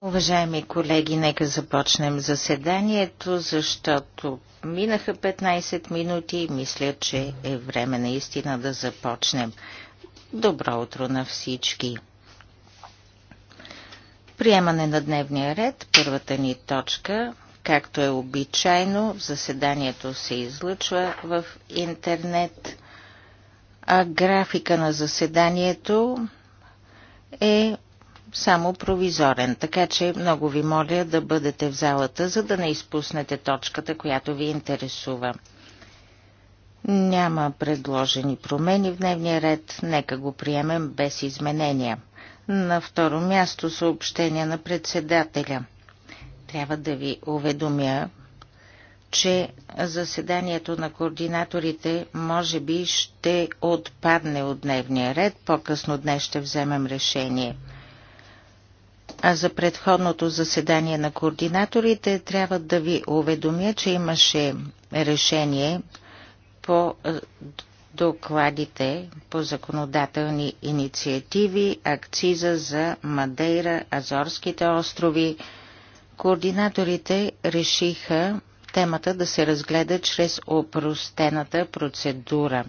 Уважаеми колеги, нека започнем заседанието, защото минаха 15 минути и мисля, че е време наистина да започнем. Добро утро на всички! Приемане на дневния ред, първата ни точка, както е обичайно, заседанието се излъчва в интернет, а графика на заседанието е само провизорен, така че много ви моля да бъдете в залата, за да не изпуснете точката, която ви интересува. Няма предложени промени в дневния ред, нека го приемем без изменения. На второ място съобщение на председателя. Трябва да ви уведомя, че заседанието на координаторите може би ще отпадне от дневния ред, по-късно днес ще вземем решение – а за предходното заседание на координаторите трябва да ви уведомя, че имаше решение по е, докладите по законодателни инициативи, акциза за Мадейра, Азорските острови. Координаторите решиха темата да се разгледа чрез опростената процедура.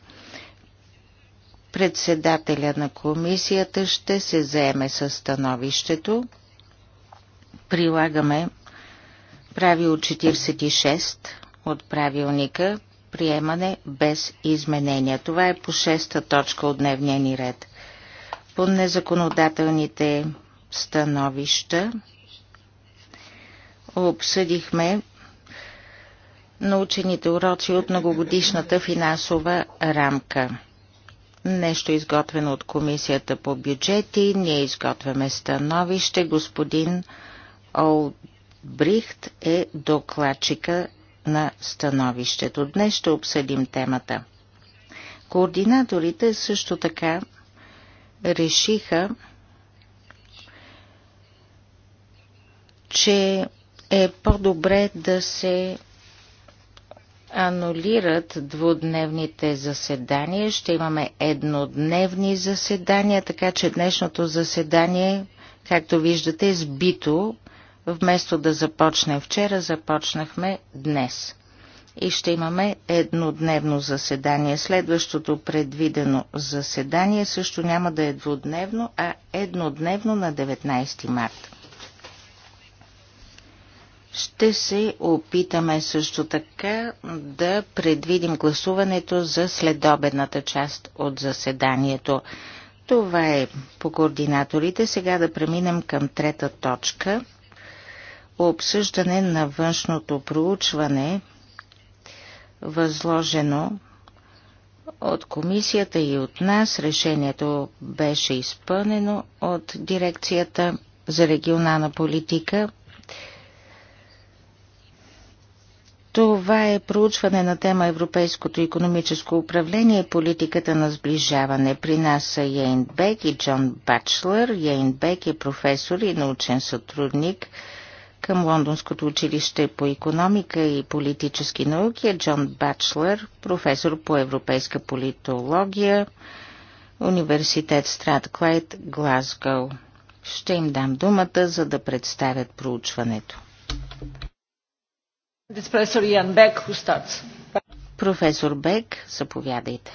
Председателя на комисията ще се заеме със становището, прилагаме правило 46 от правилника приемане без изменения. Това е по шеста точка от дневния ни ред. По незаконодателните становища обсъдихме научените уроци от многогодишната финансова рамка. Нещо изготвено от Комисията по бюджети. Ние изготвяме становище. Господин Олбрихт е докладчика на становището. Днес ще обсъдим темата. Координаторите също така решиха, че е по-добре да се анулират двудневните заседания. Ще имаме еднодневни заседания, така че днешното заседание, както виждате, е сбито Вместо да започнем вчера, започнахме днес. И ще имаме еднодневно заседание. Следващото предвидено заседание също няма да е двудневно, а еднодневно на 19 марта. Ще се опитаме също така да предвидим гласуването за следобедната част от заседанието. Това е по координаторите. Сега да преминем към трета точка – обсъждане на външното проучване, възложено от комисията и от нас. Решението беше изпълнено от дирекцията за регионална политика. Това е проучване на тема Европейското економическо управление и политиката на сближаване. При нас са Ейн Бек и Джон Бачлер. Ейн Бек е професор и научен сътрудник – към Лондонското училище по економика и политически науки е Джон Бачлер, професор по европейска политология, Университет Клайт Глазгоу. Ще им дам думата, за да представят проучването. Професор Бек, заповядайте.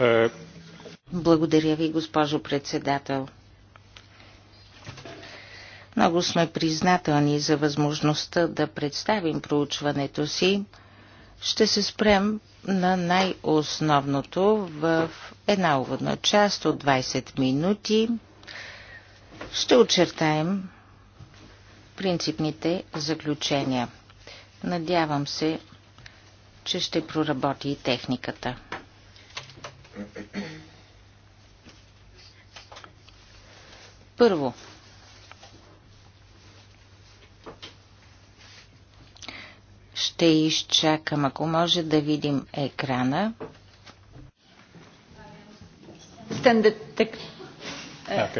Е. Благодаря ви, госпожо председател. Много сме признателни за възможността да представим проучването си. Ще се спрем на най-основното в една уводна част от 20 минути. Ще очертаем принципните заключения. Надявам се, че ще проработи и техниката. Първо, Ще изчакам, ако може да видим екрана. Uh,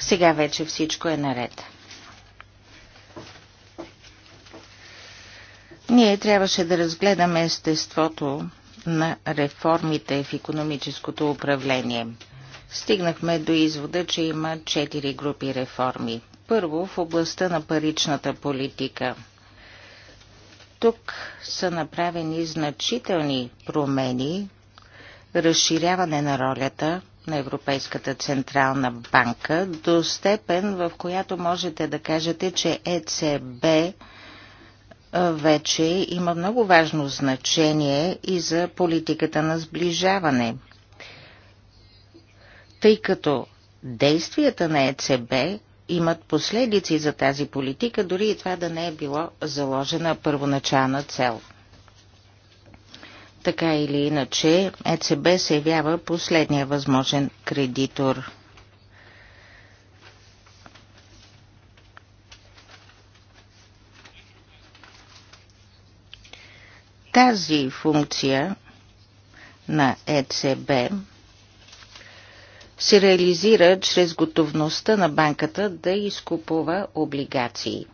Сега вече всичко е наред. Ние трябваше да разгледаме естеството на реформите в економическото управление. Стигнахме до извода, че има четири групи реформи. Първо в областта на паричната политика. Тук са направени значителни промени, разширяване на ролята на Европейската централна банка до степен, в която можете да кажете, че ЕЦБ вече има много важно значение и за политиката на сближаване. Тъй като действията на ЕЦБ имат последици за тази политика, дори и това да не е било заложена първоначална цел. Така или иначе, ЕЦБ се явява последния възможен кредитор. Тази функция на ЕЦБ се реализира чрез готовността на банката да изкупува облигации.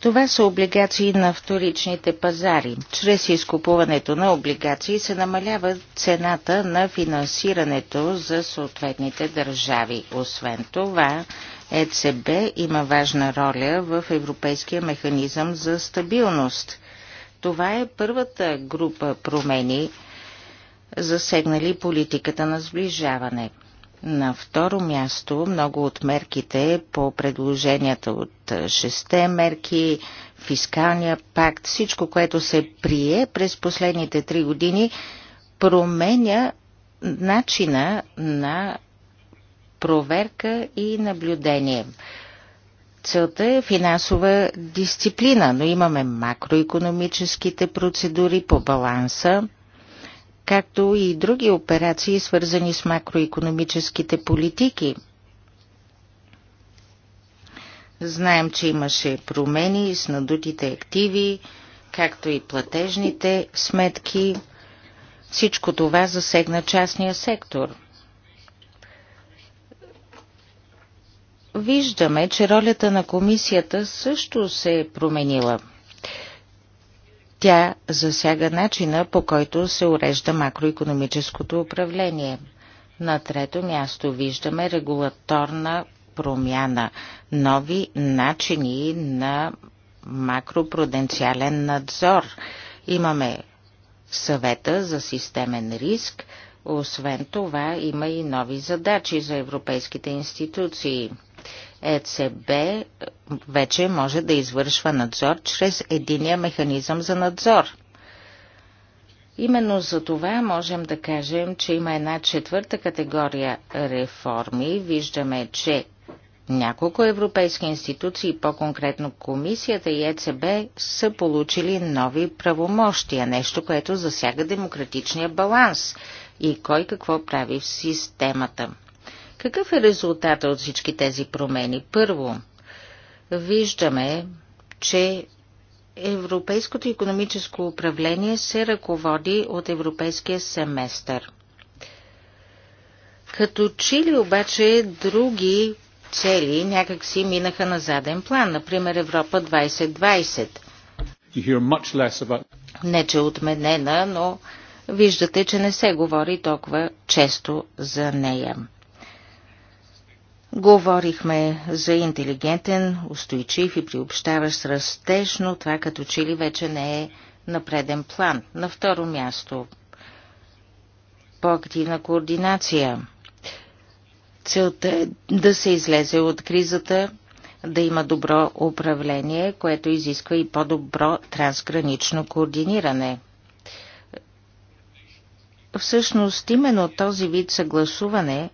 Това са облигации на вторичните пазари. Чрез изкупуването на облигации се намалява цената на финансирането за съответните държави. Освен това, ЕЦБ има важна роля в Европейския механизъм за стабилност. Това е първата група промени, засегнали политиката на сближаване. На второ място, много от мерките по предложенията от шесте мерки, фискалния пакт, всичко, което се прие през последните три години, променя начина на проверка и наблюдение. Целта е финансова дисциплина, но имаме макроекономическите процедури по баланса, както и други операции, свързани с макроекономическите политики. Знаем, че имаше промени с надутите активи, както и платежните сметки. Всичко това засегна частния сектор – виждаме, че ролята на комисията също се е променила. Тя засяга начина, по който се урежда макроекономическото управление. На трето място виждаме регулаторна промяна, нови начини на макропруденциален надзор. Имаме съвета за системен риск, освен това има и нови задачи за европейските институции – ЕЦБ е, вече може да извършва надзор чрез единия механизъм за надзор. Именно за това можем да кажем, че има една четвърта категория реформи. Виждаме, че няколко европейски институции, по-конкретно комисията и ЕЦБ, са получили нови правомощия, нещо, което засяга демократичния баланс и кой какво прави в системата. Какъв е резултата от всички тези промени? Първо, виждаме, че Европейското економическо управление се ръководи от Европейския семестър. Като че ли обаче други цели някакси минаха на заден план, например Европа 2020. About... Не, че отменена, но виждате, че не се говори толкова често за нея. Говорихме за интелигентен, устойчив и приобщаващ растеж, но това като че ли вече не е на преден план. На второ място по-активна координация. Целта е да се излезе от кризата, да има добро управление, което изисква и по-добро трансгранично координиране. Всъщност, именно този вид съгласуване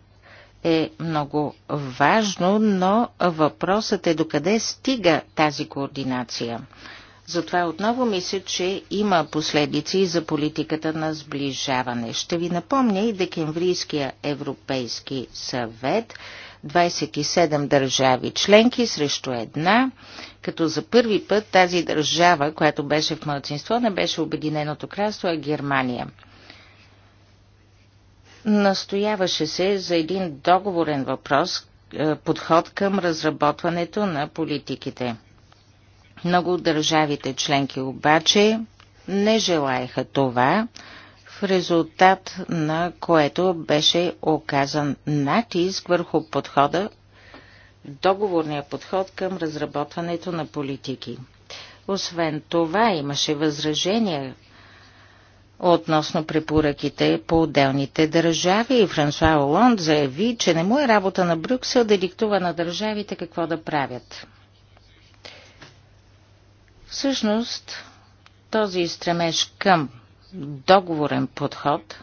е много важно, но въпросът е докъде стига тази координация. Затова отново мисля, че има последици за политиката на сближаване. Ще ви напомня и Декемврийския Европейски съвет. 27 държави членки срещу една, като за първи път тази държава, която беше в младсинство, не беше Обединеното кралство, а Германия – Настояваше се за един договорен въпрос, е, подход към разработването на политиките. Много от държавите членки обаче не желаеха това, в резултат на което беше оказан натиск върху подхода, договорния подход към разработването на политики. Освен това имаше възражения относно препоръките по отделните държави. Франсуа Олонд заяви, че не му е работа на Брюксел да диктува на държавите какво да правят. Всъщност, този стремеж към договорен подход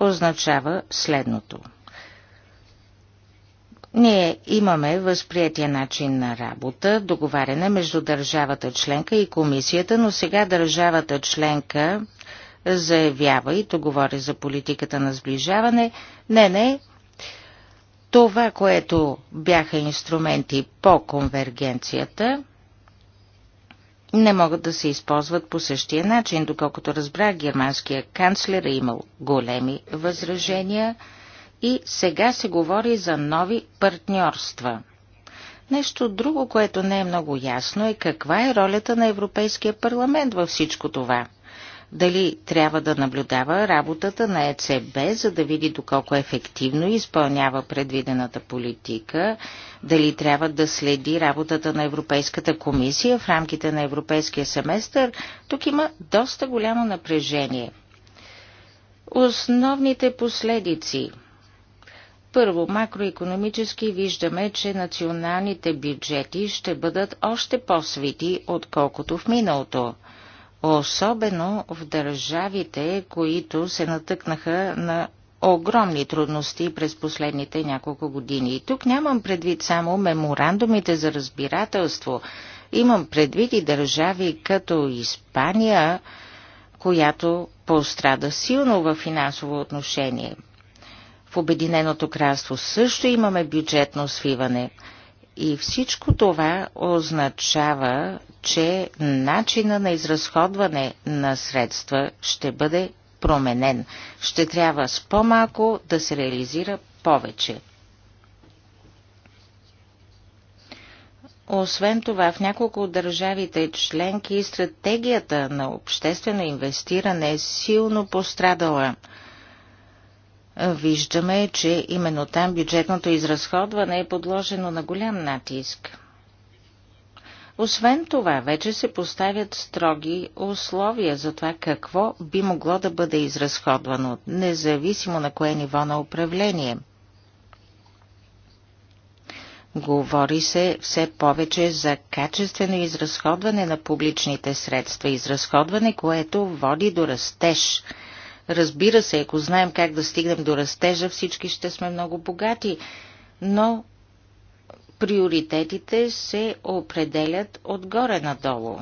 означава следното. Ние имаме възприятия начин на работа, договаряне между държавата членка и комисията, но сега държавата членка заявява, и то говори за политиката на сближаване, не, не, това, което бяха инструменти по конвергенцията, не могат да се използват по същия начин. Доколкото разбрах, германския канцлер е имал големи възражения и сега се говори за нови партньорства. Нещо друго, което не е много ясно е каква е ролята на Европейския парламент във всичко това дали трябва да наблюдава работата на ЕЦБ, за да види доколко ефективно изпълнява предвидената политика, дали трябва да следи работата на Европейската комисия в рамките на Европейския семестър. Тук има доста голямо напрежение. Основните последици – първо, макроекономически виждаме, че националните бюджети ще бъдат още по-свити, отколкото в миналото. Особено в държавите, които се натъкнаха на огромни трудности през последните няколко години. И тук нямам предвид само меморандумите за разбирателство. Имам предвид и държави като Испания, която пострада силно в финансово отношение. В Обединеното кралство също имаме бюджетно свиване – и всичко това означава, че начина на изразходване на средства ще бъде променен. Ще трябва с по-малко да се реализира повече. Освен това, в няколко от държавите членки стратегията на обществено инвестиране е силно пострадала – виждаме, че именно там бюджетното изразходване е подложено на голям натиск. Освен това, вече се поставят строги условия за това какво би могло да бъде изразходвано, независимо на кое ниво на управление. Говори се все повече за качествено изразходване на публичните средства, изразходване, което води до растеж – Разбира се, ако знаем как да стигнем до растежа, всички ще сме много богати, но приоритетите се определят отгоре надолу.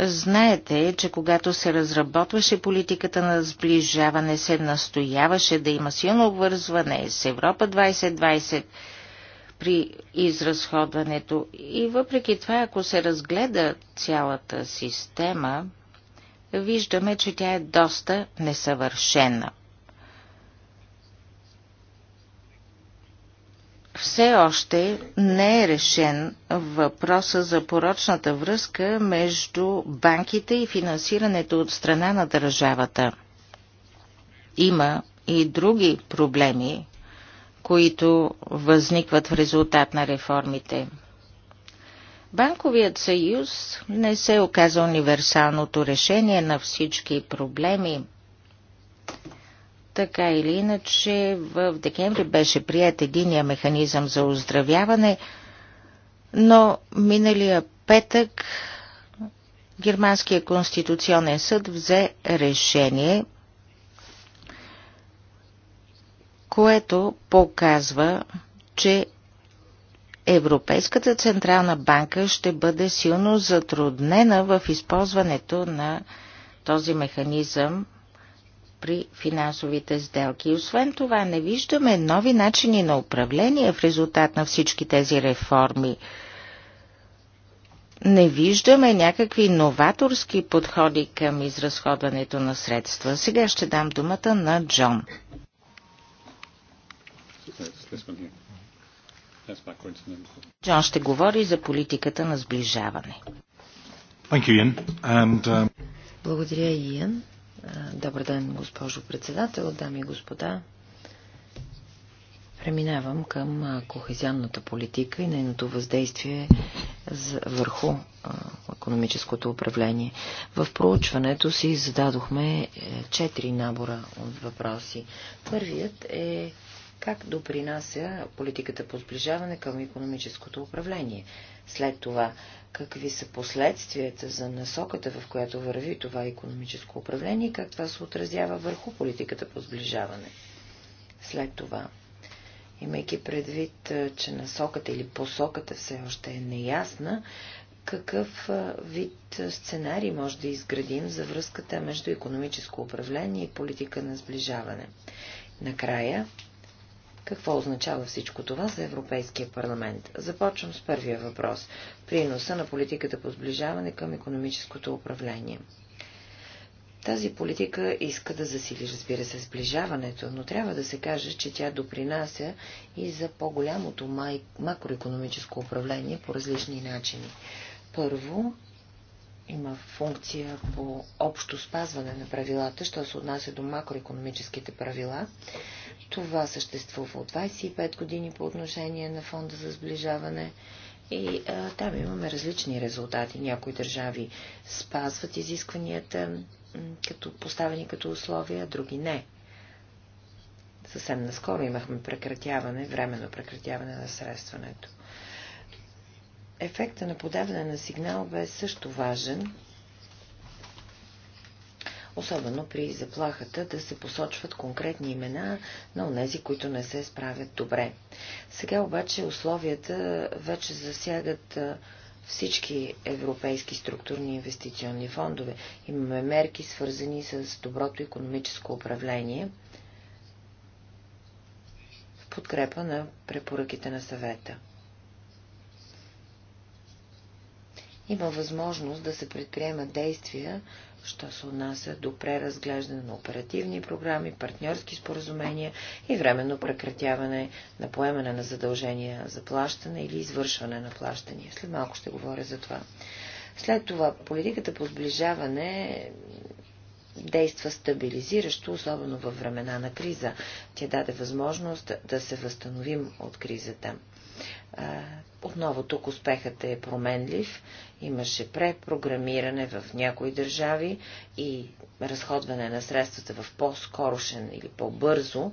Знаете, че когато се разработваше политиката на сближаване, се настояваше да има силно обвързване с Европа 2020 при изразходването. И въпреки това, ако се разгледа цялата система, виждаме, че тя е доста несъвършена. Все още не е решен въпроса за порочната връзка между банките и финансирането от страна на държавата. Има и други проблеми, които възникват в резултат на реформите. Банковият съюз не се оказа универсалното решение на всички проблеми. Така или иначе, в декември беше прият единия механизъм за оздравяване, но миналия петък Германския конституционен съд взе решение, което показва, че Европейската централна банка ще бъде силно затруднена в използването на този механизъм при финансовите сделки. Освен това, не виждаме нови начини на управление в резултат на всички тези реформи. Не виждаме някакви новаторски подходи към изразходването на средства. Сега ще дам думата на Джон. This one here. Джон ще говори за политиката на сближаване. Um, Благодаря, Иен. Добър ден, госпожо председател, дами и господа. Преминавам към кохезионната политика и нейното въздействие върху економическото управление. В проучването си зададохме е, четири набора от въпроси. Първият е как допринася политиката по сближаване към економическото управление. След това, какви са последствията за насоката, в която върви това економическо управление и как това се отразява върху политиката по сближаване. След това, имайки предвид, че насоката или посоката все още е неясна, какъв вид сценарий може да изградим за връзката между економическо управление и политика на сближаване. Накрая, какво означава всичко това за Европейския парламент? Започвам с първия въпрос – приноса на политиката по сближаване към економическото управление. Тази политика иска да засили, разбира се, сближаването, но трябва да се каже, че тя допринася и за по-голямото май... макроекономическо управление по различни начини. Първо, има функция по общо спазване на правилата, що се отнася до макроекономическите правила. Това съществува от 25 години по отношение на фонда за сближаване. И а, там имаме различни резултати. Някои държави спазват изискванията, като поставени като условия, други не. Съвсем наскоро имахме прекратяване, временно прекратяване на средстването. Ефекта на подаване на сигнал бе също важен особено при заплахата да се посочват конкретни имена на онези, които не се справят добре. Сега обаче условията вече засягат всички европейски структурни инвестиционни фондове. Имаме мерки, свързани с доброто економическо управление в подкрепа на препоръките на съвета. Има възможност да се предприемат действия що се отнася до преразглеждане на оперативни програми, партньорски споразумения и временно прекратяване на поемане на задължения за плащане или извършване на плащания. След малко ще говоря за това. След това политиката по сближаване действа стабилизиращо, особено във времена на криза. Тя даде възможност да се възстановим от кризата. Отново тук успехът е променлив. Имаше препрограмиране в някои държави и разходване на средствата в по-скорошен или по-бързо,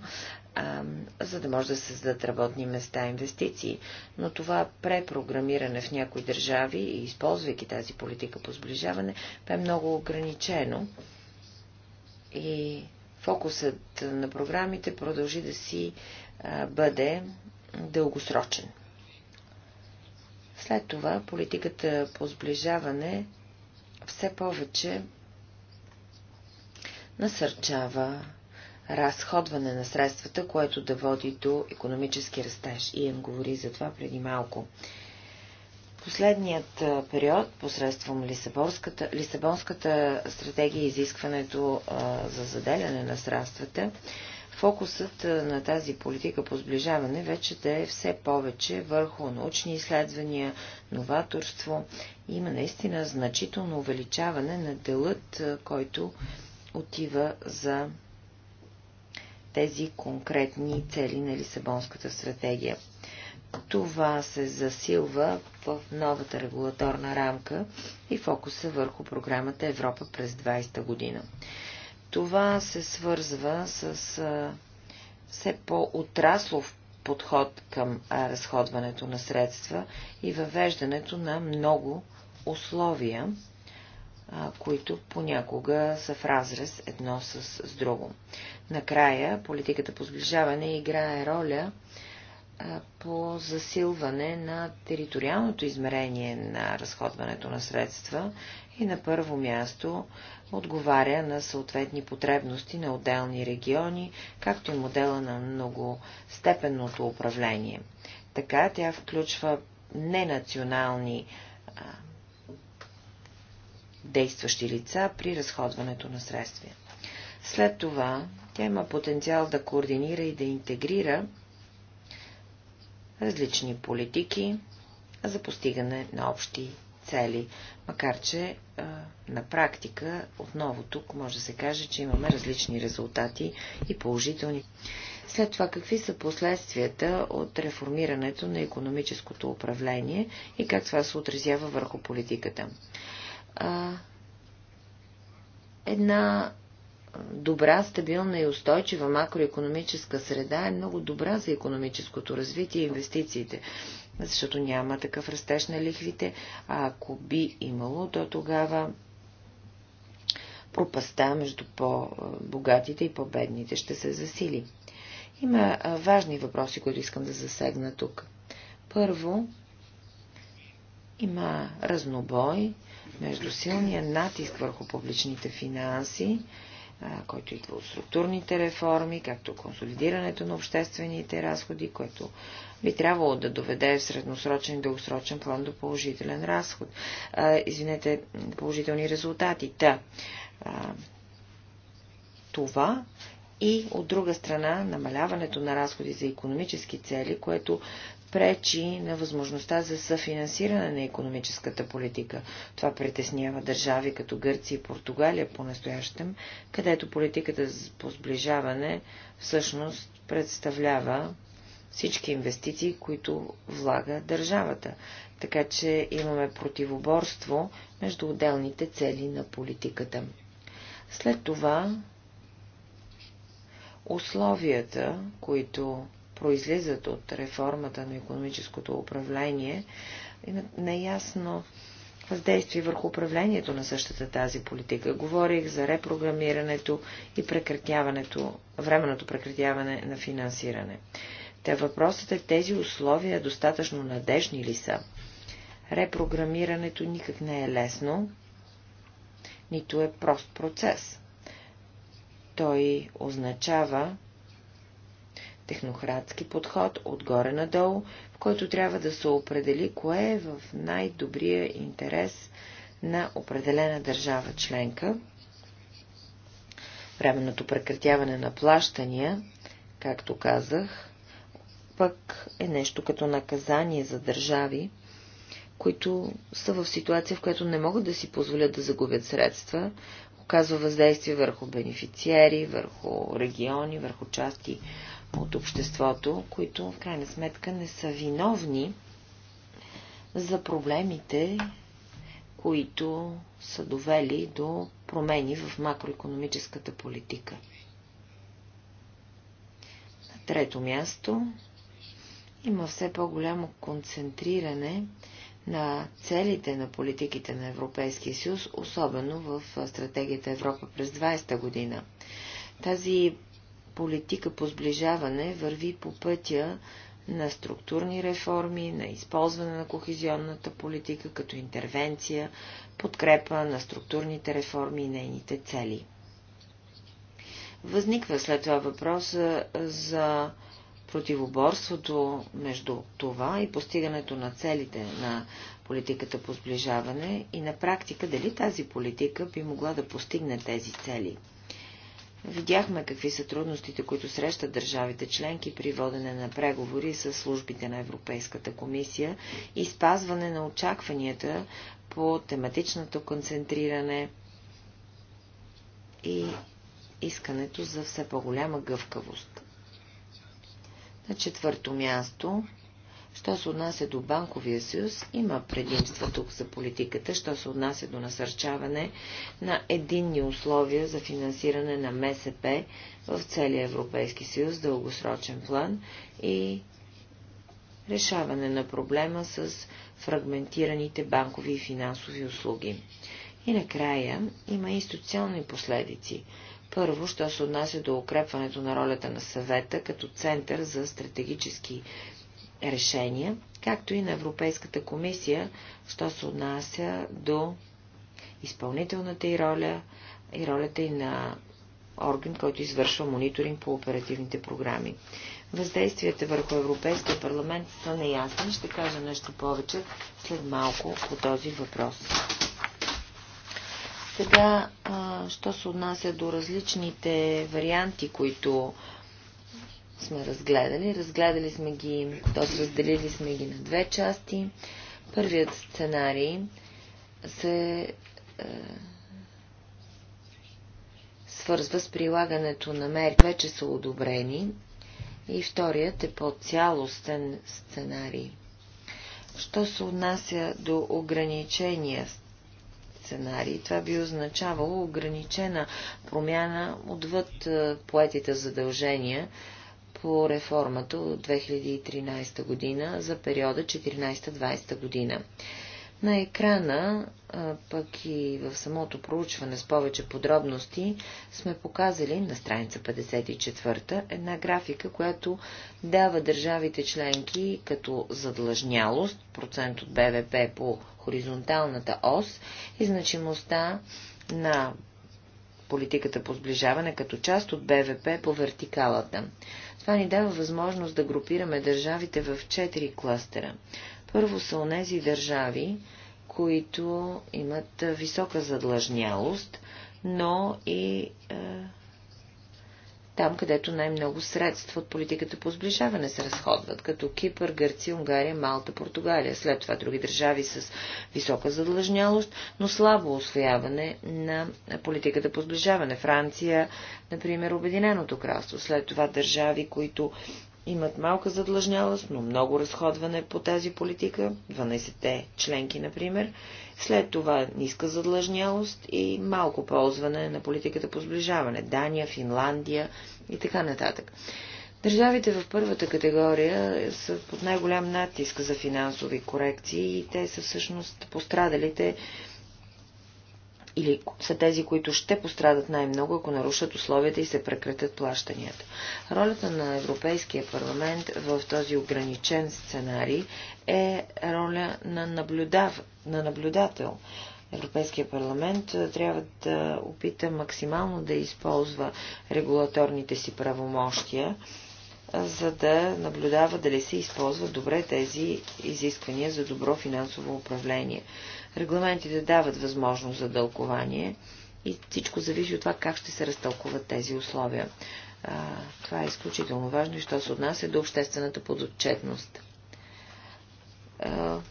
за да може да се създадат работни места и инвестиции. Но това препрограмиране в някои държави и използвайки тази политика по сближаване, бе много ограничено. И фокусът на програмите продължи да си бъде дългосрочен. След това политиката по сближаване все повече насърчава разходване на средствата, което да води до економически растеж. Иен говори за това преди малко. Последният период, посредством Лисабонската, Лисабонската стратегия и изискването а, за заделяне на средствата, фокусът на тази политика по сближаване вече да е все повече върху научни изследвания, новаторство. Има наистина значително увеличаване на делът, който отива за тези конкретни цели на Лисабонската стратегия. Това се засилва в новата регулаторна рамка и фокуса върху програмата Европа през 20-та година. Това се свързва с а, все по-отраслов подход към а, разходването на средства и въвеждането на много условия, а, които понякога са в разрез едно с, с друго. Накрая, политиката по сближаване играе роля а, по засилване на териториалното измерение на разходването на средства и на първо място отговаря на съответни потребности на отделни региони, както и модела на многостепенното управление. Така тя включва ненационални а, действащи лица при разходването на средствия. След това тя има потенциал да координира и да интегрира различни политики за постигане на общи цели. Макар, че на практика отново тук може да се каже, че имаме различни резултати и положителни. След това, какви са последствията от реформирането на економическото управление и как това се отразява върху политиката? една добра, стабилна и устойчива макроекономическа среда е много добра за економическото развитие и инвестициите защото няма такъв растеж на лихвите, а ако би имало, то тогава пропаста между по-богатите и по-бедните ще се засили. Има важни въпроси, които искам да засегна тук. Първо, има разнобой между силния натиск върху публичните финанси който идва от структурните реформи, както консолидирането на обществените разходи, което би трябвало да доведе в средносрочен и дългосрочен план до положителен разход. Извинете, положителни резултати. Та, това и от друга страна намаляването на разходи за економически цели, което пречи на възможността за съфинансиране на економическата политика. Това притеснява държави като Гърция и Португалия по-настоящем, където политиката по сближаване всъщност представлява всички инвестиции, които влага държавата. Така че имаме противоборство между отделните цели на политиката. След това условията, които произлизат от реформата на економическото управление, имат неясно въздействие върху управлението на същата тази политика. Говорих за репрограмирането и прекратяването, временното прекратяване на финансиране. Та въпросът е тези условия достатъчно надежни ли са? Репрограмирането никак не е лесно, нито е прост процес. Той означава технократски подход отгоре надолу, в който трябва да се определи кое е в най-добрия интерес на определена държава членка. Временното прекратяване на плащания, както казах, пък е нещо като наказание за държави, които са в ситуация, в която не могат да си позволят да загубят средства, оказва въздействие върху бенефициери, върху региони, върху части от обществото, които в крайна сметка не са виновни за проблемите, които са довели до промени в макроекономическата политика. На трето място има все по-голямо концентриране на целите на политиките на Европейския съюз, особено в стратегията Европа през 20-та година. Тази политика по сближаване върви по пътя на структурни реформи, на използване на кохезионната политика като интервенция, подкрепа на структурните реформи и нейните цели. Възниква след това въпроса за противоборството между това и постигането на целите на политиката по сближаване и на практика дали тази политика би могла да постигне тези цели – Видяхме какви са трудностите, които срещат държавите членки при водене на преговори с службите на Европейската комисия и спазване на очакванията по тематичното концентриране и искането за все по-голяма гъвкавост. На четвърто място Що се отнася до банковия съюз, има предимства тук за политиката, що се отнася до насърчаване на единни условия за финансиране на МСП в целия Европейски съюз, дългосрочен план и решаване на проблема с фрагментираните банкови и финансови услуги. И накрая има и социални последици. Първо, що се отнася до укрепването на ролята на съвета като център за стратегически решения, както и на Европейската комисия, що се отнася до изпълнителната и роля и ролята и на орган, който извършва мониторинг по оперативните програми. Въздействията върху Европейския парламент са неясни. Ще кажа нещо повече след малко по този въпрос. Сега, що се отнася до различните варианти, които сме разгледали. Разгледали сме ги, т.е. разделили сме ги на две части. Първият сценарий се е, свързва с прилагането на мерки, вече са одобрени. И вторият е по-цялостен сценарий. Що се отнася до ограничения сценарий, това би означавало ограничена промяна отвъд е, поетите задължения по реформата от 2013 година за периода 14-20 година. На екрана, пък и в самото проучване с повече подробности, сме показали на страница 54 една графика, която дава държавите членки като задлъжнялост, процент от БВП по хоризонталната ос и значимостта на политиката по сближаване като част от БВП по вертикалата. Това ни дава възможност да групираме държавите в четири кластера. Първо са онези държави, които имат висока задлъжнялост, но и е, там, където най-много средства от политиката по сближаване се разходват, като Кипър, Гърция, Унгария, Малта, Португалия. След това други държави с висока задлъжнялост, но слабо освояване на политиката по сближаване. Франция, например, Обединеното кралство. След това държави, които имат малка задлъжнялост, но много разходване по тази политика, 12-те членки, например, след това ниска задлъжнялост и малко ползване на политиката по сближаване, Дания, Финландия и така нататък. Държавите в първата категория са под най-голям натиск за финансови корекции и те са всъщност пострадалите или са тези, които ще пострадат най-много, ако нарушат условията и се прекратят плащанията. Ролята на Европейския парламент в този ограничен сценарий е роля на, наблюдав... на наблюдател. Европейския парламент трябва да опита максимално да използва регулаторните си правомощия, за да наблюдава дали се използват добре тези изисквания за добро финансово управление. Регламентите дават възможност за тълкование и всичко зависи от това как ще се разтълкуват тези условия. А, това е изключително важно и що се отнася до обществената подотчетност.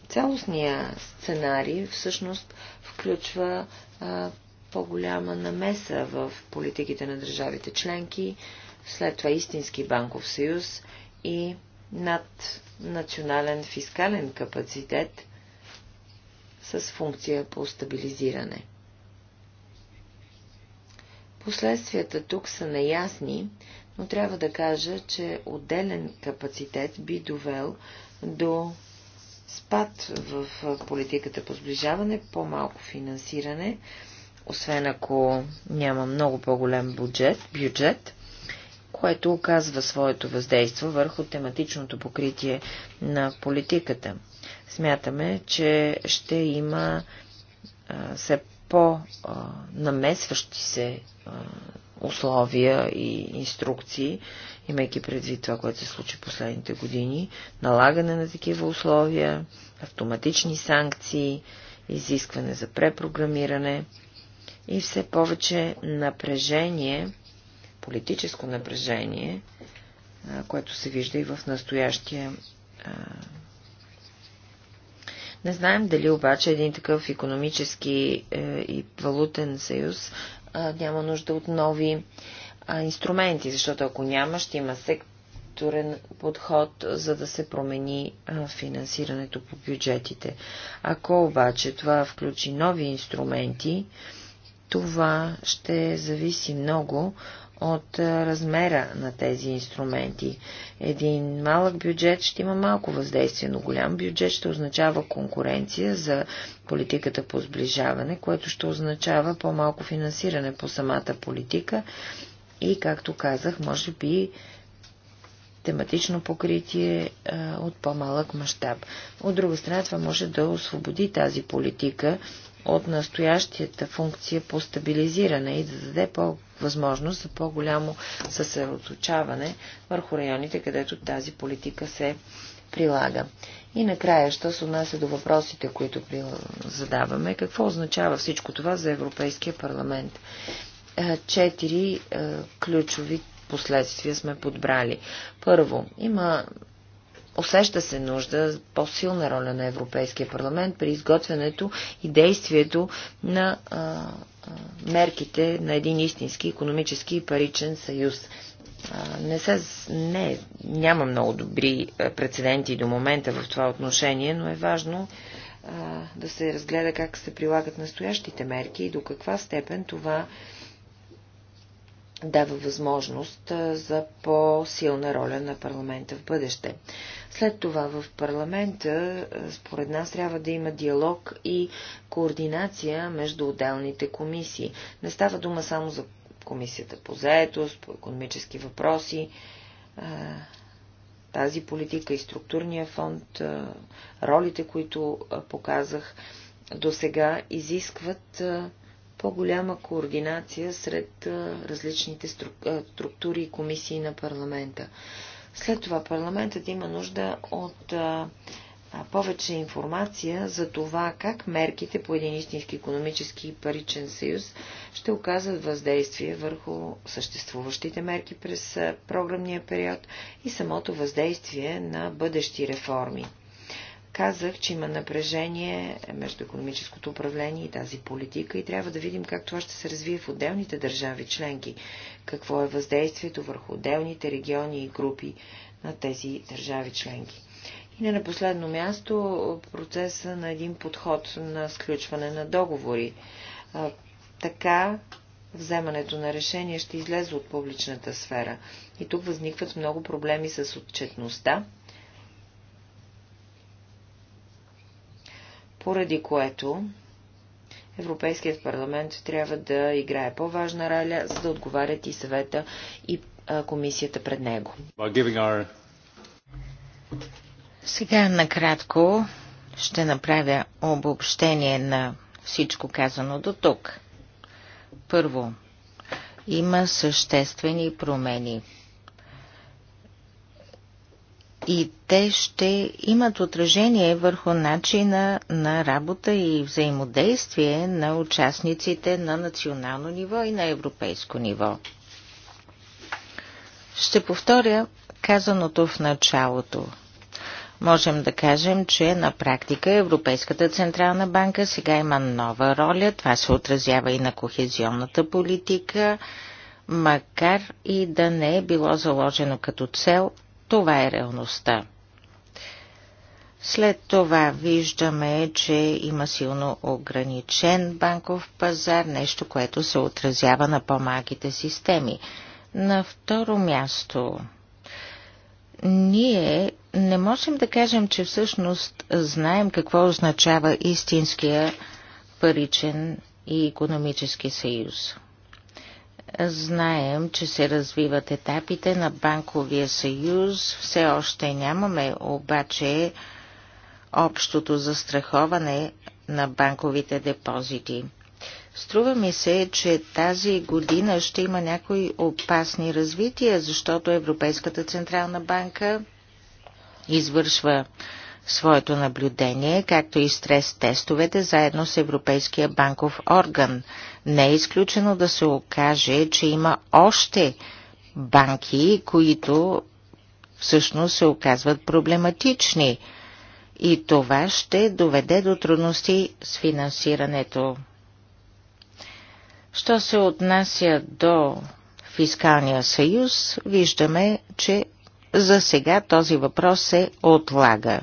Цялостния сценарий всъщност включва по-голяма намеса в политиките на държавите членки, след това истински банков съюз и над национален фискален капацитет с функция по стабилизиране. Последствията тук са неясни, но трябва да кажа, че отделен капацитет би довел до спад в политиката по сближаване, по-малко финансиране, освен ако няма много по-голям бюджет, бюджет, което оказва своето въздействие върху тематичното покритие на политиката. Смятаме, че ще има все по-намесващи се условия и инструкции, имайки предвид това, което се случи последните години, налагане на такива условия, автоматични санкции, изискване за препрограмиране и все повече напрежение, политическо напрежение, което се вижда и в настоящия не знаем дали обаче един такъв економически е, и валутен съюз е, няма нужда от нови инструменти, защото ако няма, ще има секторен подход, за да се промени финансирането по бюджетите. Ако обаче това включи нови инструменти, това ще зависи много от размера на тези инструменти. Един малък бюджет ще има малко въздействие, но голям бюджет ще означава конкуренция за политиката по сближаване, което ще означава по-малко финансиране по самата политика и, както казах, може би тематично покритие а, от по-малък мащаб. От друга страна, това може да освободи тази политика от настоящията функция по стабилизиране и да даде по възможност за по-голямо съсредоточаване върху районите, където тази политика се прилага. И накрая, що се отнася до въпросите, които задаваме, какво означава всичко това за Европейския парламент? Е, четири е, ключови последствия сме подбрали. Първо, има Усеща се нужда по-силна роля на Европейския парламент при изготвянето и действието на а, а, мерките на един истински економически и паричен съюз. А, не, се, не, няма много добри прецеденти до момента в това отношение, но е важно а, да се разгледа как се прилагат настоящите мерки и до каква степен това дава възможност за по-силна роля на парламента в бъдеще. След това в парламента, е, според нас, трябва да има диалог и координация между отделните комисии. Не става дума само за комисията по заетост, по економически въпроси. Е, тази политика и структурния фонд, е, ролите, които показах до сега, изискват по-голяма координация сред различните структури и комисии на парламента. След това парламентът има нужда от а, повече информация за това как мерките по един истински економически и паричен съюз ще оказват въздействие върху съществуващите мерки през програмния период и самото въздействие на бъдещи реформи. Казах, че има напрежение между економическото управление и тази политика и трябва да видим как това ще се развие в отделните държави членки, какво е въздействието върху отделните региони и групи на тези държави членки. И не на последно място процеса на един подход на сключване на договори. А, така вземането на решение ще излезе от публичната сфера. И тук възникват много проблеми с отчетността поради което Европейският парламент трябва да играе по-важна роля, за да отговарят и съвета и комисията пред него. Сега накратко ще направя обобщение на всичко казано до тук. Първо, има съществени промени и те ще имат отражение върху начина на работа и взаимодействие на участниците на национално ниво и на европейско ниво. Ще повторя казаното в началото. Можем да кажем, че на практика Европейската Централна банка сега има нова роля. Това се отразява и на кохезионната политика, макар и да не е било заложено като цел това е реалността. След това виждаме, че има силно ограничен банков пазар, нещо, което се отразява на по-малките системи. На второ място, ние не можем да кажем, че всъщност знаем какво означава истинския паричен и економически съюз. Знаем, че се развиват етапите на банковия съюз. Все още нямаме обаче общото застраховане на банковите депозити. Струва ми се, че тази година ще има някои опасни развития, защото Европейската Централна банка извършва своето наблюдение, както и стрес-тестовете заедно с Европейския банков орган. Не е изключено да се окаже, че има още банки, които всъщност се оказват проблематични. И това ще доведе до трудности с финансирането. Що се отнася до фискалния съюз, виждаме, че за сега този въпрос се отлага.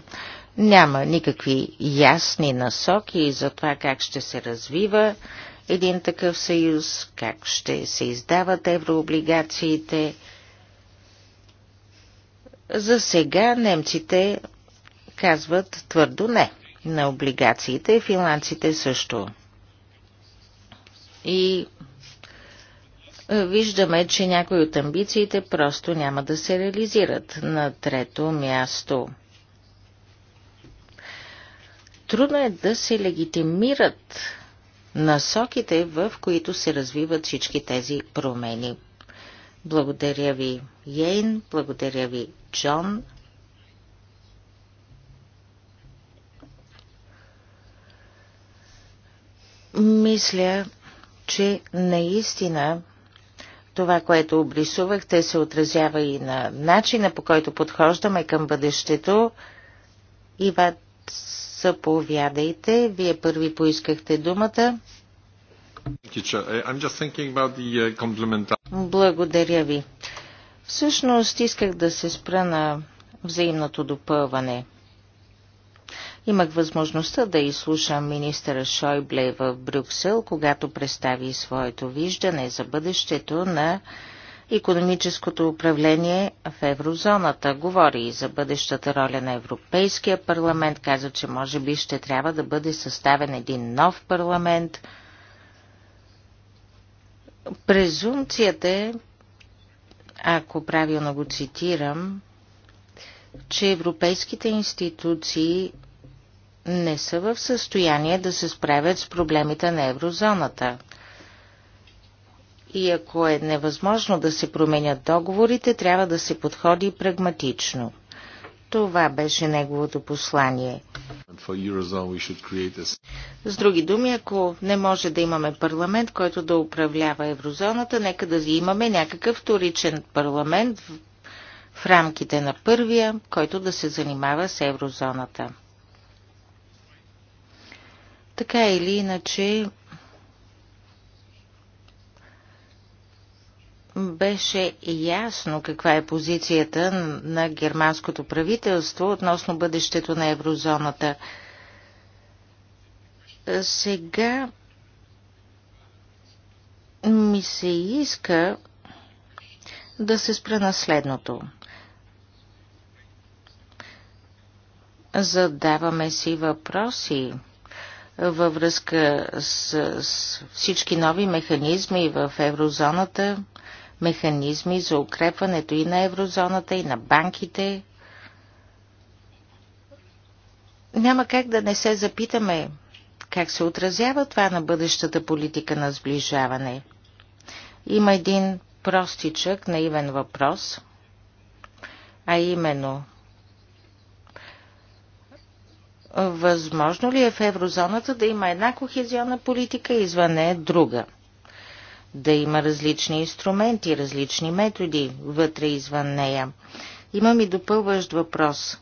Няма никакви ясни насоки за това как ще се развива един такъв съюз, как ще се издават еврооблигациите. За сега немците казват твърдо не на облигациите, финландците също. И виждаме, че някои от амбициите просто няма да се реализират на трето място. Трудно е да се легитимират насоките, в които се развиват всички тези промени. Благодаря ви, Йейн, благодаря ви, Джон. Мисля, че наистина това, което обрисувахте, се отразява и на начина, по който подхождаме към бъдещето. Иват Заповядайте. Вие първи поискахте думата. Uh, Благодаря ви. Всъщност исках да се спра на взаимното допълване. Имах възможността да изслушам министъра Шойбле в Брюксел, когато представи своето виждане за бъдещето на економическото управление в еврозоната. Говори и за бъдещата роля на Европейския парламент. Каза, че може би ще трябва да бъде съставен един нов парламент. Презумцията е, ако правилно го цитирам, че европейските институции не са в състояние да се справят с проблемите на еврозоната – и ако е невъзможно да се променят договорите, трябва да се подходи прагматично. Това беше неговото послание. С други думи, ако не може да имаме парламент, който да управлява еврозоната, нека да имаме някакъв вторичен парламент в рамките на първия, който да се занимава с еврозоната. Така или иначе, беше ясно каква е позицията на германското правителство относно бъдещето на еврозоната. Сега ми се иска да се спра на следното. Задаваме си въпроси във връзка с, всички нови механизми в еврозоната, механизми за укрепването и на еврозоната, и на банките. Няма как да не се запитаме как се отразява това на бъдещата политика на сближаване. Има един простичък, наивен въпрос, а именно Възможно ли е в еврозоната да има една кохезионна политика и извън нея друга? да има различни инструменти, различни методи вътре и извън нея. Имам и допълващ въпрос.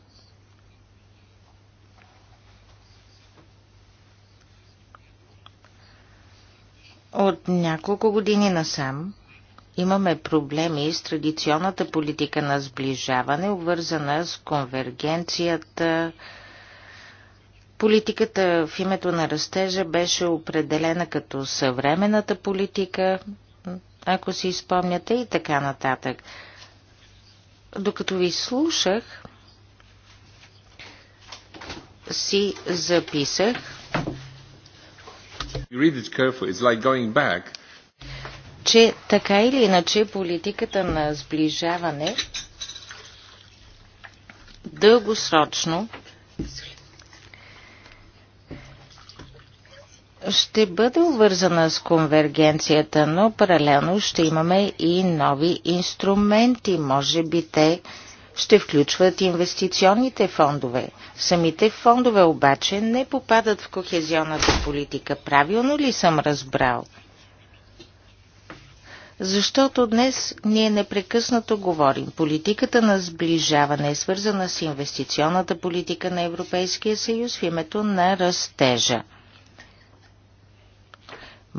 От няколко години насам имаме проблеми с традиционната политика на сближаване, обвързана с конвергенцията, Политиката в името на растежа беше определена като съвременната политика, ако си спомняте и така нататък. Докато ви слушах, си записах. Like че така или иначе политиката на сближаване дългосрочно ще бъде обвързана с конвергенцията, но паралелно ще имаме и нови инструменти. Може би те ще включват инвестиционните фондове. Самите фондове обаче не попадат в кохезионната политика. Правилно ли съм разбрал? Защото днес ние непрекъснато говорим. Политиката на сближаване е свързана с инвестиционната политика на Европейския съюз в името на растежа.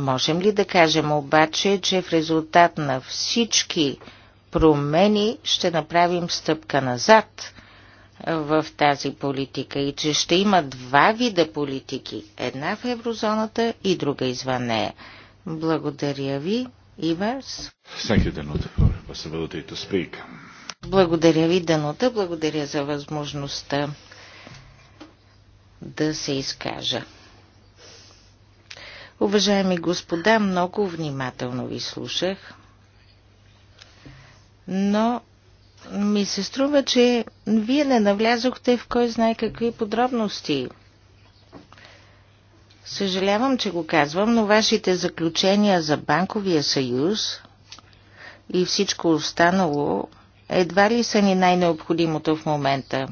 Можем ли да кажем обаче, че в резултат на всички промени ще направим стъпка назад в тази политика и че ще има два вида политики, една в еврозоната и друга извън нея? Благодаря ви, и вас. Благодаря ви, Данута. Благодаря за възможността да се изкажа. Уважаеми господа, много внимателно ви слушах, но ми се струва, че вие не навлязохте в кой знае какви подробности. Съжалявам, че го казвам, но вашите заключения за Банковия съюз и всичко останало едва ли са ни най-необходимото в момента.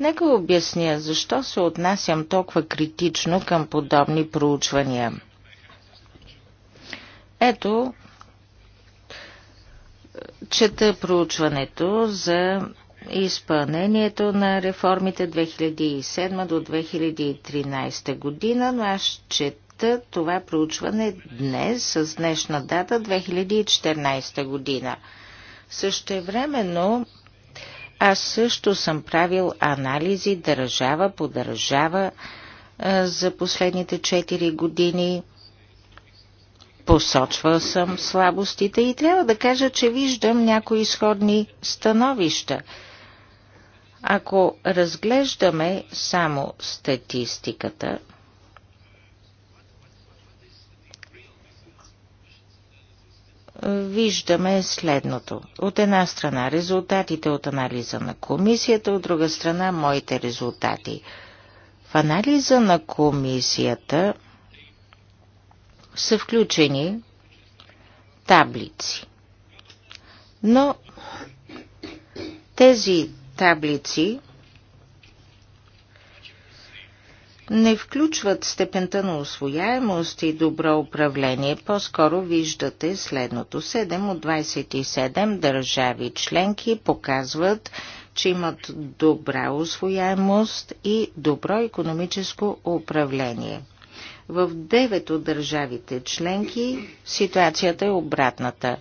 Нека обясня защо се отнасям толкова критично към подобни проучвания. Ето, чета проучването за изпълнението на реформите 2007 до 2013 година, но аз чета това проучване днес, с днешна дата 2014 година. времено, аз също съм правил анализи държава по държава за последните 4 години Посочвал съм слабостите и трябва да кажа, че виждам някои изходни становища. Ако разглеждаме само статистиката, виждаме следното. От една страна резултатите от анализа на комисията, от друга страна моите резултати. В анализа на комисията са включени таблици. Но тези таблици не включват степента на освояемост и добро управление. По-скоро виждате следното. 7 от 27 държави членки показват, че имат добра освояемост и добро економическо управление. В девет от държавите членки ситуацията е обратната,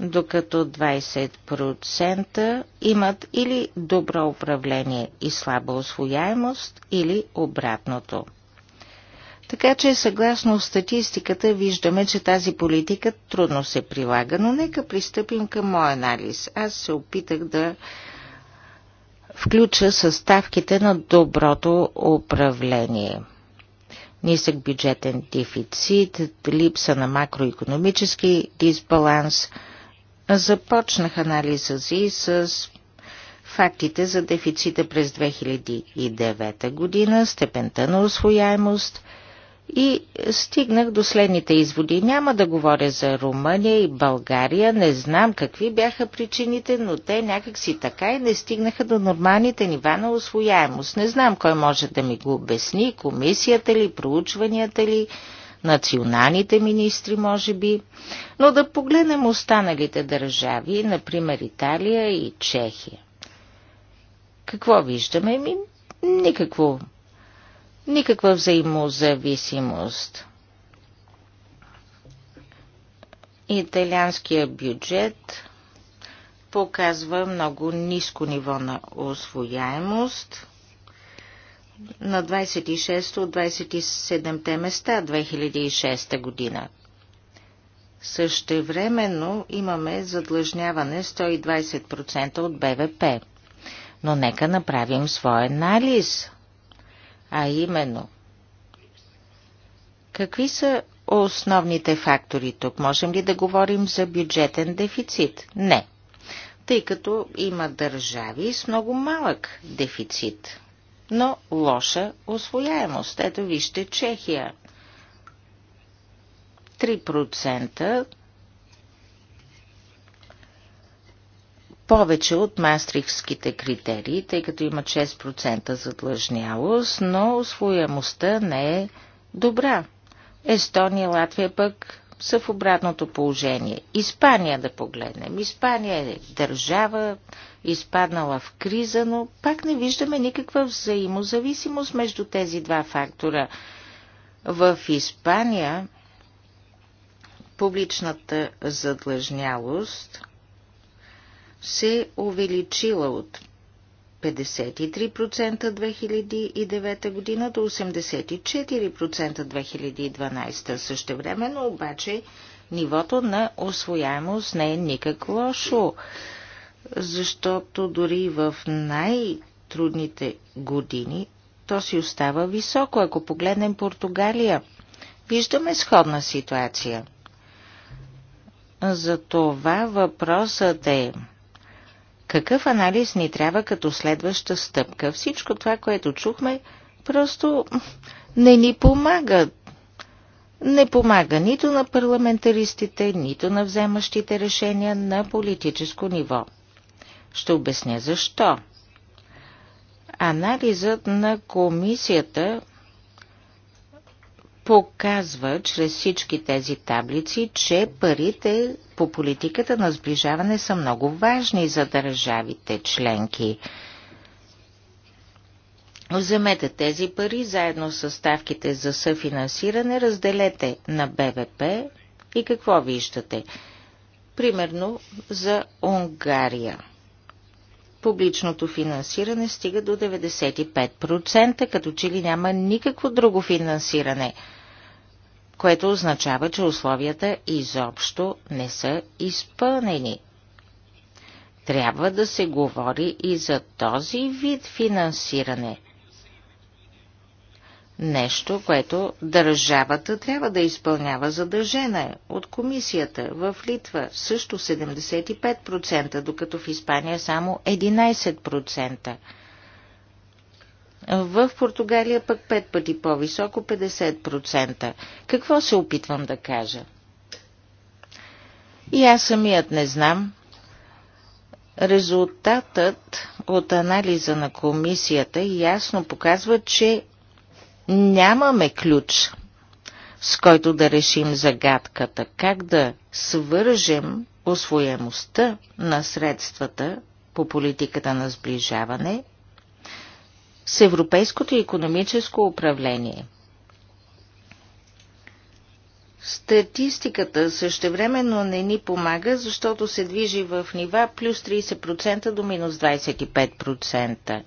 докато 20% имат или добро управление и слаба освояемост, или обратното. Така че съгласно статистиката виждаме, че тази политика трудно се прилага, но нека пристъпим към мой анализ. Аз се опитах да включа съставките на доброто управление – нисък бюджетен дефицит, липса на макроекономически дисбаланс. Започнах анализа си с фактите за дефицита през 2009 година, степента на освояемост – и стигнах до следните изводи. Няма да говоря за Румъния и България, не знам какви бяха причините, но те някак си така и не стигнаха до нормалните нива на освояемост. Не знам кой може да ми го обясни, комисията ли, проучванията ли, националните министри може би. Но да погледнем останалите държави, например Италия и Чехия. Какво виждаме? Ми, никакво Никаква взаимозависимост. Италианския бюджет показва много ниско ниво на освояемост на 26 от 27-те места 2006 година. Същевременно имаме задлъжняване 120% от БВП. Но нека направим своя анализ. А именно, какви са основните фактори тук? Можем ли да говорим за бюджетен дефицит? Не, тъй като има държави с много малък дефицит, но лоша освояемост. Ето вижте Чехия. 3% повече от мастрихските критерии, тъй като има 6% задлъжнялост, но освоямостта не е добра. Естония, Латвия пък са в обратното положение. Испания да погледнем. Испания е държава, изпаднала в криза, но пак не виждаме никаква взаимозависимост между тези два фактора. В Испания публичната задлъжнялост – се е увеличила от 53% 2009 година до 84% 2012. също но обаче нивото на освояемост не е никак лошо, защото дори в най-трудните години то си остава високо. Ако погледнем Португалия, виждаме сходна ситуация. За това въпросът е какъв анализ ни трябва като следваща стъпка? Всичко това, което чухме, просто не ни помага. Не помага нито на парламентаристите, нито на вземащите решения на политическо ниво. Ще обясня защо. Анализът на комисията показва чрез всички тези таблици, че парите по политиката на сближаване са много важни за държавите членки. Вземете тези пари заедно с ставките за съфинансиране, разделете на БВП и какво виждате? Примерно за Унгария публичното финансиране стига до 95%, като че ли няма никакво друго финансиране, което означава, че условията изобщо не са изпълнени. Трябва да се говори и за този вид финансиране – нещо, което държавата трябва да изпълнява задължена е. От комисията в Литва също 75%, докато в Испания само 11%. В Португалия пък 5 пъти по-високо 50%. Какво се опитвам да кажа? И аз самият не знам. Резултатът от анализа на комисията ясно показва, че Нямаме ключ, с който да решим загадката, как да свържем освоемостта на средствата по политиката на сближаване с европейското економическо управление. Статистиката същевременно не ни помага, защото се движи в нива плюс 30% до минус 25%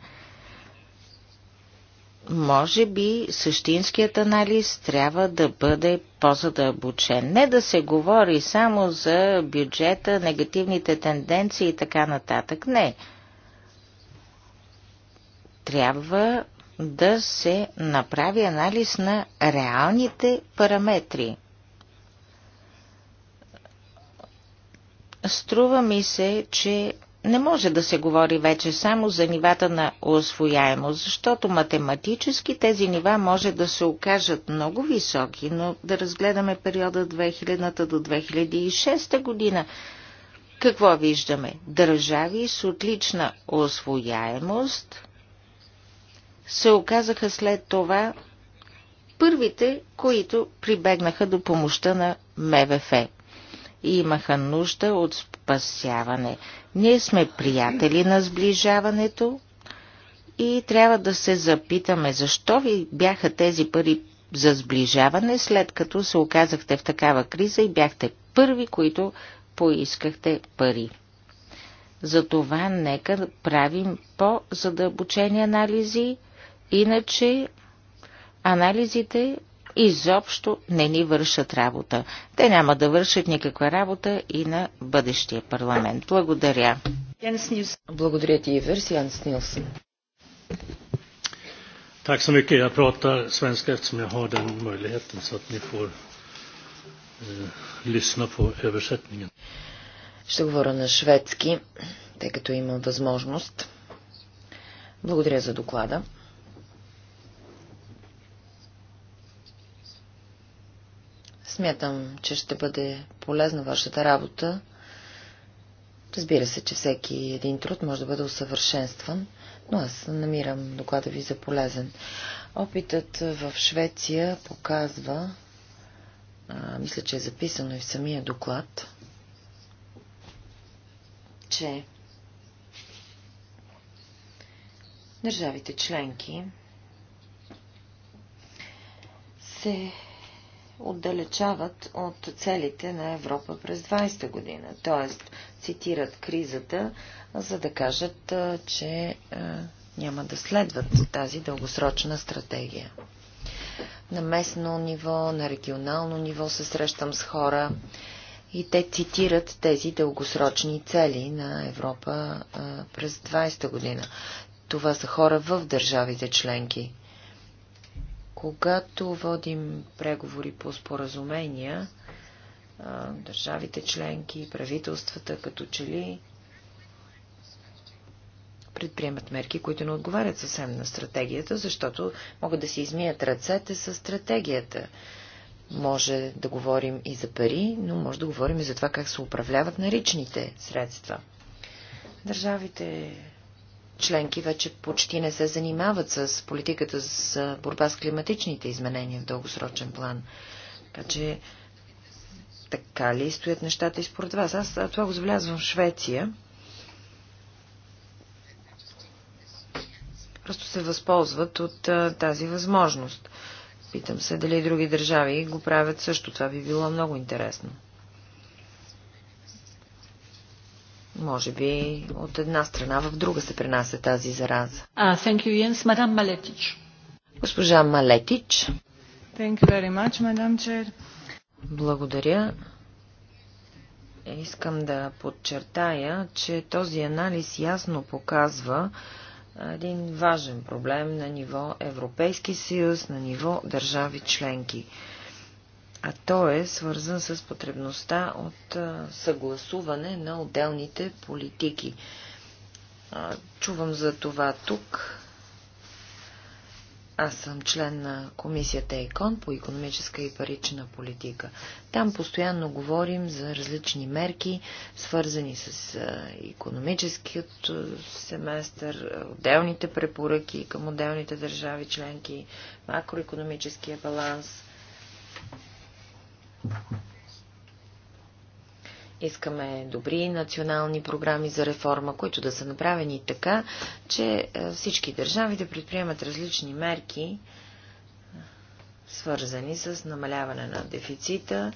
може би същинският анализ трябва да бъде по-задълбочен. Не да се говори само за бюджета, негативните тенденции и така нататък. Не. Трябва да се направи анализ на реалните параметри. Струва ми се, че не може да се говори вече само за нивата на освояемост, защото математически тези нива може да се окажат много високи, но да разгледаме периода 2000 до 2006 година. Какво виждаме? Държави с отлична освояемост се оказаха след това първите, които прибегнаха до помощта на МВФ и имаха нужда от спасяване. Ние сме приятели на сближаването и трябва да се запитаме, защо ви бяха тези пари за сближаване, след като се оказахте в такава криза и бяхте първи, които поискахте пари. Затова нека правим по-задълбочени анализи, иначе анализите изобщо не ни вършат работа. Те няма да вършат никаква работа и на бъдещия парламент. Благодаря. Благодаря ти, Иверс Янс Нилсен. Tack så mycket. Jag pratar svenska eftersom jag har den möjligheten så att ni får eh, lyssna på översättningen. Ще говоря на шведски, тъй като имам възможност. Благодаря за доклада. Смятам, че ще бъде полезна вашата работа. Разбира се, че всеки един труд може да бъде усъвършенстван, но аз намирам доклада ви за полезен. Опитът в Швеция показва, а, мисля, че е записано и в самия доклад, че държавите членки се отдалечават от целите на Европа през 20-та година. Тоест, цитират кризата, за да кажат, че няма да следват тази дългосрочна стратегия. На местно ниво, на регионално ниво се срещам с хора и те цитират тези дългосрочни цели на Европа през 20-та година. Това са хора в държавите членки – когато водим преговори по споразумения, държавите членки, правителствата, като че ли предприемат мерки, които не отговарят съвсем на стратегията, защото могат да си измият ръцете с стратегията. Може да говорим и за пари, но може да говорим и за това как се управляват наричните средства. Държавите членки вече почти не се занимават с политиката за борба с климатичните изменения в дългосрочен план. Така че така ли стоят нещата и според вас? Аз това го забелязвам в Швеция. Просто се възползват от а, тази възможност. Питам се дали други държави го правят също. Това би било много интересно. Може би от една страна в друга се пренася тази зараза. А, thank you, Jens. Мадам Малетич. Госпожа Малетич. Thank you very much, мадам Чер. Благодаря. Искам да подчертая, че този анализ ясно показва един важен проблем на ниво Европейски съюз, на ниво държави членки – а той е свързан с потребността от съгласуване на отделните политики. Чувам за това тук. Аз съм член на комисията ЕКОН по економическа и парична политика. Там постоянно говорим за различни мерки, свързани с економическият семестър, отделните препоръки към отделните държави членки, макроекономическия баланс – Искаме добри национални програми за реформа, които да са направени така, че е, всички държави да предприемат различни мерки, е, свързани с намаляване на дефицита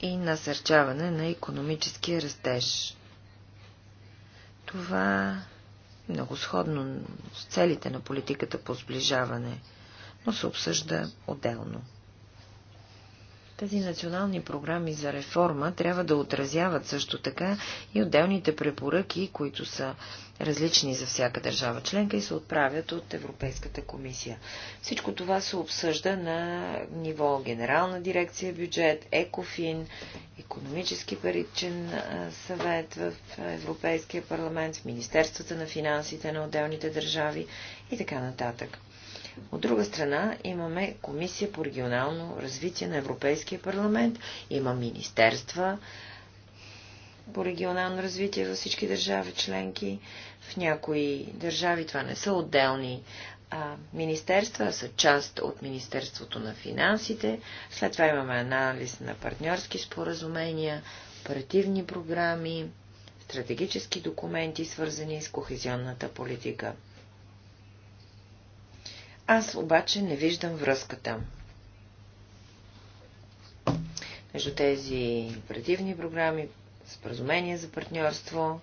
и насърчаване на економическия растеж. Това е много сходно с целите на политиката по сближаване, но се обсъжда отделно. Тези национални програми за реформа трябва да отразяват също така и отделните препоръки, които са различни за всяка държава членка и се отправят от Европейската комисия. Всичко това се обсъжда на ниво Генерална дирекция бюджет, ЕКОФИН, економически паричен съвет в Европейския парламент, в Министерствата на финансите на отделните държави и така нататък. От друга страна имаме Комисия по регионално развитие на Европейския парламент, има министерства по регионално развитие във всички държави членки. В някои държави това не са отделни а, министерства, са част от Министерството на финансите. След това имаме анализ на партньорски споразумения, оперативни програми, стратегически документи, свързани с кохезионната политика. Аз обаче не виждам връзката между тези оперативни програми, споразумения за партньорство,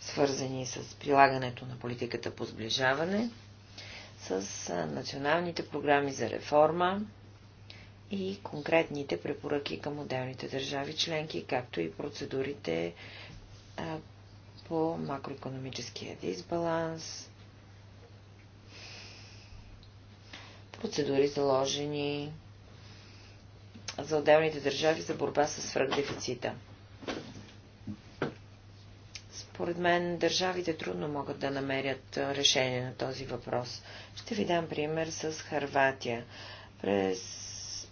свързани с прилагането на политиката по сближаване, с националните програми за реформа и конкретните препоръки към отделните държави членки, както и процедурите по макроекономическия дисбаланс, процедури заложени за отделните държави за борба с свръхдефицита. Според мен държавите трудно могат да намерят решение на този въпрос. Ще ви дам пример с Харватия. През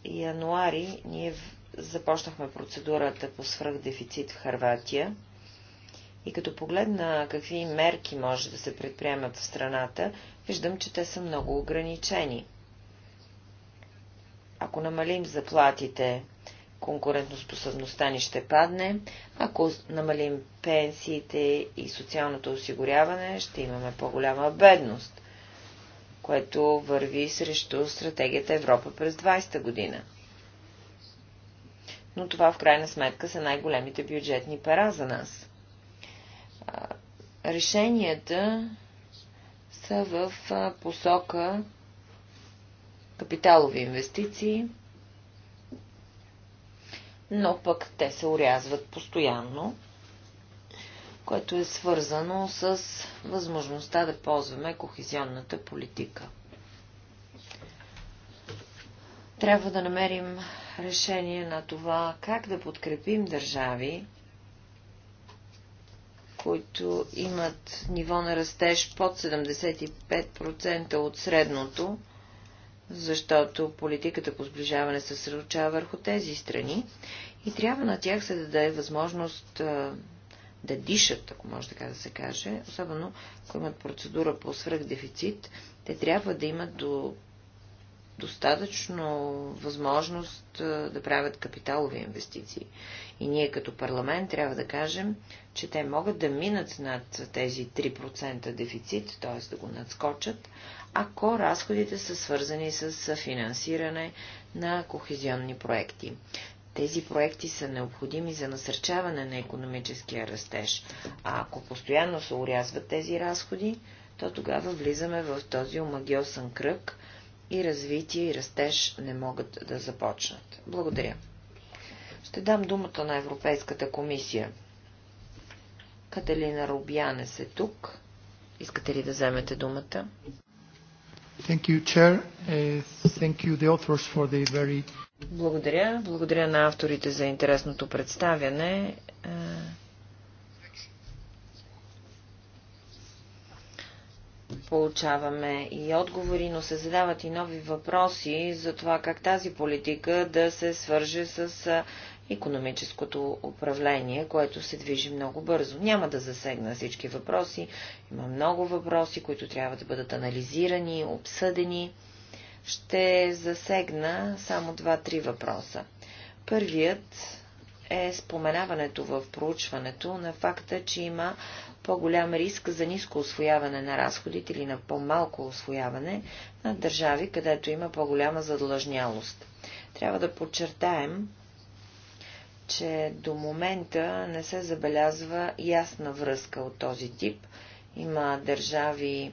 януари ние започнахме процедурата по свръхдефицит в Харватия. И като погледна какви мерки може да се предприемат в страната, виждам, че те са много ограничени. Ако намалим заплатите, конкурентоспособността ни ще падне. Ако намалим пенсиите и социалното осигуряване, ще имаме по-голяма бедност, което върви срещу стратегията Европа през 20-та година. Но това в крайна сметка са най-големите бюджетни пера за нас. Решенията са в посока капиталови инвестиции, но пък те се урязват постоянно, което е свързано с възможността да ползваме кохезионната политика. Трябва да намерим решение на това как да подкрепим държави, които имат ниво на растеж под 75% от средното, защото политиката по сближаване се съсредоточава върху тези страни и трябва на тях се да даде възможност да дишат, ако може така да се каже, особено ако имат процедура по свръхдефицит, те трябва да имат до достатъчно възможност да правят капиталови инвестиции. И ние като парламент трябва да кажем, че те могат да минат над тези 3% дефицит, т.е. да го надскочат, ако разходите са свързани с финансиране на кохезионни проекти. Тези проекти са необходими за насърчаване на економическия растеж, а ако постоянно се урязват тези разходи, то тогава влизаме в този омагиосен кръг и развитие и растеж не могат да започнат. Благодаря. Ще дам думата на Европейската комисия. Каталина Рубянес е тук. Искате ли да вземете думата? Thank you, Chair. Uh, thank you, the authors, for the very... Благодаря. Благодаря на авторите за интересното представяне. Е, получаваме и отговори, но се задават и нови въпроси за това как тази политика да се свърже с е, економическото управление, което се движи много бързо. Няма да засегна всички въпроси. Има много въпроси, които трябва да бъдат анализирани, обсъдени. Ще засегна само два-три въпроса. Първият е споменаването в проучването на факта, че има по-голям риск за ниско освояване на разходите или на по-малко освояване на държави, където има по-голяма задлъжнялост. Трябва да подчертаем, че до момента не се забелязва ясна връзка от този тип. Има държави,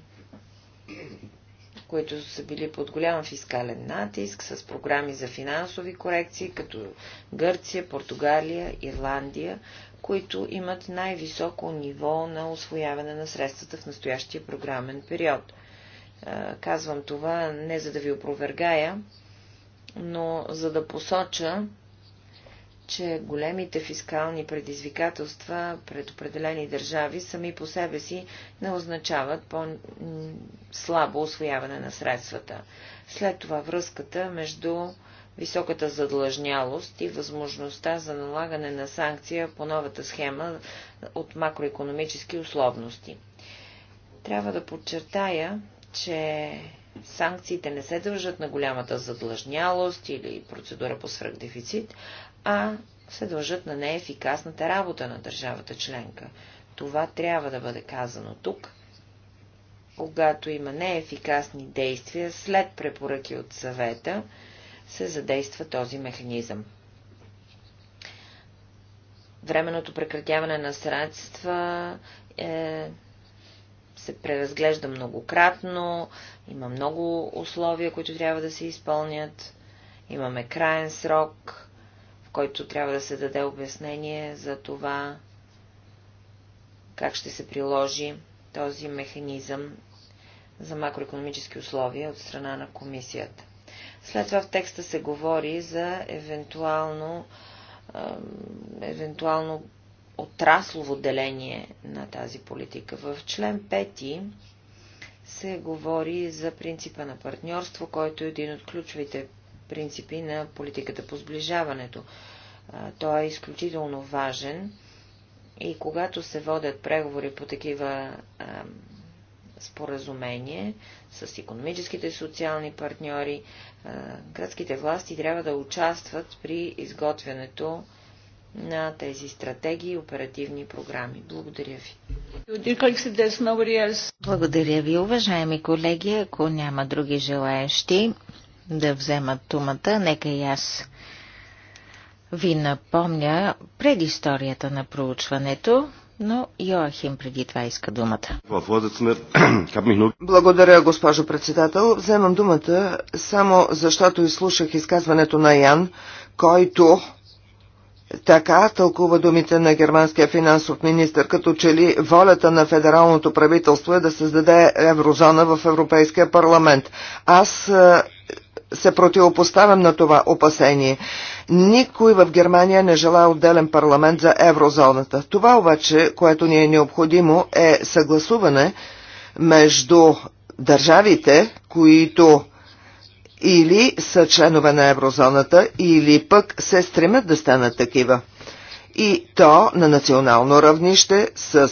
които са били под голям фискален натиск, с програми за финансови корекции, като Гърция, Португалия, Ирландия, които имат най-високо ниво на освояване на средствата в настоящия програмен период. Казвам това не за да ви опровергая, но за да посоча, че големите фискални предизвикателства пред определени държави сами по себе си не означават по-слабо освояване на средствата. След това връзката между високата задлъжнялост и възможността за налагане на санкция по новата схема от макроекономически условности. Трябва да подчертая, че санкциите не се дължат на голямата задлъжнялост или процедура по свръхдефицит, а се дължат на неефикасната работа на държавата членка. Това трябва да бъде казано тук, когато има неефикасни действия след препоръки от съвета, се задейства този механизъм. Временното прекратяване на средства е, се преразглежда многократно, има много условия, които трябва да се изпълнят, имаме краен срок, който трябва да се даде обяснение за това, как ще се приложи този механизъм за макроекономически условия от страна на комисията. След това в текста се говори за евентуално, евентуално отраслово деление на тази политика. В член 5 се говори за принципа на партньорство, който е един от ключовите принципи на политиката по сближаването. Той е изключително важен и когато се водят преговори по такива споразумение с економическите и социални партньори, гръцките власти трябва да участват при изготвянето на тези стратегии и оперативни програми. Благодаря ви. Благодаря ви, уважаеми колеги. Ако няма други желаящи, да вземат думата, нека и аз ви напомня предисторията на проучването, но Йоахим преди това иска думата. Благодаря, госпожо председател. Вземам думата само защото изслушах изказването на Ян, който така тълкува думите на германския финансов министр, като че ли волята на федералното правителство е да създаде еврозона в Европейския парламент. Аз се противопоставям на това опасение. Никой в Германия не желая отделен парламент за еврозоната. Това обаче, което ни е необходимо, е съгласуване между държавите, които или са членове на еврозоната, или пък се стремят да станат такива. И то на национално равнище с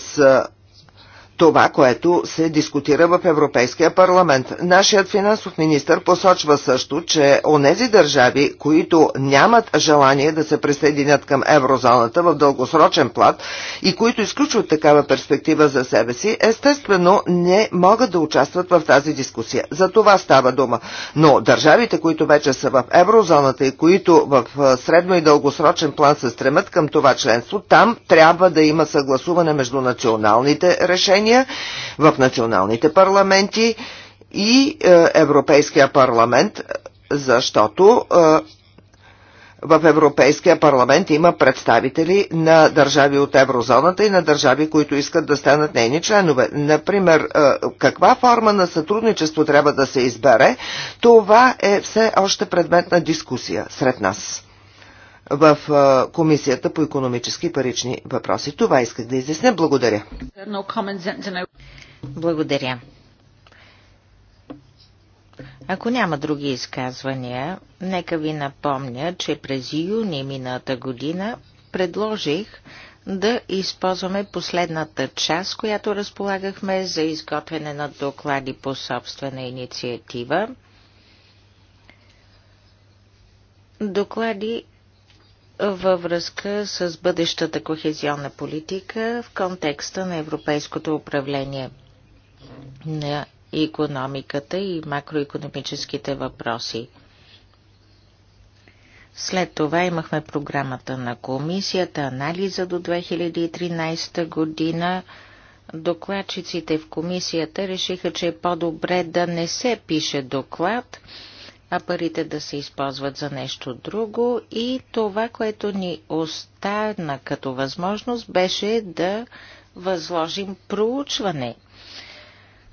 това, което се дискутира в Европейския парламент. Нашият финансов министр посочва също, че онези държави, които нямат желание да се присъединят към еврозоната в дългосрочен плат и които изключват такава перспектива за себе си, естествено не могат да участват в тази дискусия. За това става дума. Но държавите, които вече са в еврозоната и които в средно и дългосрочен план се стремят към това членство, там трябва да има съгласуване между националните решения изслушвания в националните парламенти и е, Европейския парламент, защото е, в Европейския парламент има представители на държави от еврозоната и на държави, които искат да станат нейни членове. Например, е, каква форма на сътрудничество трябва да се избере, това е все още предмет на дискусия сред нас в Комисията по економически и парични въпроси. Това исках да изясня. Благодаря. Благодаря. Ако няма други изказвания, нека ви напомня, че през юни миналата година предложих да използваме последната част, която разполагахме за изготвяне на доклади по собствена инициатива. Доклади във връзка с бъдещата кохезионна политика в контекста на европейското управление на економиката и макроекономическите въпроси. След това имахме програмата на комисията, анализа до 2013 година. Докладчиците в комисията решиха, че е по-добре да не се пише доклад – а парите да се използват за нещо друго. И това, което ни остана като възможност, беше да възложим проучване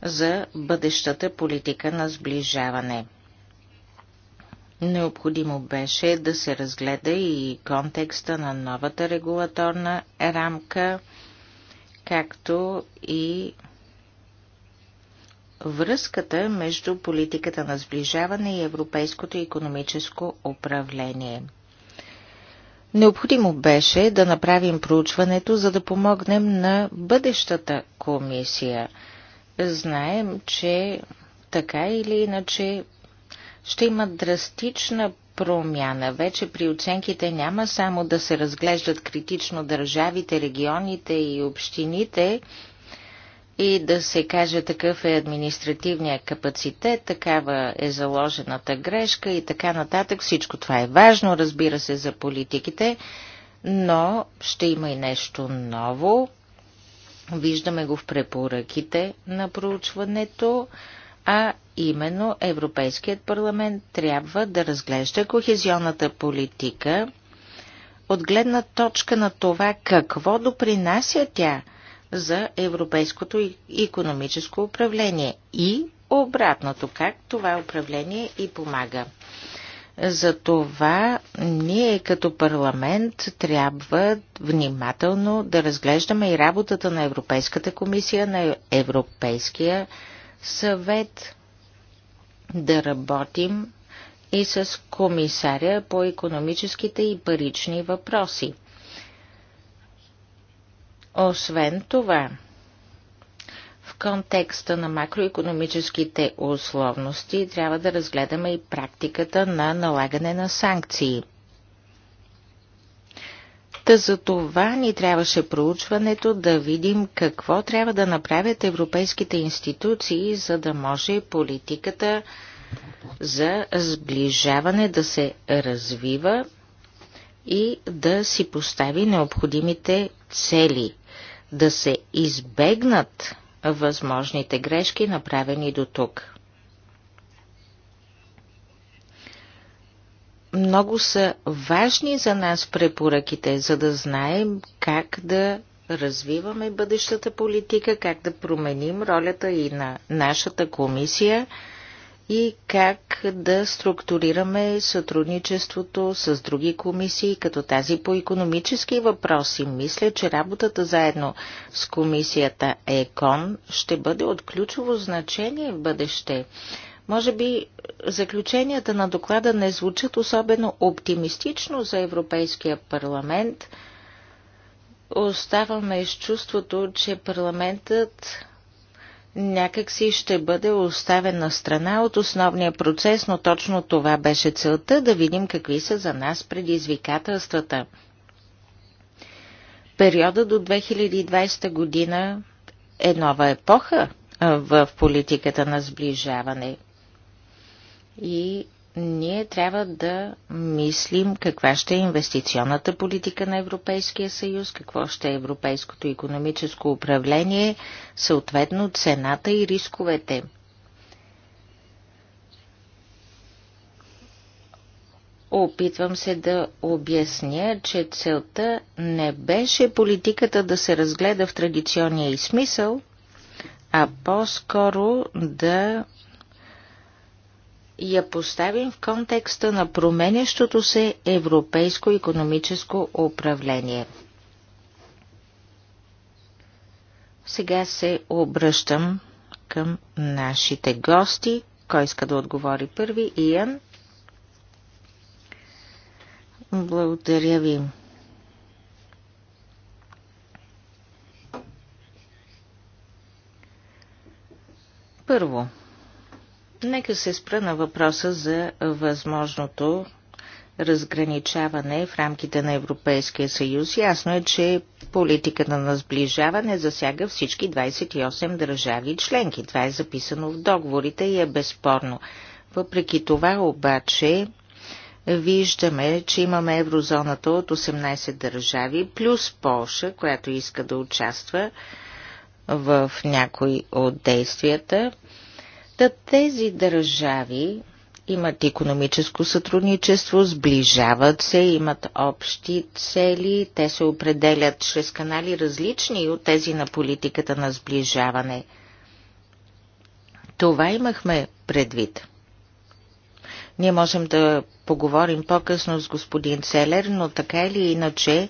за бъдещата политика на сближаване. Необходимо беше да се разгледа и контекста на новата регулаторна рамка, както и връзката между политиката на сближаване и европейското економическо управление. Необходимо беше да направим проучването, за да помогнем на бъдещата комисия. Знаем, че така или иначе ще има драстична промяна. Вече при оценките няма само да се разглеждат критично държавите, регионите и общините, и да се каже такъв е административния капацитет, такава е заложената грешка и така нататък. Всичко това е важно, разбира се, за политиките, но ще има и нещо ново. Виждаме го в препоръките на проучването, а именно Европейският парламент трябва да разглежда кохезионната политика от гледна точка на това какво допринася тя – за европейското економическо управление и обратното, как това управление и помага. Затова ние като парламент трябва внимателно да разглеждаме и работата на Европейската комисия, на Европейския съвет, да работим и с комисаря по економическите и парични въпроси – освен това, в контекста на макроекономическите условности трябва да разгледаме и практиката на налагане на санкции. Та за това ни трябваше проучването да видим какво трябва да направят европейските институции, за да може политиката за сближаване да се развива и да си постави необходимите цели, да се избегнат възможните грешки, направени до тук. Много са важни за нас препоръките, за да знаем как да развиваме бъдещата политика, как да променим ролята и на нашата комисия – и как да структурираме сътрудничеството с други комисии, като тази по економически въпроси. Мисля, че работата заедно с комисията ЕКОН ще бъде от ключово значение в бъдеще. Може би заключенията на доклада не звучат особено оптимистично за Европейския парламент. Оставаме с чувството, че парламентът някакси ще бъде оставен на страна от основния процес, но точно това беше целта да видим какви са за нас предизвикателствата. Периода до 2020 година е нова епоха в политиката на сближаване. И ние трябва да мислим каква ще е инвестиционната политика на Европейския съюз, какво ще е европейското економическо управление, съответно цената и рисковете. Опитвам се да обясня, че целта не беше политиката да се разгледа в традиционния и смисъл, а по-скоро да я поставим в контекста на променящото се европейско економическо управление. Сега се обръщам към нашите гости. Кой иска да отговори първи? Иан. Благодаря ви. Първо, Нека се спра на въпроса за възможното разграничаване в рамките на Европейския съюз. Ясно е, че политиката на сближаване засяга всички 28 държави членки. Това е записано в договорите и е безспорно. Въпреки това обаче виждаме, че имаме еврозоната от 18 държави, плюс Полша, която иска да участва в някои от действията. Та тези държави имат економическо сътрудничество, сближават се, имат общи цели, те се определят чрез канали различни от тези на политиката на сближаване. Това имахме предвид. Ние можем да поговорим по-късно с господин Целер, но така или иначе,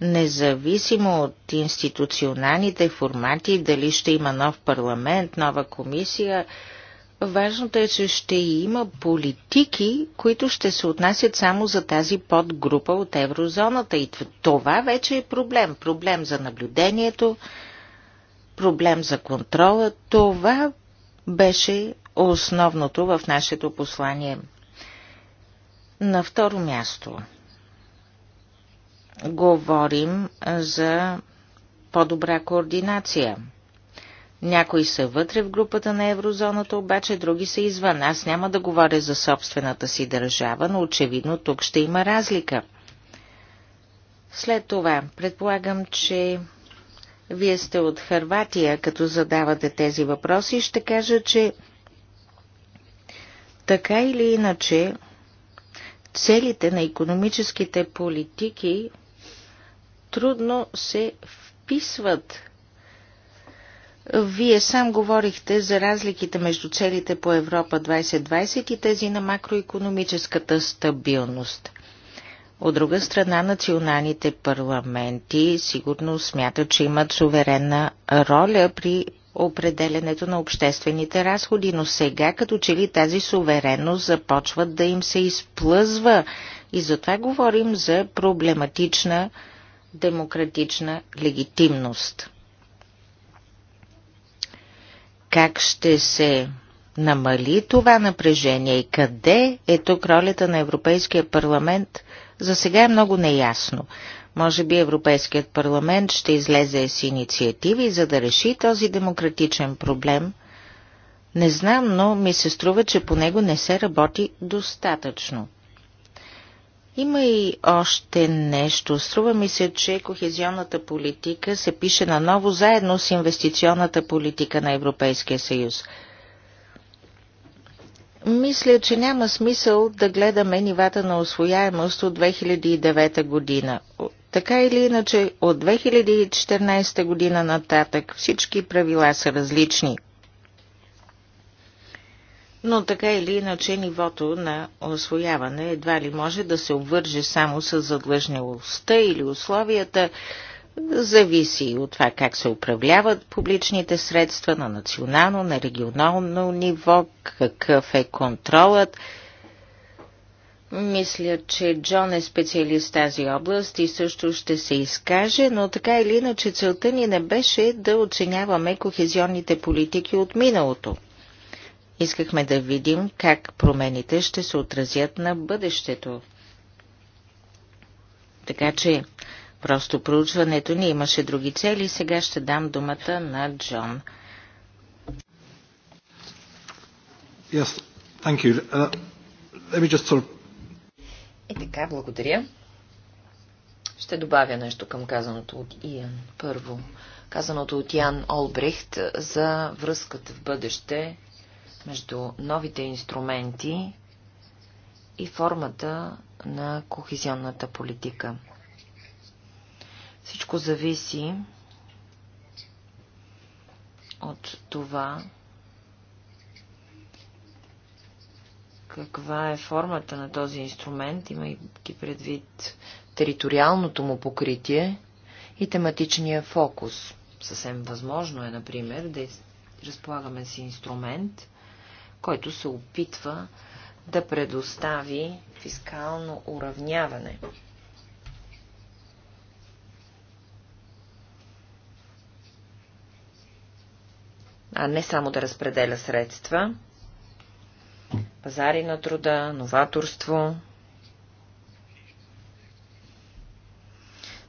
независимо от институционалните формати, дали ще има нов парламент, нова комисия, Важното е, че ще има политики, които ще се отнасят само за тази подгрупа от еврозоната. И това вече е проблем. Проблем за наблюдението, проблем за контрола. Това беше основното в нашето послание. На второ място говорим за по-добра координация – някои са вътре в групата на еврозоната, обаче други са извън. Аз няма да говоря за собствената си държава, но очевидно тук ще има разлика. След това, предполагам, че вие сте от Харватия, като задавате тези въпроси, ще кажа, че така или иначе целите на економическите политики трудно се вписват вие сам говорихте за разликите между целите по Европа 2020 и тези на макроекономическата стабилност. От друга страна, националните парламенти сигурно смятат, че имат суверенна роля при определенето на обществените разходи, но сега като че ли тази суверенност започват да им се изплъзва и затова говорим за проблематична демократична легитимност. Как ще се намали това напрежение и къде е тук ролята на Европейския парламент, за сега е много неясно. Може би Европейският парламент ще излезе с инициативи, за да реши този демократичен проблем. Не знам, но ми се струва, че по него не се работи достатъчно. Има и още нещо. Струва ми се, че кохезионната политика се пише наново заедно с инвестиционната политика на Европейския съюз. Мисля, че няма смисъл да гледаме нивата на освояемост от 2009 година. Така или иначе, от 2014 година нататък всички правила са различни но така или иначе нивото на освояване едва ли може да се обвърже само с задлъжнялостта или условията, зависи от това как се управляват публичните средства на национално, на регионално ниво, какъв е контролът. Мисля, че Джон е специалист в тази област и също ще се изкаже, но така или иначе целта ни не беше да оценяваме кохезионните политики от миналото. Искахме да видим как промените ще се отразят на бъдещето. Така че Просто проучването ни имаше други цели. Сега ще дам думата на Джон. Yes, thank you. Uh, let me just sort of... И така, благодаря. Ще добавя нещо към казаното от Иан. Първо, казаното от Ян Олбрихт за връзката в бъдеще между новите инструменти и формата на кохезионната политика. Всичко зависи от това, каква е формата на този инструмент, имайки предвид териториалното му покритие и тематичния фокус. Съвсем възможно е, например, да разполагаме с инструмент, който се опитва да предостави фискално уравняване. А не само да разпределя средства, пазари на труда, новаторство.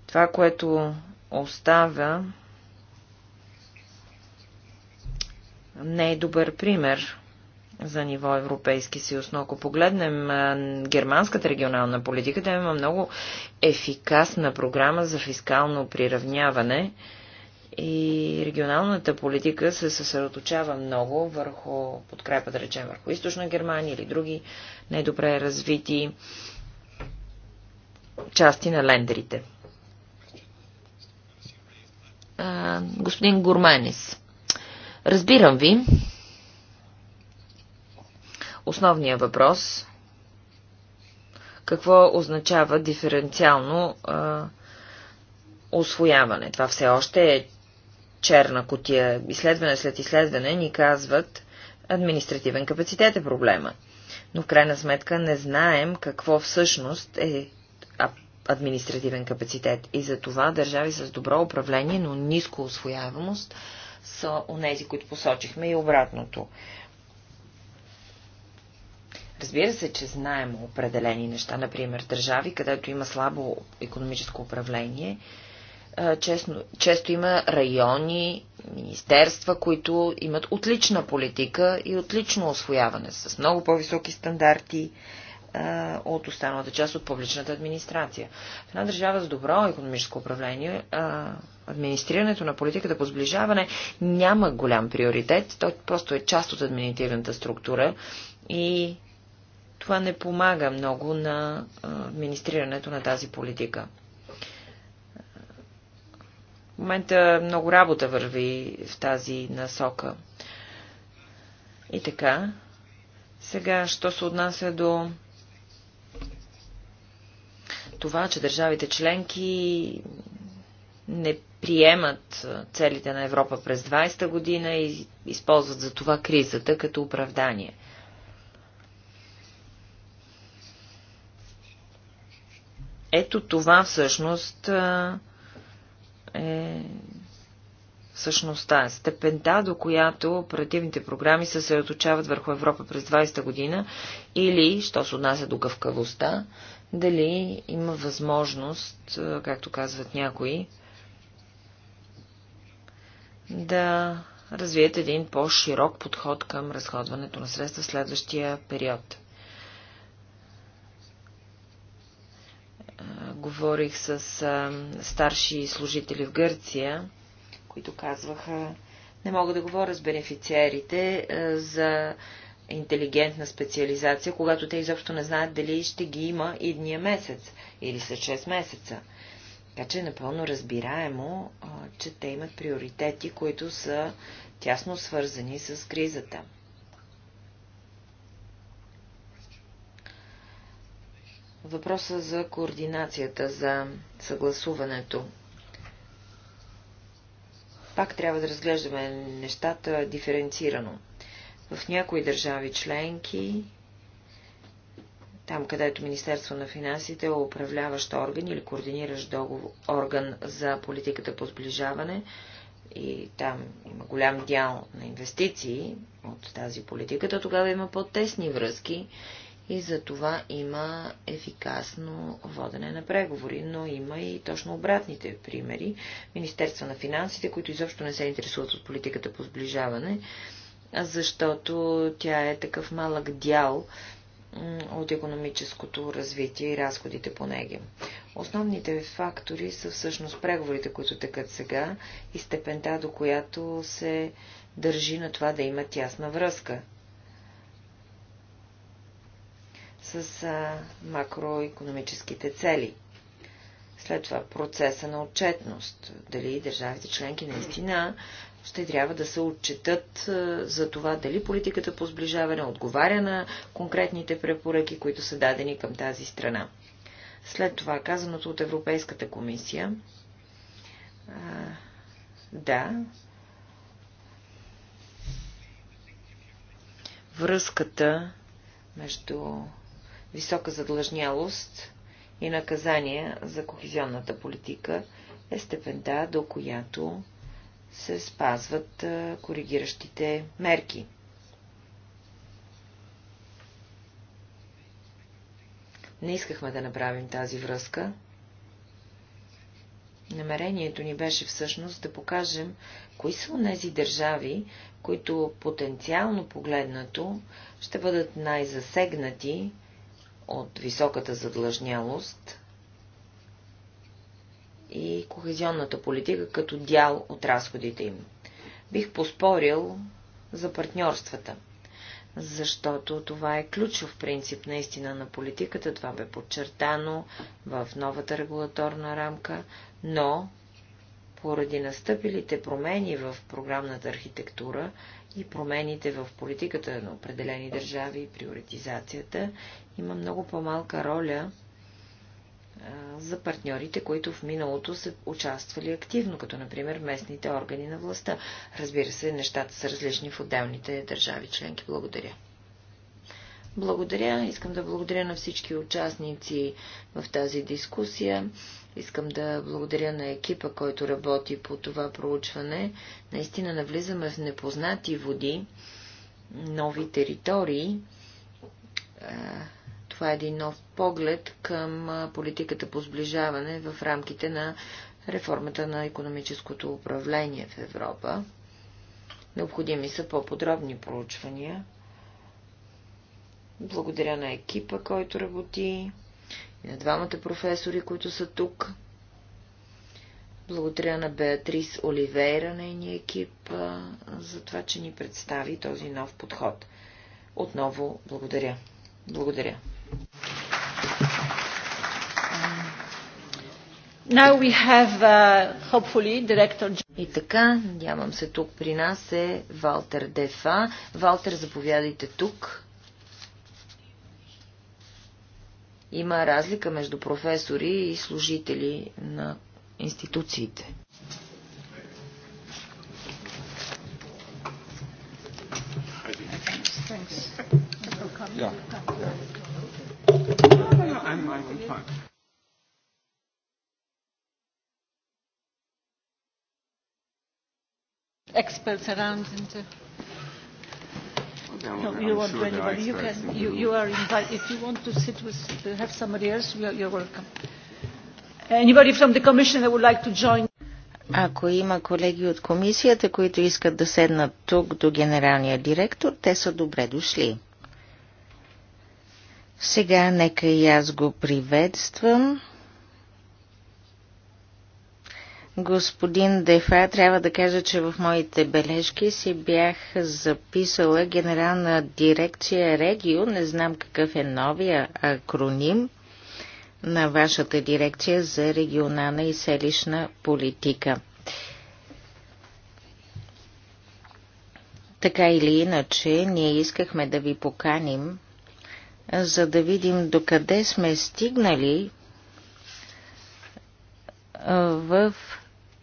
Това, което остава, не е добър пример за ниво Европейски съюз. Но ако погледнем германската регионална политика, тя има много ефикасна програма за фискално приравняване и регионалната политика се съсредоточава много върху подкрепа, да речем, върху източна Германия или други недобре развити части на лендерите. А, господин Гурманис, разбирам ви, Основният въпрос какво означава диференциално а, освояване. Това все още е черна котия. Изследване след изследване ни казват, административен капацитет е проблема. Но в крайна сметка не знаем какво всъщност е административен капацитет. И за това държави с добро управление, но ниско освояемост са у нези, които посочихме и обратното. Разбира се, че знаем определени неща, например държави, където има слабо економическо управление, честно, често има райони, министерства, които имат отлична политика и отлично освояване с много по-високи стандарти от останалата част от публичната администрация. В една държава с добро економическо управление, администрирането на политиката по сближаване няма голям приоритет. Той просто е част от административната структура и това не помага много на администрирането на тази политика. В момента много работа върви в тази насока. И така, сега, що се отнася до това, че държавите членки не приемат целите на Европа през 20-та година и използват за това кризата като оправдание – Ето това всъщност е е степента, до която оперативните програми се съсредоточават върху Европа през 20-та година или, що се отнася до гъвкавостта, дали има възможност, както казват някои, да развият един по-широк подход към разходването на средства в следващия период. говорих с а, старши служители в Гърция, които казваха, не мога да говоря с бенефициарите а, за интелигентна специализация, когато те изобщо не знаят дали ще ги има идния месец или след 6 месеца. Така че е напълно разбираемо, а, че те имат приоритети, които са тясно свързани с кризата. Въпроса за координацията, за съгласуването. Пак трябва да разглеждаме нещата диференцирано. В някои държави членки, там където Министерство на финансите е управляващ орган или координиращ договор, орган за политиката по сближаване, и там има голям дял на инвестиции от тази политика, то тогава има по-тесни връзки и за това има ефикасно водене на преговори, но има и точно обратните примери. Министерства на финансите, които изобщо не се интересуват от политиката по сближаване, защото тя е такъв малък дял от економическото развитие и разходите по неги. Основните фактори са всъщност преговорите, които текат сега и степента, до която се държи на това да има тясна връзка – с макроекономическите цели. След това процеса на отчетност. Дали държавите членки наистина ще трябва да се отчетат за това дали политиката по сближаване отговаря на конкретните препоръки, които са дадени към тази страна. След това казаното от Европейската комисия. А, да. Връзката между висока задлъжнялост и наказания за кохезионната политика е степента, до която се спазват коригиращите мерки. Не искахме да направим тази връзка. Намерението ни беше всъщност да покажем, кои са тези държави, които потенциално погледнато ще бъдат най-засегнати от високата задлъжнялост и кохезионната политика като дял от разходите им. Бих поспорил за партньорствата, защото това е ключов принцип наистина на политиката, това бе подчертано в новата регулаторна рамка, но поради настъпилите промени в програмната архитектура и промените в политиката на определени държави и приоритизацията има много по-малка роля за партньорите, които в миналото са участвали активно, като например местните органи на властта. Разбира се, нещата са различни в отделните държави членки. Благодаря. Благодаря. Искам да благодаря на всички участници в тази дискусия. Искам да благодаря на екипа, който работи по това проучване. Наистина навлизаме в непознати води, нови територии. Това е един нов поглед към политиката по сближаване в рамките на реформата на економическото управление в Европа. Необходими са по-подробни проучвания. Благодаря на екипа, който работи и на двамата професори, които са тук. Благодаря на Беатрис Оливейра, нейния екип, за това, че ни представи този нов подход. Отново благодаря. Благодаря. Now we have, uh, hopefully, director... И така, надявам се, тук при нас е Валтер Дефа. Валтер, заповядайте тук. има разлика между професори и служители на институциите. Yeah. Yeah. I'm, I'm fine. Experts around and. Uh... No, you don't want anybody. You can. You, you are invited. If you want to sit with, to have somebody else, you are, you're welcome. Anybody from the commission that would like to join? Ако има колеги от комисията, които искат да седнат тук до генералния директор, те са добре дошли. Сега нека и аз го приветствам. Господин Дефа, трябва да кажа, че в моите бележки си бях записала Генерална дирекция Регио. Не знам какъв е новия акроним на вашата дирекция за регионална и селищна политика. Така или иначе, ние искахме да ви поканим, за да видим докъде сме стигнали в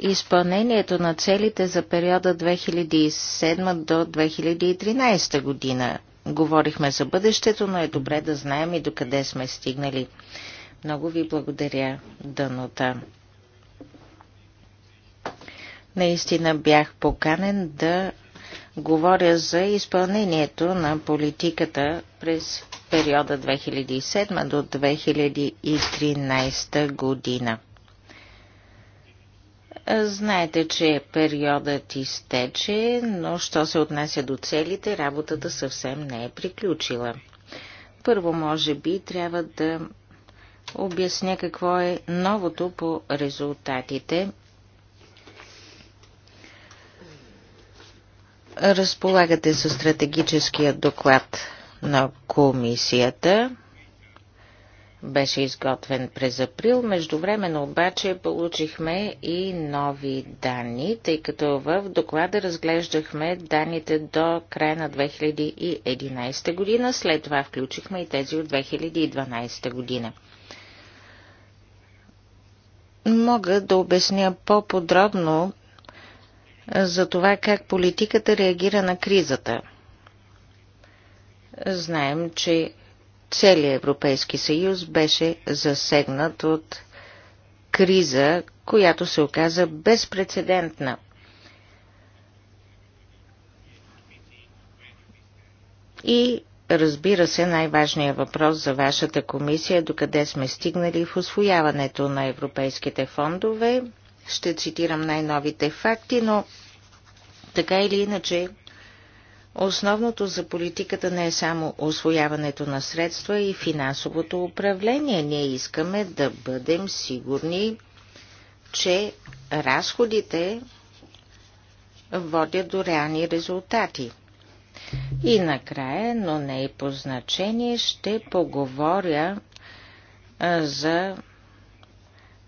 изпълнението на целите за периода 2007 до 2013 година. Говорихме за бъдещето, но е добре да знаем и докъде сме стигнали. Много ви благодаря, Данута. Наистина бях поканен да говоря за изпълнението на политиката през периода 2007 до 2013 година. Знаете, че периодът изтече, но що се отнася до целите, работата съвсем не е приключила. Първо, може би, трябва да обясня какво е новото по резултатите. Разполагате със стратегическия доклад на комисията – беше изготвен през април. Междувременно обаче получихме и нови данни, тъй като в доклада разглеждахме данните до края на 2011 година, след това включихме и тези от 2012 година. Мога да обясня по-подробно за това как политиката реагира на кризата. Знаем, че целият Европейски съюз беше засегнат от криза, която се оказа безпредседентна. И разбира се, най-важният въпрос за вашата комисия е докъде сме стигнали в освояването на европейските фондове. Ще цитирам най-новите факти, но така или иначе Основното за политиката не е само освояването на средства и финансовото управление. Ние искаме да бъдем сигурни, че разходите водят до реални резултати. И накрая, но не и по значение, ще поговоря за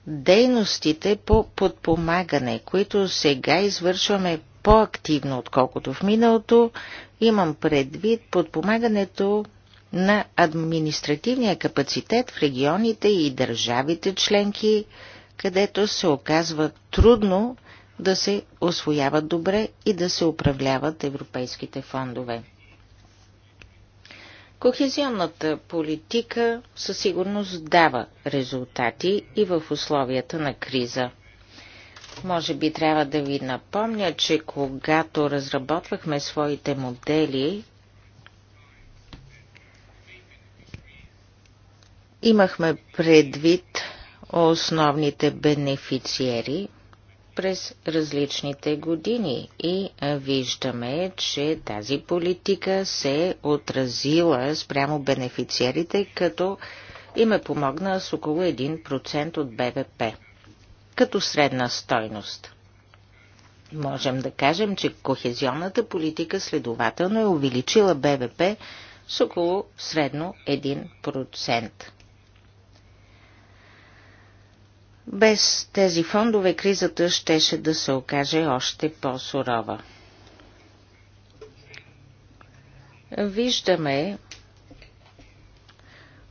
дейностите по подпомагане, които сега извършваме по-активно, отколкото в миналото. Имам предвид подпомагането на административния капацитет в регионите и държавите членки, където се оказва трудно да се освояват добре и да се управляват европейските фондове. Кохезионната политика със сигурност дава резултати и в условията на криза – може би трябва да ви напомня, че когато разработвахме своите модели, имахме предвид основните бенефициери през различните години и виждаме, че тази политика се е отразила спрямо бенефициерите, като им е помогна с около 1% от БВП като средна стойност. Можем да кажем, че кохезионната политика следователно е увеличила БВП с около средно 1%. Без тези фондове кризата щеше да се окаже още по-сурова. Виждаме,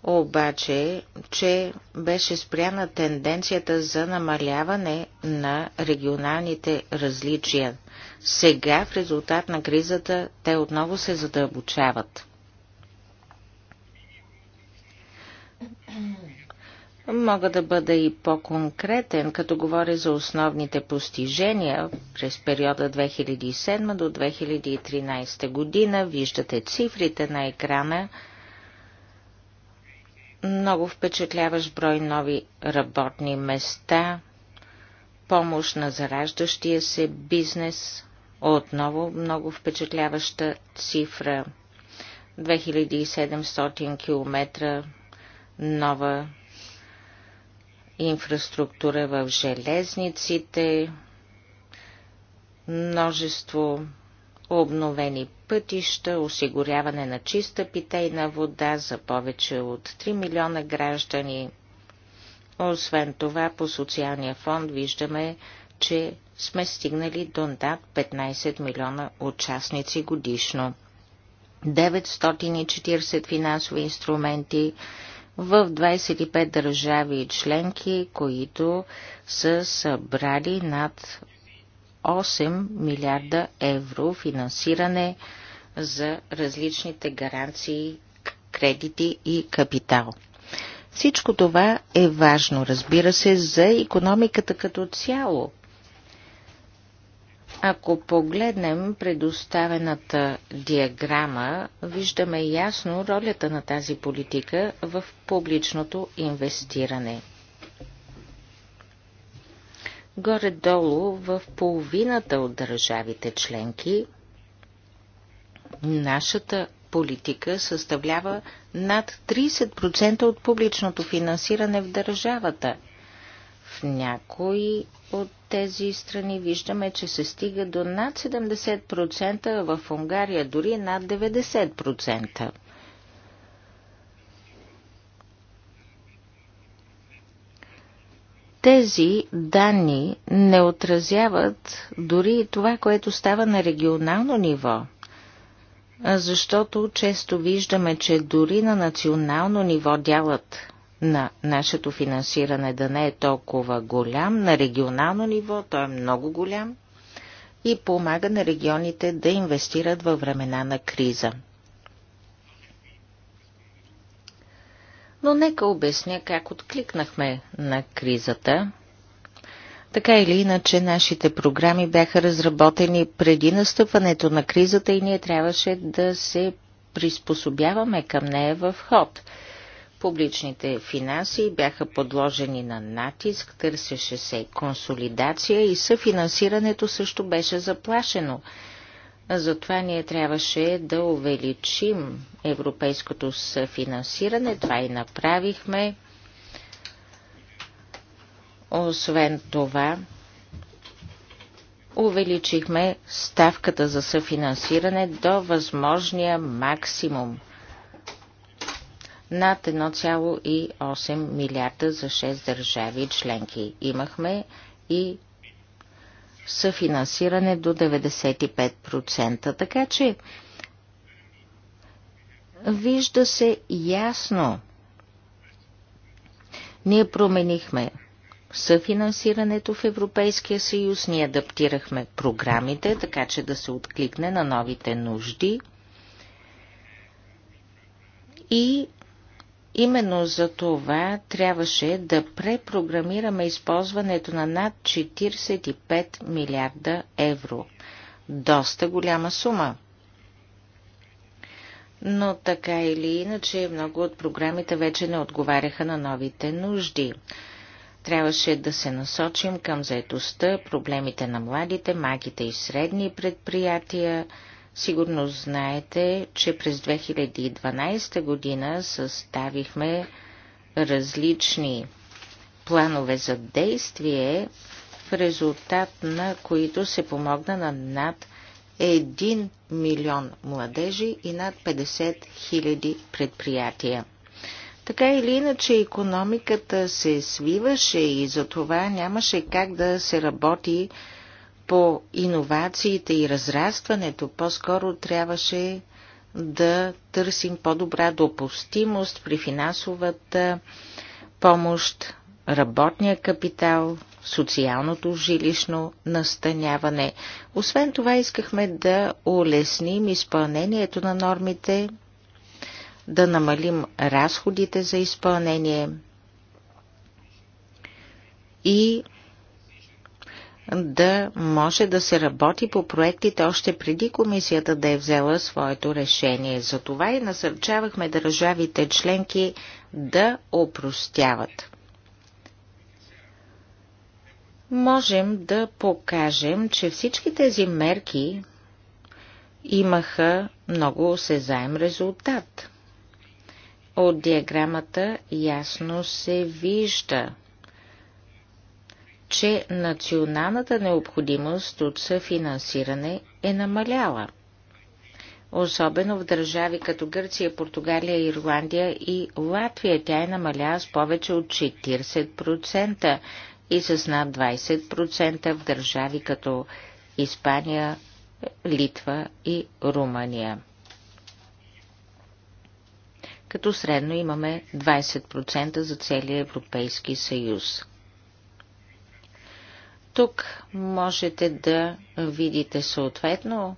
обаче, че беше спряна тенденцията за намаляване на регионалните различия. Сега, в резултат на кризата, те отново се задълбочават. Мога да бъда и по-конкретен, като говоря за основните постижения през периода 2007 до 2013 година. Виждате цифрите на екрана – много впечатляващ брой нови работни места, помощ на зараждащия се бизнес, отново много впечатляваща цифра, 2700 км нова инфраструктура в железниците, множество обновени пътища, осигуряване на чиста питейна вода за повече от 3 милиона граждани. Освен това, по социалния фонд виждаме, че сме стигнали до над 15 милиона участници годишно. 940 финансови инструменти в 25 държави и членки, които са събрали над 8 милиарда евро финансиране за различните гаранции, кредити и капитал. Всичко това е важно, разбира се, за економиката като цяло. Ако погледнем предоставената диаграма, виждаме ясно ролята на тази политика в публичното инвестиране. Горе-долу в половината от държавите членки – Нашата политика съставлява над 30% от публичното финансиране в държавата. В някои от тези страни виждаме, че се стига до над 70%, а в Унгария дори над 90%. Тези данни не отразяват дори и това, което става на регионално ниво – защото често виждаме, че дори на национално ниво дялът на нашето финансиране да не е толкова голям, на регионално ниво той е много голям и помага на регионите да инвестират във времена на криза. Но нека обясня как откликнахме на кризата така или иначе, нашите програми бяха разработени преди настъпването на кризата и ние трябваше да се приспособяваме към нея в ход. Публичните финанси бяха подложени на натиск, търсеше се консолидация и съфинансирането също беше заплашено. Затова ние трябваше да увеличим европейското съфинансиране. Това и направихме. Освен това, увеличихме ставката за съфинансиране до възможния максимум над 1,8 милиарда за 6 държави членки. Имахме и съфинансиране до 95%. Така че вижда се ясно. Ние променихме съфинансирането в Европейския съюз. Ние адаптирахме програмите, така че да се откликне на новите нужди. И Именно за това трябваше да препрограмираме използването на над 45 милиарда евро. Доста голяма сума. Но така или иначе, много от програмите вече не отговаряха на новите нужди. Трябваше да се насочим към заедостта, проблемите на младите, маките и средни предприятия. Сигурно знаете, че през 2012 година съставихме различни планове за действие, в резултат на които се помогна на над 1 милион младежи и над 50 хиляди предприятия. Така или иначе економиката се свиваше и за това нямаше как да се работи по иновациите и разрастването. По-скоро трябваше да търсим по-добра допустимост при финансовата помощ, работния капитал, социалното жилищно настаняване. Освен това искахме да улесним изпълнението на нормите да намалим разходите за изпълнение и да може да се работи по проектите още преди комисията да е взела своето решение. Затова и насърчавахме държавите членки да опростяват. Можем да покажем, че всички тези мерки имаха много осезаем резултат. От диаграмата ясно се вижда, че националната необходимост от съфинансиране е намаляла. Особено в държави като Гърция, Португалия, Ирландия и Латвия тя е намаляла с повече от 40% и с над 20% в държави като Испания, Литва и Румъния като средно имаме 20% за целия Европейски съюз. Тук можете да видите съответно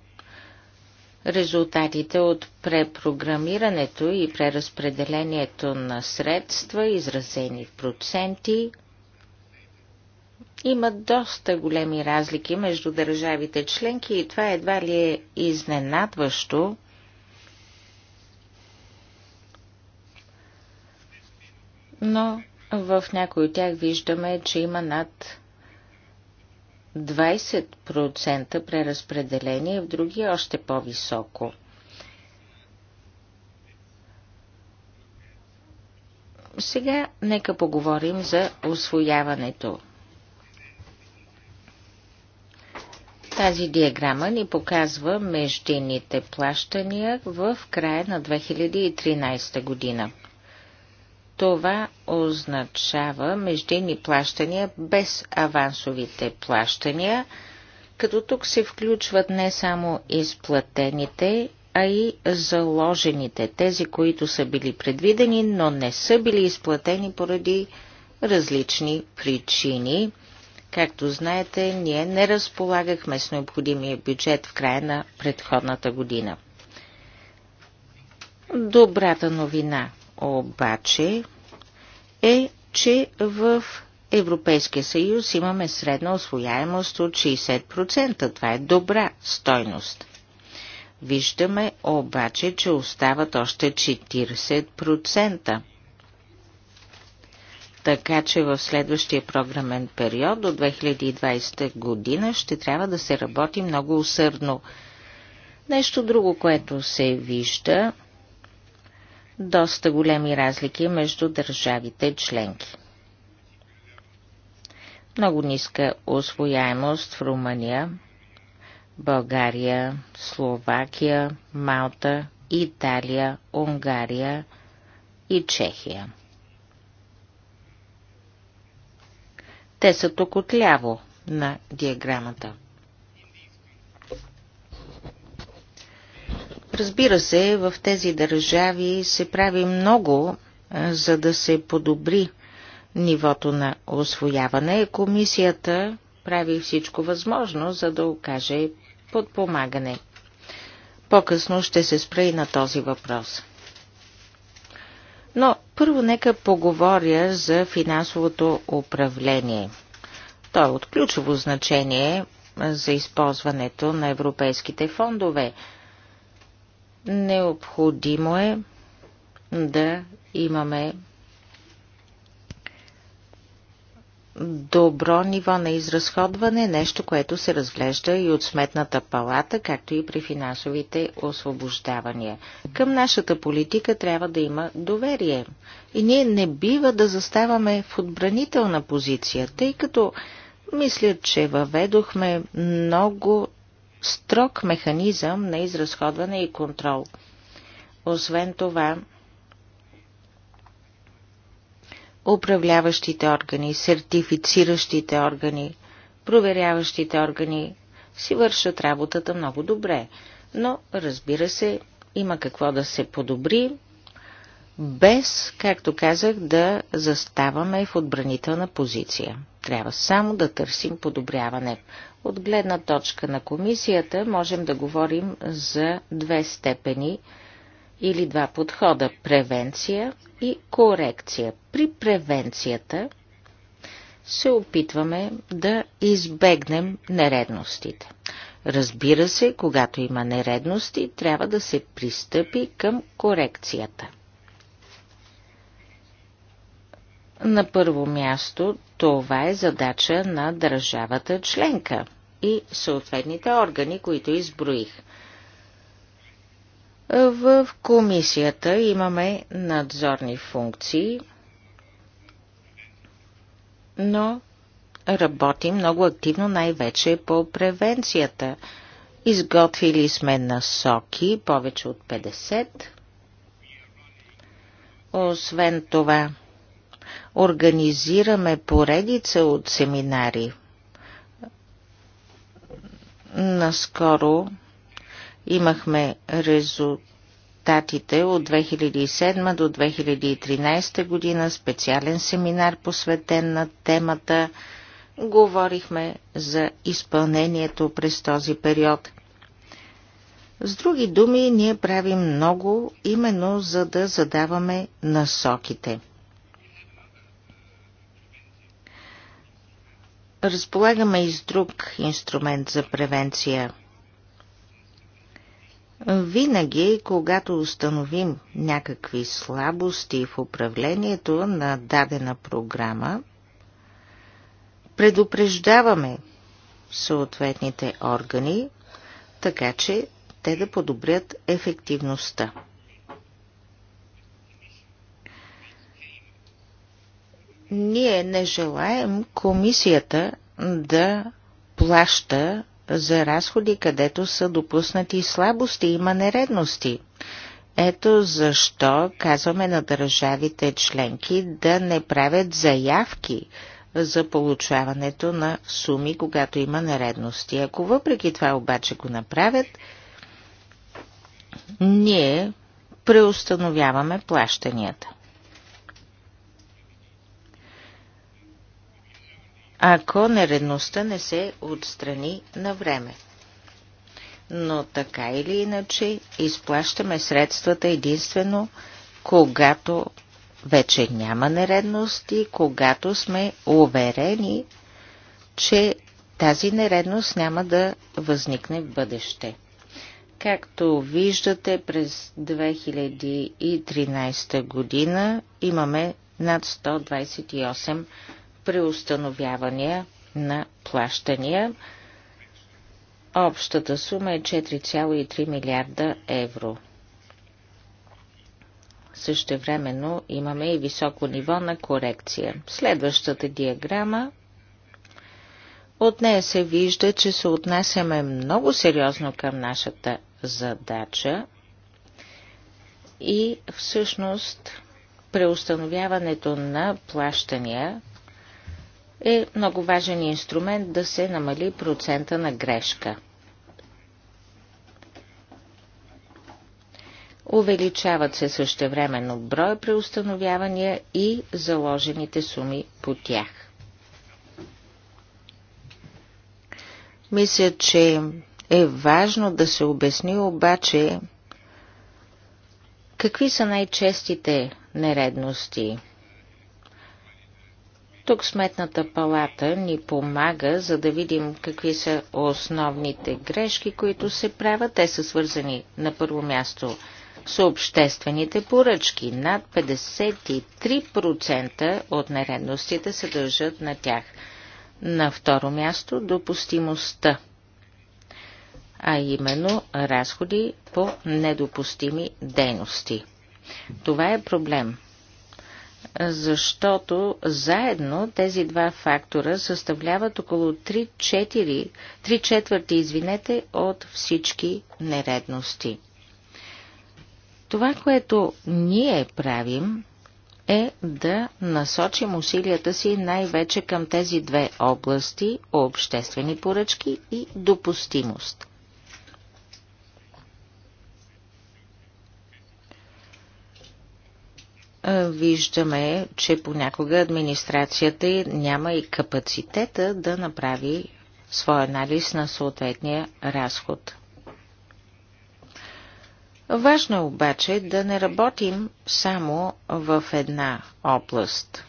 резултатите от препрограмирането и преразпределението на средства, изразени в проценти, има доста големи разлики между държавите членки и това едва ли е изненадващо, но в някои от тях виждаме, че има над 20% преразпределение, в други още по-високо. Сега нека поговорим за освояването. Тази диаграма ни показва междинните плащания в края на 2013 година. Това означава междинни плащания без авансовите плащания, като тук се включват не само изплатените, а и заложените, тези, които са били предвидени, но не са били изплатени поради различни причини. Както знаете, ние не разполагахме с необходимия бюджет в края на предходната година. Добрата новина обаче е, че в Европейския съюз имаме средна освояемост от 60%. Това е добра стойност. Виждаме обаче, че остават още 40%. Така че в следващия програмен период до 2020 година ще трябва да се работи много усърдно. Нещо друго, което се вижда доста големи разлики между държавите членки. Много ниска освояемост в Румъния, България, Словакия, Малта, Италия, Унгария и Чехия. Те са тук отляво на диаграмата. Разбира се, в тези държави се прави много, за да се подобри нивото на освояване. Комисията прави всичко възможно, за да окаже подпомагане. По-късно ще се спра и на този въпрос. Но първо нека поговоря за финансовото управление. То е от ключово значение за използването на европейските фондове – Необходимо е да имаме добро ниво на изразходване, нещо, което се разглежда и от сметната палата, както и при финансовите освобождавания. Към нашата политика трябва да има доверие. И ние не бива да заставаме в отбранителна позиция, тъй като мисля, че въведохме много строг механизъм на изразходване и контрол. Освен това, управляващите органи, сертифициращите органи, проверяващите органи си вършат работата много добре, но разбира се, има какво да се подобри, без, както казах, да заставаме в отбранителна позиция. Трябва само да търсим подобряване. От гледна точка на комисията можем да говорим за две степени или два подхода – превенция и корекция. При превенцията се опитваме да избегнем нередностите. Разбира се, когато има нередности, трябва да се пристъпи към корекцията – На първо място, това е задача на държавата членка и съответните органи, които изброих. В комисията имаме надзорни функции, но работим много активно най-вече по превенцията. Изготвили сме насоки, повече от 50. Освен това, организираме поредица от семинари. Наскоро имахме резултатите от 2007 до 2013 година, специален семинар посветен на темата. Говорихме за изпълнението през този период. С други думи, ние правим много именно за да задаваме насоките – разполагаме и с друг инструмент за превенция. Винаги, когато установим някакви слабости в управлението на дадена програма, предупреждаваме съответните органи, така че те да подобрят ефективността. Ние не желаем комисията да плаща за разходи, където са допуснати слабости, има нередности. Ето защо казваме на държавите членки да не правят заявки за получаването на суми, когато има нередности. Ако въпреки това обаче го направят, ние преустановяваме плащанията. ако нередността не се отстрани на време. Но така или иначе, изплащаме средствата единствено, когато вече няма нередност и когато сме уверени, че тази нередност няма да възникне в бъдеще. Както виждате, през 2013 година имаме над 128 преустановявания на плащания. Общата сума е 4,3 милиарда евро. Същевременно имаме и високо ниво на корекция. Следващата диаграма от нея се вижда, че се отнасяме много сериозно към нашата задача и всъщност преустановяването на плащания е много важен инструмент да се намали процента на грешка. Увеличават се същевременно броя преустановявания и заложените суми по тях. Мисля, че е важно да се обясни обаче какви са най-честите нередности – тук Сметната палата ни помага, за да видим какви са основните грешки, които се правят. Те са свързани на първо място с обществените поръчки. Над 53% от нередностите се дължат на тях. На второ място допустимостта, а именно разходи по недопустими дейности. Това е проблем – защото заедно тези два фактора съставляват около 3 четвърти извинете, от всички нередности. Това, което ние правим, е да насочим усилията си най-вече към тези две области – обществени поръчки и допустимост. виждаме, че понякога администрацията няма и капацитета да направи своя анализ на съответния разход. Важно е обаче да не работим само в една област.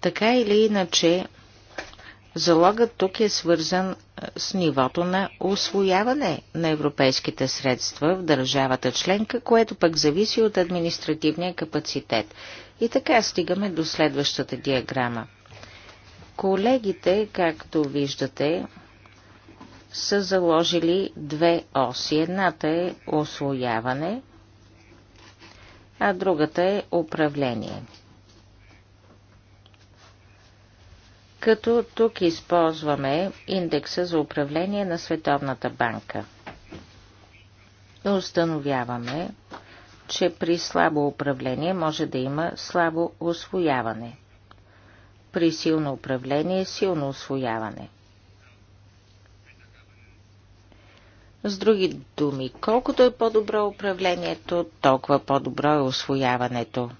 Така или иначе, Залогът тук е свързан е, с нивото на освояване на европейските средства в държавата членка, което пък зависи от административния капацитет. И така стигаме до следващата диаграма. Колегите, както виждате, са заложили две оси. Едната е освояване, а другата е управление. като тук използваме индекса за управление на Световната банка. Установяваме, че при слабо управление може да има слабо освояване. При силно управление – силно освояване. С други думи, колкото е по-добро управлението, толкова по-добро е освояването.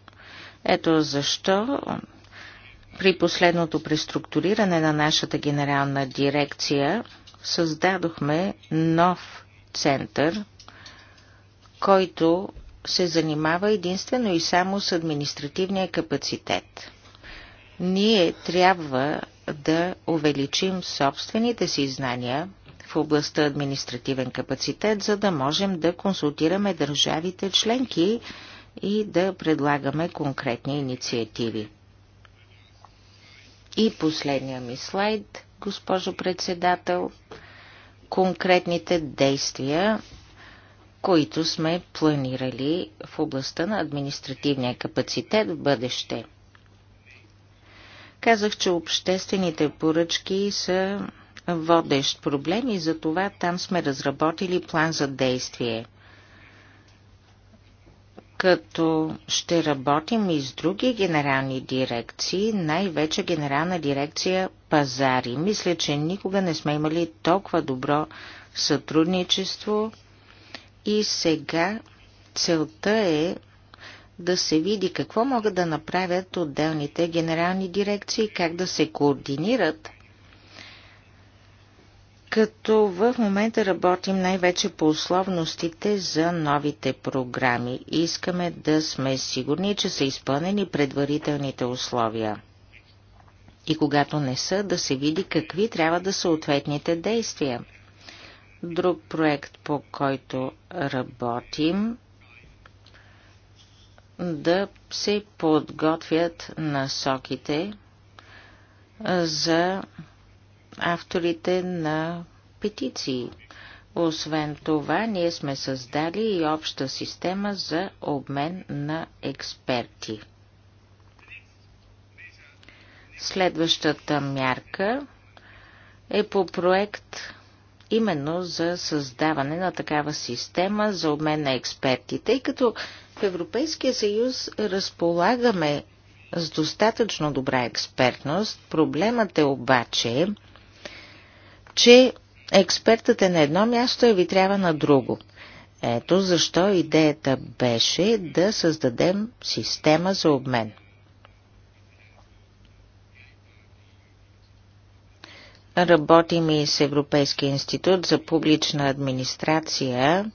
Ето защо при последното преструктуриране на нашата генерална дирекция създадохме нов център, който се занимава единствено и само с административния капацитет. Ние трябва да увеличим собствените си знания в областта административен капацитет, за да можем да консултираме държавите членки и да предлагаме конкретни инициативи. И последния ми слайд, госпожо председател, конкретните действия, които сме планирали в областта на административния капацитет в бъдеще. Казах, че обществените поръчки са водещ проблем и затова там сме разработили план за действие като ще работим и с други генерални дирекции, най-вече генерална дирекция пазари. Мисля, че никога не сме имали толкова добро сътрудничество и сега целта е да се види какво могат да направят отделните генерални дирекции, как да се координират като в момента работим най-вече по условностите за новите програми. Искаме да сме сигурни, че са изпълнени предварителните условия. И когато не са, да се види какви трябва да са ответните действия. Друг проект, по който работим, да се подготвят насоките за авторите на петиции. Освен това, ние сме създали и обща система за обмен на експерти. Следващата мярка е по проект именно за създаване на такава система за обмен на експерти, тъй като в Европейския съюз разполагаме с достатъчно добра експертност. Проблемът е обаче, че експертът е на едно място, и ви трябва на друго. Ето защо идеята беше да създадем система за обмен. Работим и с Европейския институт за публична администрация,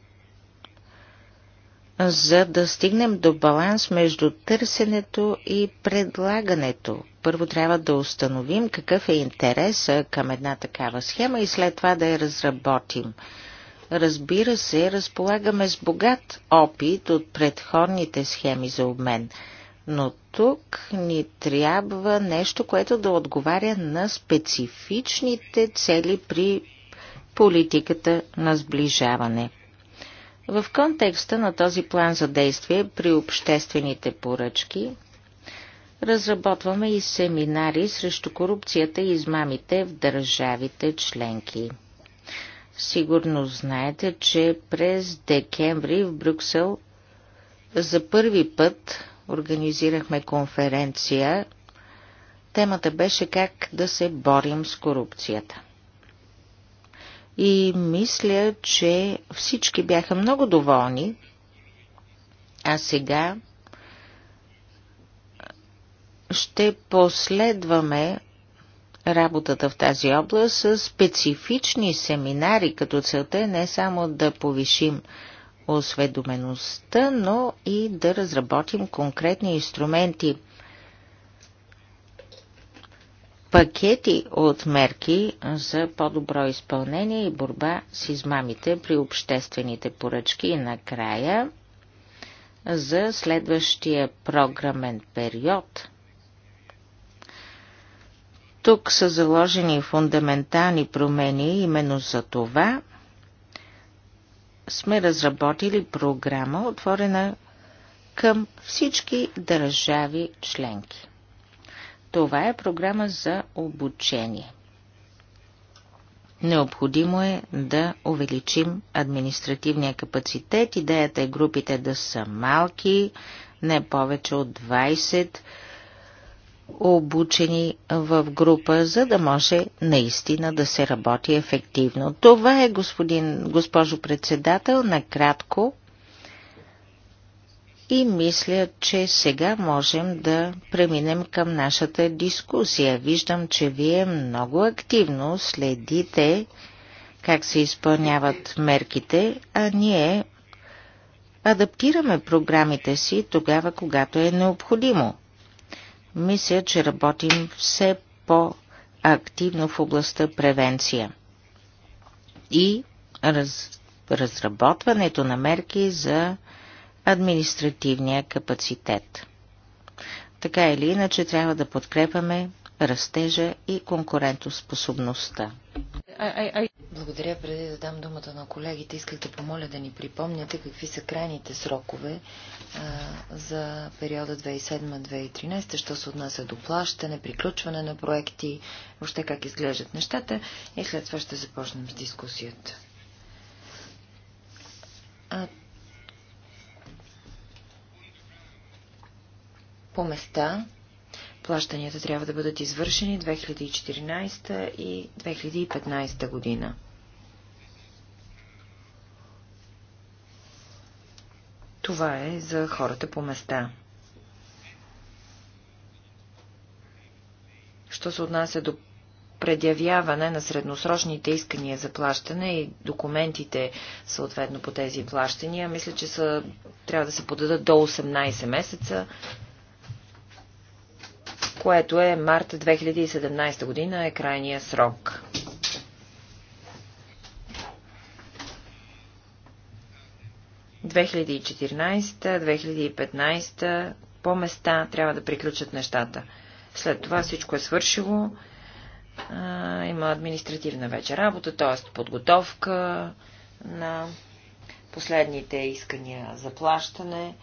за да стигнем до баланс между търсенето и предлагането първо трябва да установим какъв е интерес към една такава схема и след това да я разработим. Разбира се, разполагаме с богат опит от предходните схеми за обмен, но тук ни трябва нещо, което да отговаря на специфичните цели при политиката на сближаване. В контекста на този план за действие при обществените поръчки – Разработваме и семинари срещу корупцията и измамите в държавите членки. Сигурно знаете, че през декември в Брюксел за първи път организирахме конференция. Темата беше как да се борим с корупцията. И мисля, че всички бяха много доволни. А сега ще последваме работата в тази област с специфични семинари, като целта е не само да повишим осведомеността, но и да разработим конкретни инструменти. Пакети от мерки за по-добро изпълнение и борба с измамите при обществените поръчки и накрая за следващия програмен период – тук са заложени фундаментални промени, именно за това сме разработили програма, отворена към всички държави членки. Това е програма за обучение. Необходимо е да увеличим административния капацитет. Идеята е групите да са малки, не повече от 20 обучени в група, за да може наистина да се работи ефективно. Това е, господин, госпожо председател, накратко. И мисля, че сега можем да преминем към нашата дискусия. Виждам, че вие много активно следите как се изпълняват мерките, а ние адаптираме програмите си тогава, когато е необходимо. Мисля, че работим все по-активно в областта превенция и раз, разработването на мерки за административния капацитет. Така или иначе трябва да подкрепаме растежа и конкурентоспособността. Благодаря. Преди да дам думата на колегите, исках да помоля да ни припомняте какви са крайните срокове а, за периода 2007-2013, що се отнася до плащане, приключване на проекти, въобще как изглеждат нещата и след това ще започнем с дискусията. А, по места Плащанията трябва да бъдат извършени 2014 и 2015 година. Това е за хората по места. Що се отнася до предявяване на средносрочните искания за плащане и документите съответно по тези плащания, мисля, че са, трябва да се подадат до 18 месеца което е март 2017 година е крайния срок. ...2014-2015 по места трябва да приключат нещата. След това всичко е свършило. А, има административна вече работа, т.е. подготовка на последните искания за плащане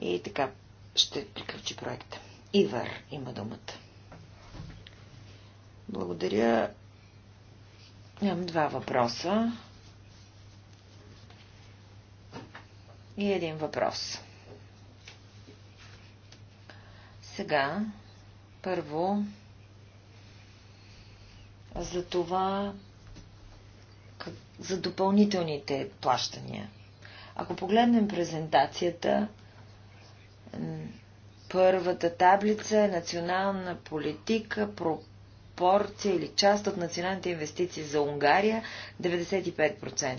и така ще приключи проекта. Ивар има думата. Благодаря. Имам два въпроса. И един въпрос. Сега, първо, за това, за допълнителните плащания. Ако погледнем презентацията, Първата таблица е национална политика, пропорция или част от националните инвестиции за Унгария 95%.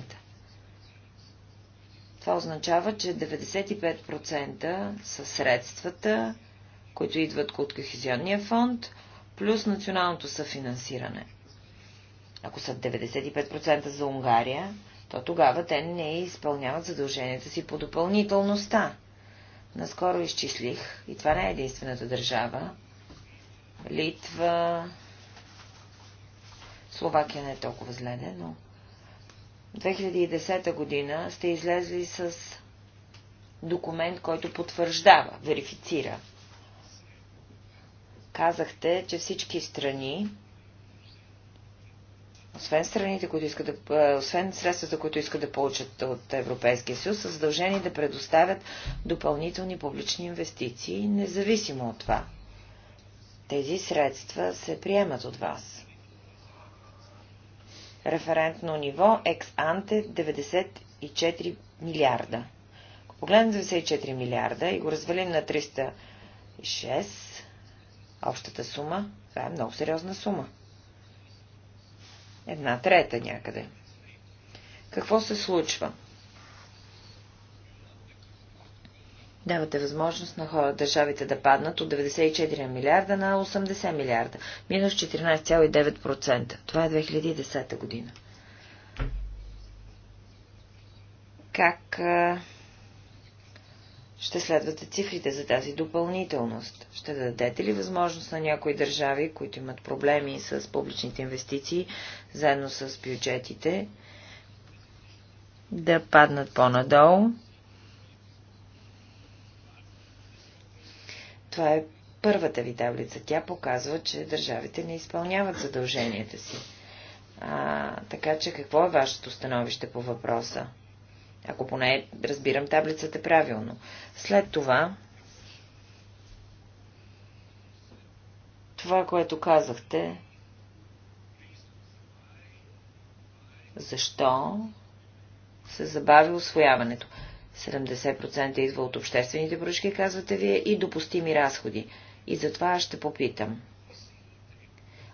Това означава, че 95% са средствата, които идват от Кохезионния фонд, плюс националното съфинансиране. Ако са 95% за Унгария, то тогава те не изпълняват задълженията си по допълнителността. Наскоро изчислих, и това не е единствената държава, Литва, Словакия не е толкова зле, но 2010 година сте излезли с документ, който потвърждава, верифицира. Казахте, че всички страни освен страните, които искат да, е, освен средствата, които искат да получат от Европейския съюз, са задължени да предоставят допълнителни публични инвестиции, независимо от това. Тези средства се приемат от вас. Референтно ниво екс-анте 94 милиарда. Ако погледнем 94 милиарда и го развалим на 306, общата сума, това е много сериозна сума. Една трета някъде. Какво се случва? Давате възможност на хора, държавите да паднат от 94 милиарда на 80 милиарда. Минус 14,9%. Това е 2010 година. Как ще следвате цифрите за тази допълнителност? Ще дадете ли възможност на някои държави, които имат проблеми с публичните инвестиции, заедно с бюджетите, да паднат по-надолу? Това е първата ви таблица. Тя показва, че държавите не изпълняват задълженията си. А, така че какво е вашето становище по въпроса? Ако поне разбирам таблицата правилно. След това, това, което казахте, защо се забави освояването. 70% идва от обществените поръчки, казвате вие, и допустими разходи. И затова аз ще попитам.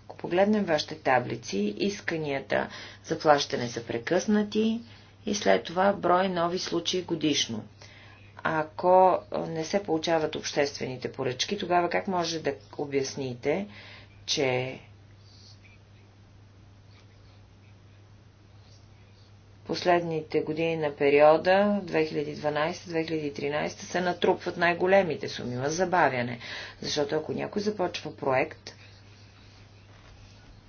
Ако погледнем вашите таблици, исканията за плащане са прекъснати, и след това брой нови случаи годишно. Ако не се получават обществените поръчки, тогава как може да обясните, че последните години на периода 2012-2013 се натрупват най-големите суми, има забавяне. Защото ако някой започва проект,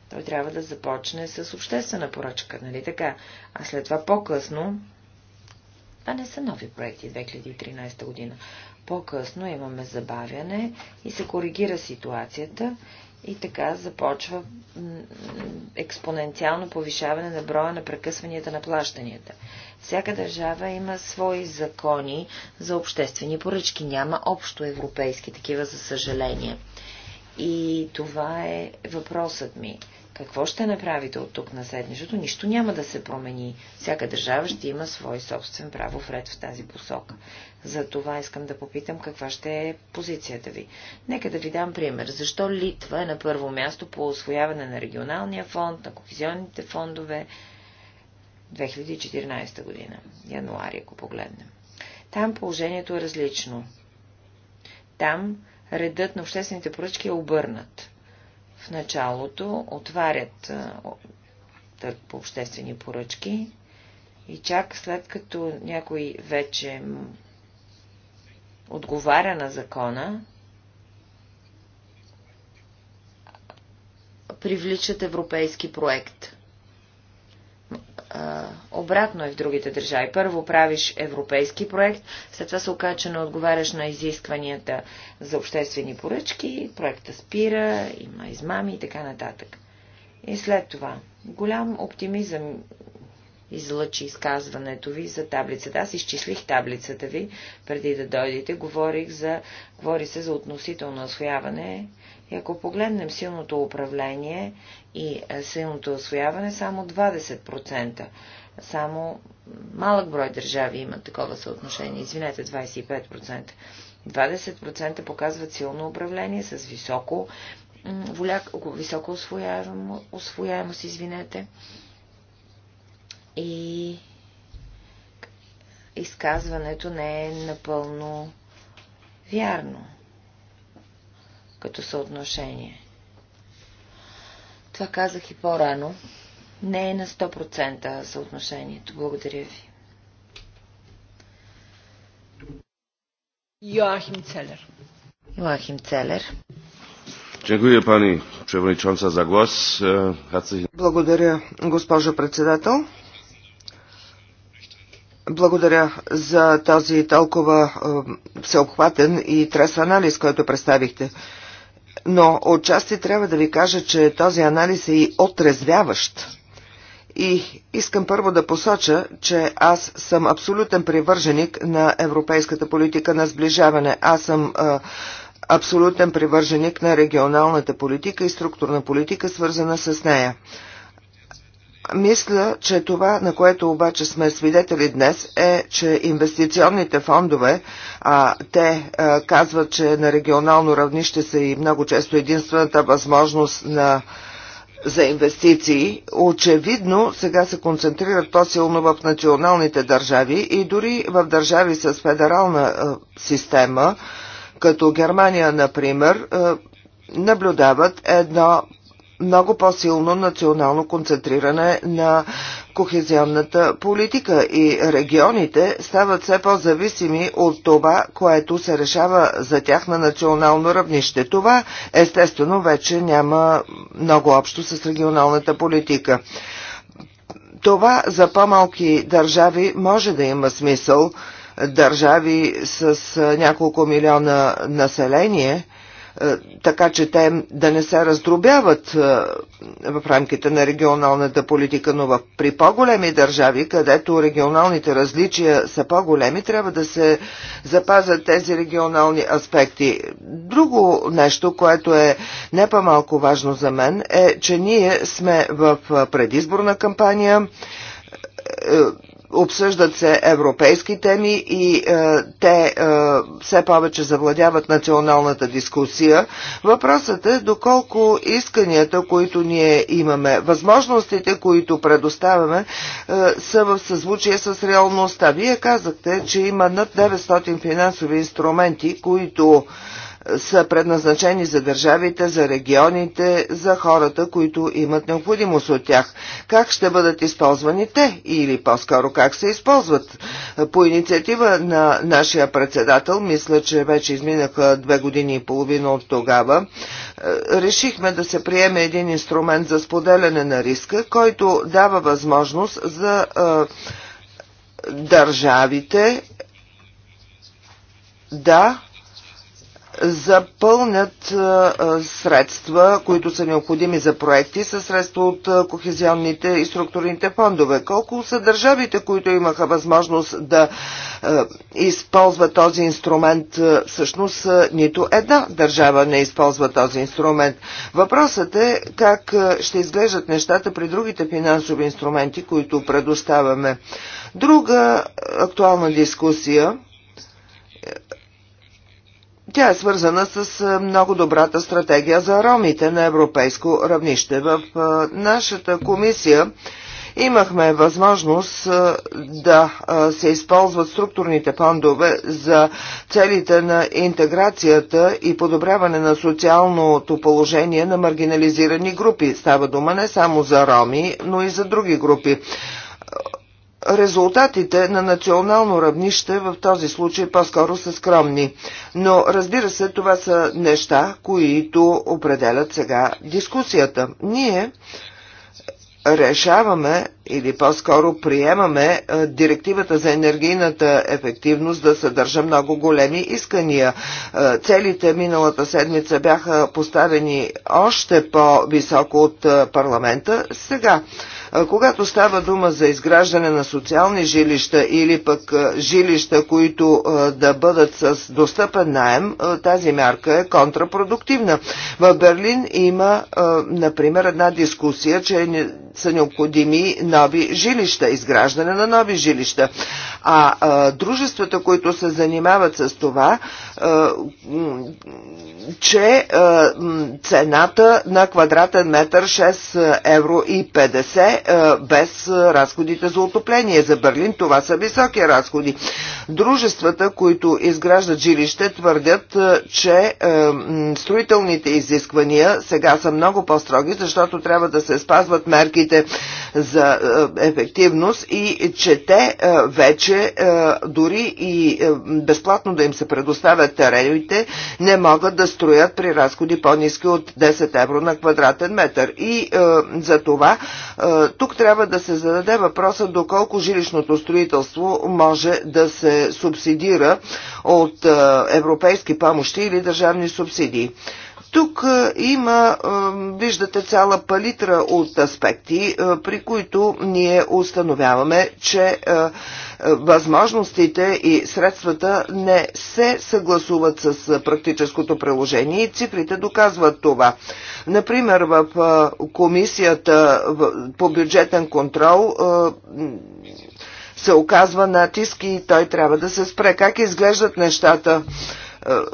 той трябва да започне с обществена поръчка, нали така? А след това по-късно... Това не са нови проекти 2013 година. По-късно имаме забавяне и се коригира ситуацията и така започва експоненциално повишаване на броя на прекъсванията на плащанията. Всяка държава има свои закони за обществени поръчки. Няма общо европейски такива, за съжаление. И това е въпросът ми. Какво ще направите от тук на седмичето? Нищо няма да се промени. Всяка държава ще има свой собствен право ред в тази посока. За това искам да попитам каква ще е позицията ви. Нека да ви дам пример. Защо Литва е на първо място по освояване на регионалния фонд, на кохезионните фондове 2014 година, януари, ако погледнем. Там положението е различно. Там редът на обществените поръчки е обърнат в началото отварят търг по обществени поръчки и чак след като някой вече отговаря на закона, привличат европейски проект а, обратно е в другите държави. Първо правиш европейски проект, след това се оказва, че не отговаряш на изискванията за обществени поръчки, проекта спира, има измами и така нататък. И след това, голям оптимизъм излъчи изказването ви за таблицата. Аз изчислих таблицата ви преди да дойдете. Говорих за, говори се за относително освояване и ако погледнем силното управление и е, силното освояване, само 20%. Само малък брой държави имат такова съотношение. Извинете, 25%. 20% показват силно управление с високо, воляк, високо освояемо, освояемост, извинете. И изказването не е напълно вярно като съотношение. Това казах и по-рано. Не е на 100% съотношението. Благодаря ви. Joachim Целер. Joachim Целер. Дякую, пани przewodnicząca за глас. E, Благодаря, госпожо председател. Благодаря за този толкова е, всеобхватен и трес анализ, който представихте. Но отчасти трябва да ви кажа, че този анализ е и отрезвяващ. И искам първо да посоча, че аз съм абсолютен привърженик на европейската политика на сближаване. Аз съм а, абсолютен привърженик на регионалната политика и структурна политика, свързана с нея. Мисля, че това, на което обаче сме свидетели днес, е, че инвестиционните фондове, а, те а, казват, че на регионално равнище са и много често единствената възможност на за инвестиции, очевидно сега се концентрират по-силно в националните държави и дори в държави с федерална а, система, като Германия, например, а, наблюдават едно много по-силно национално концентриране на кохезионната политика и регионите стават все по-зависими от това, което се решава за тях на национално равнище. Това естествено вече няма много общо с регионалната политика. Това за по-малки държави може да има смисъл. Държави с няколко милиона население – е, така че те да не се раздробяват е, в рамките на регионалната политика, но при по-големи държави, където регионалните различия са по-големи, трябва да се запазят тези регионални аспекти. Друго нещо, което е не по-малко важно за мен, е, че ние сме в предизборна кампания е, обсъждат се европейски теми и е, те е, все повече завладяват националната дискусия. Въпросът е доколко исканията, които ние имаме, възможностите, които предоставяме, е, са в съзвучие с реалността. Вие казахте, че има над 900 финансови инструменти, които е, са предназначени за държавите, за регионите, за хората, които имат необходимост от тях. Как ще бъдат използвани те или по-скоро как се използват? По инициатива на нашия председател, мисля, че вече изминаха две години и половина от тогава, е, решихме да се приеме един инструмент за споделяне на риска, който дава възможност за е, държавите да запълнят средства, които са необходими за проекти, със средства от кохезионните и структурните фондове. Колко са държавите, които имаха възможност да използват този инструмент? Всъщност нито една държава не използва този инструмент. Въпросът е как ще изглеждат нещата при другите финансови инструменти, които предоставяме. Друга актуална дискусия тя е свързана с е, много добрата стратегия за ромите на европейско равнище. В е, нашата комисия имахме възможност е, да се използват структурните фондове за целите на интеграцията и подобряване на социалното положение на маргинализирани групи. Става дума не само за роми, но и за други групи. Резултатите на национално равнище в този случай по-скоро са скромни, но разбира се, това са неща, които определят сега дискусията. Ние решаваме или по-скоро приемаме е, директивата за енергийната ефективност да съдържа много големи искания. Е, целите миналата седмица бяха поставени още по-високо от е, парламента. Сега когато става дума за изграждане на социални жилища или пък жилища, които да бъдат с достъпен найем, тази мярка е контрапродуктивна. В Берлин има, например, една дискусия, че са необходими нови жилища, изграждане на нови жилища. А, дружествата, които се занимават с това, че цената на квадратен метър 6 евро и 50 е, без разходите за отопление. За Берлин това са високи разходи. Дружествата, които изграждат жилище, твърдят, е, че е, строителните изисквания сега са много по-строги, защото трябва да се спазват мерките за ефективност и че те вече дори и безплатно да им се предоставят терените, не могат да строят при разходи по-низки от 10 евро на квадратен метър. И за това тук трябва да се зададе въпроса доколко жилищното строителство може да се субсидира от европейски помощи или държавни субсидии. Тук е, има, е, виждате, цяла палитра от аспекти, е, при които ние установяваме, че възможностите и средствата не се съгласуват с практическото приложение и цифрите доказват това. Например, в комисията по бюджетен контрол се оказва натиск и той трябва да се спре. Как изглеждат нещата?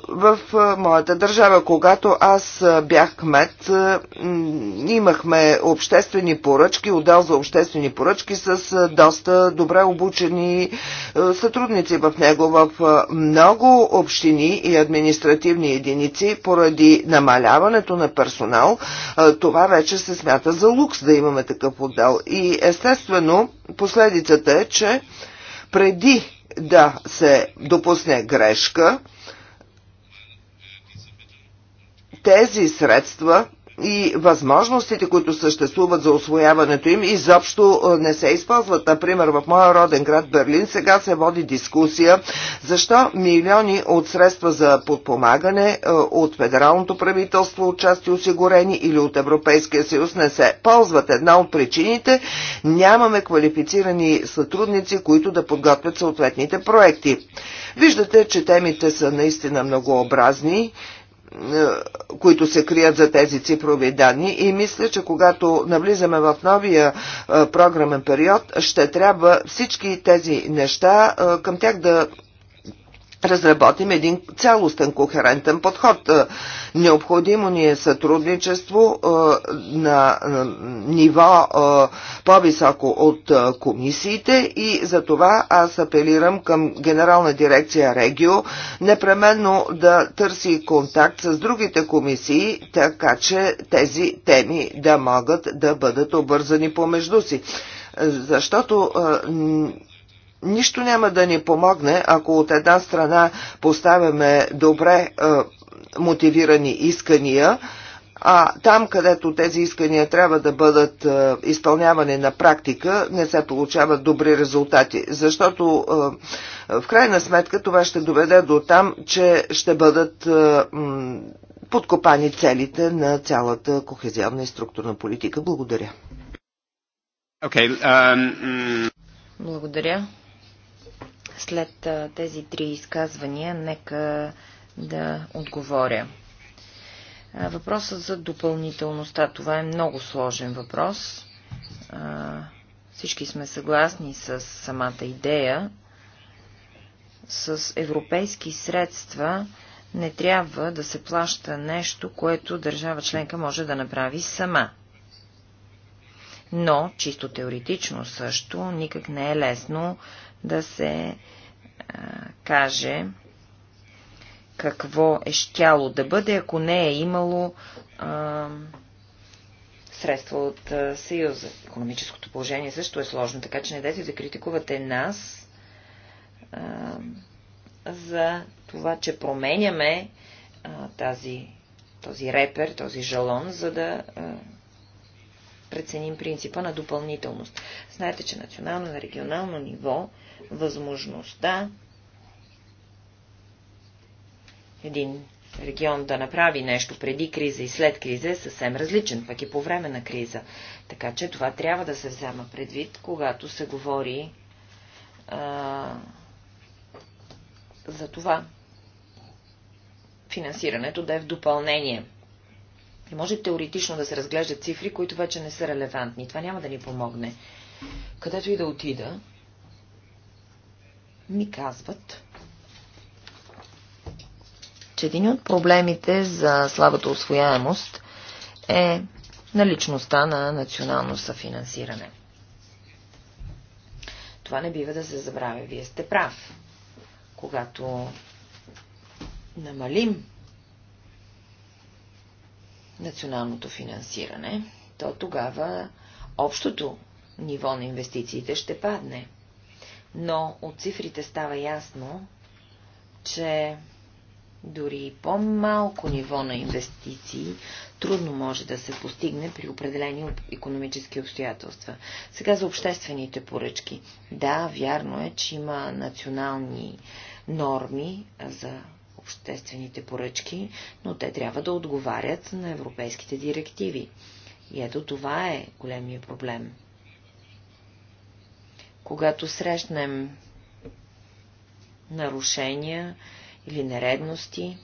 в моята държава, когато аз бях кмет, имахме обществени поръчки, отдел за обществени поръчки с доста добре обучени сътрудници в него. В много общини и административни единици, поради намаляването на персонал, това вече се смята за лукс да имаме такъв отдел. И естествено, последицата е, че преди да се допусне грешка, тези средства и възможностите, които съществуват за освояването им, изобщо не се използват. Например, в моя роден град Берлин сега се води дискусия защо милиони от средства за подпомагане от федералното правителство, от части осигурени или от Европейския съюз не се ползват. Една от причините нямаме квалифицирани сътрудници, които да подготвят съответните проекти. Виждате, че темите са наистина многообразни е, които се крият за тези цифрови данни и мисля, че когато навлизаме в новия е, програмен период, ще трябва всички тези неща е, към тях да разработим един цялостен, кохерентен подход. Е, необходимо ни е сътрудничество е, на е, ниво по-високо от комисиите и за това аз апелирам към Генерална дирекция Регио непременно да търси контакт с другите комисии, така че тези теми да могат да бъдат обвързани помежду си. Защото нищо няма да ни помогне, ако от една страна поставяме добре е, мотивирани искания, а там, където тези искания трябва да бъдат е, изпълнявани на практика, не се получават добри резултати, защото е, в крайна сметка това ще доведе до там, че ще бъдат е, подкопани целите на цялата кохезионна и структурна политика. Благодаря. Okay, um... Благодаря. След тези три изказвания, нека да отговоря. Въпросът за допълнителността. Това е много сложен въпрос. Всички сме съгласни с самата идея. С европейски средства не трябва да се плаща нещо, което държава членка може да направи сама. Но, чисто теоретично също, никак не е лесно да се а, каже какво е щяло да бъде, ако не е имало а, средства от а, Съюза. Економическото положение също е сложно, така че не дайте да критикувате нас а, за това, че променяме а, тази, този репер, този жалон, за да а, преценим принципа на допълнителност. Знаете, че национално на регионално ниво възможността един регион да направи нещо преди криза и след криза е съвсем различен, пък и по време на криза. Така че това трябва да се взема предвид, когато се говори а, за това финансирането да е в допълнение. Не може теоретично да се разглеждат цифри, които вече не са релевантни. Това няма да ни помогне. Където и да отида, ми казват, че един от проблемите за слабата освояемост е наличността на национално съфинансиране. Това не бива да се забравя. Вие сте прав. Когато намалим националното финансиране, то тогава общото ниво на инвестициите ще падне но от цифрите става ясно, че дори и по-малко ниво на инвестиции трудно може да се постигне при определени економически обстоятелства. Сега за обществените поръчки. Да, вярно е, че има национални норми за обществените поръчки, но те трябва да отговарят на европейските директиви. И ето това е големия проблем. Когато срещнем нарушения или нередности,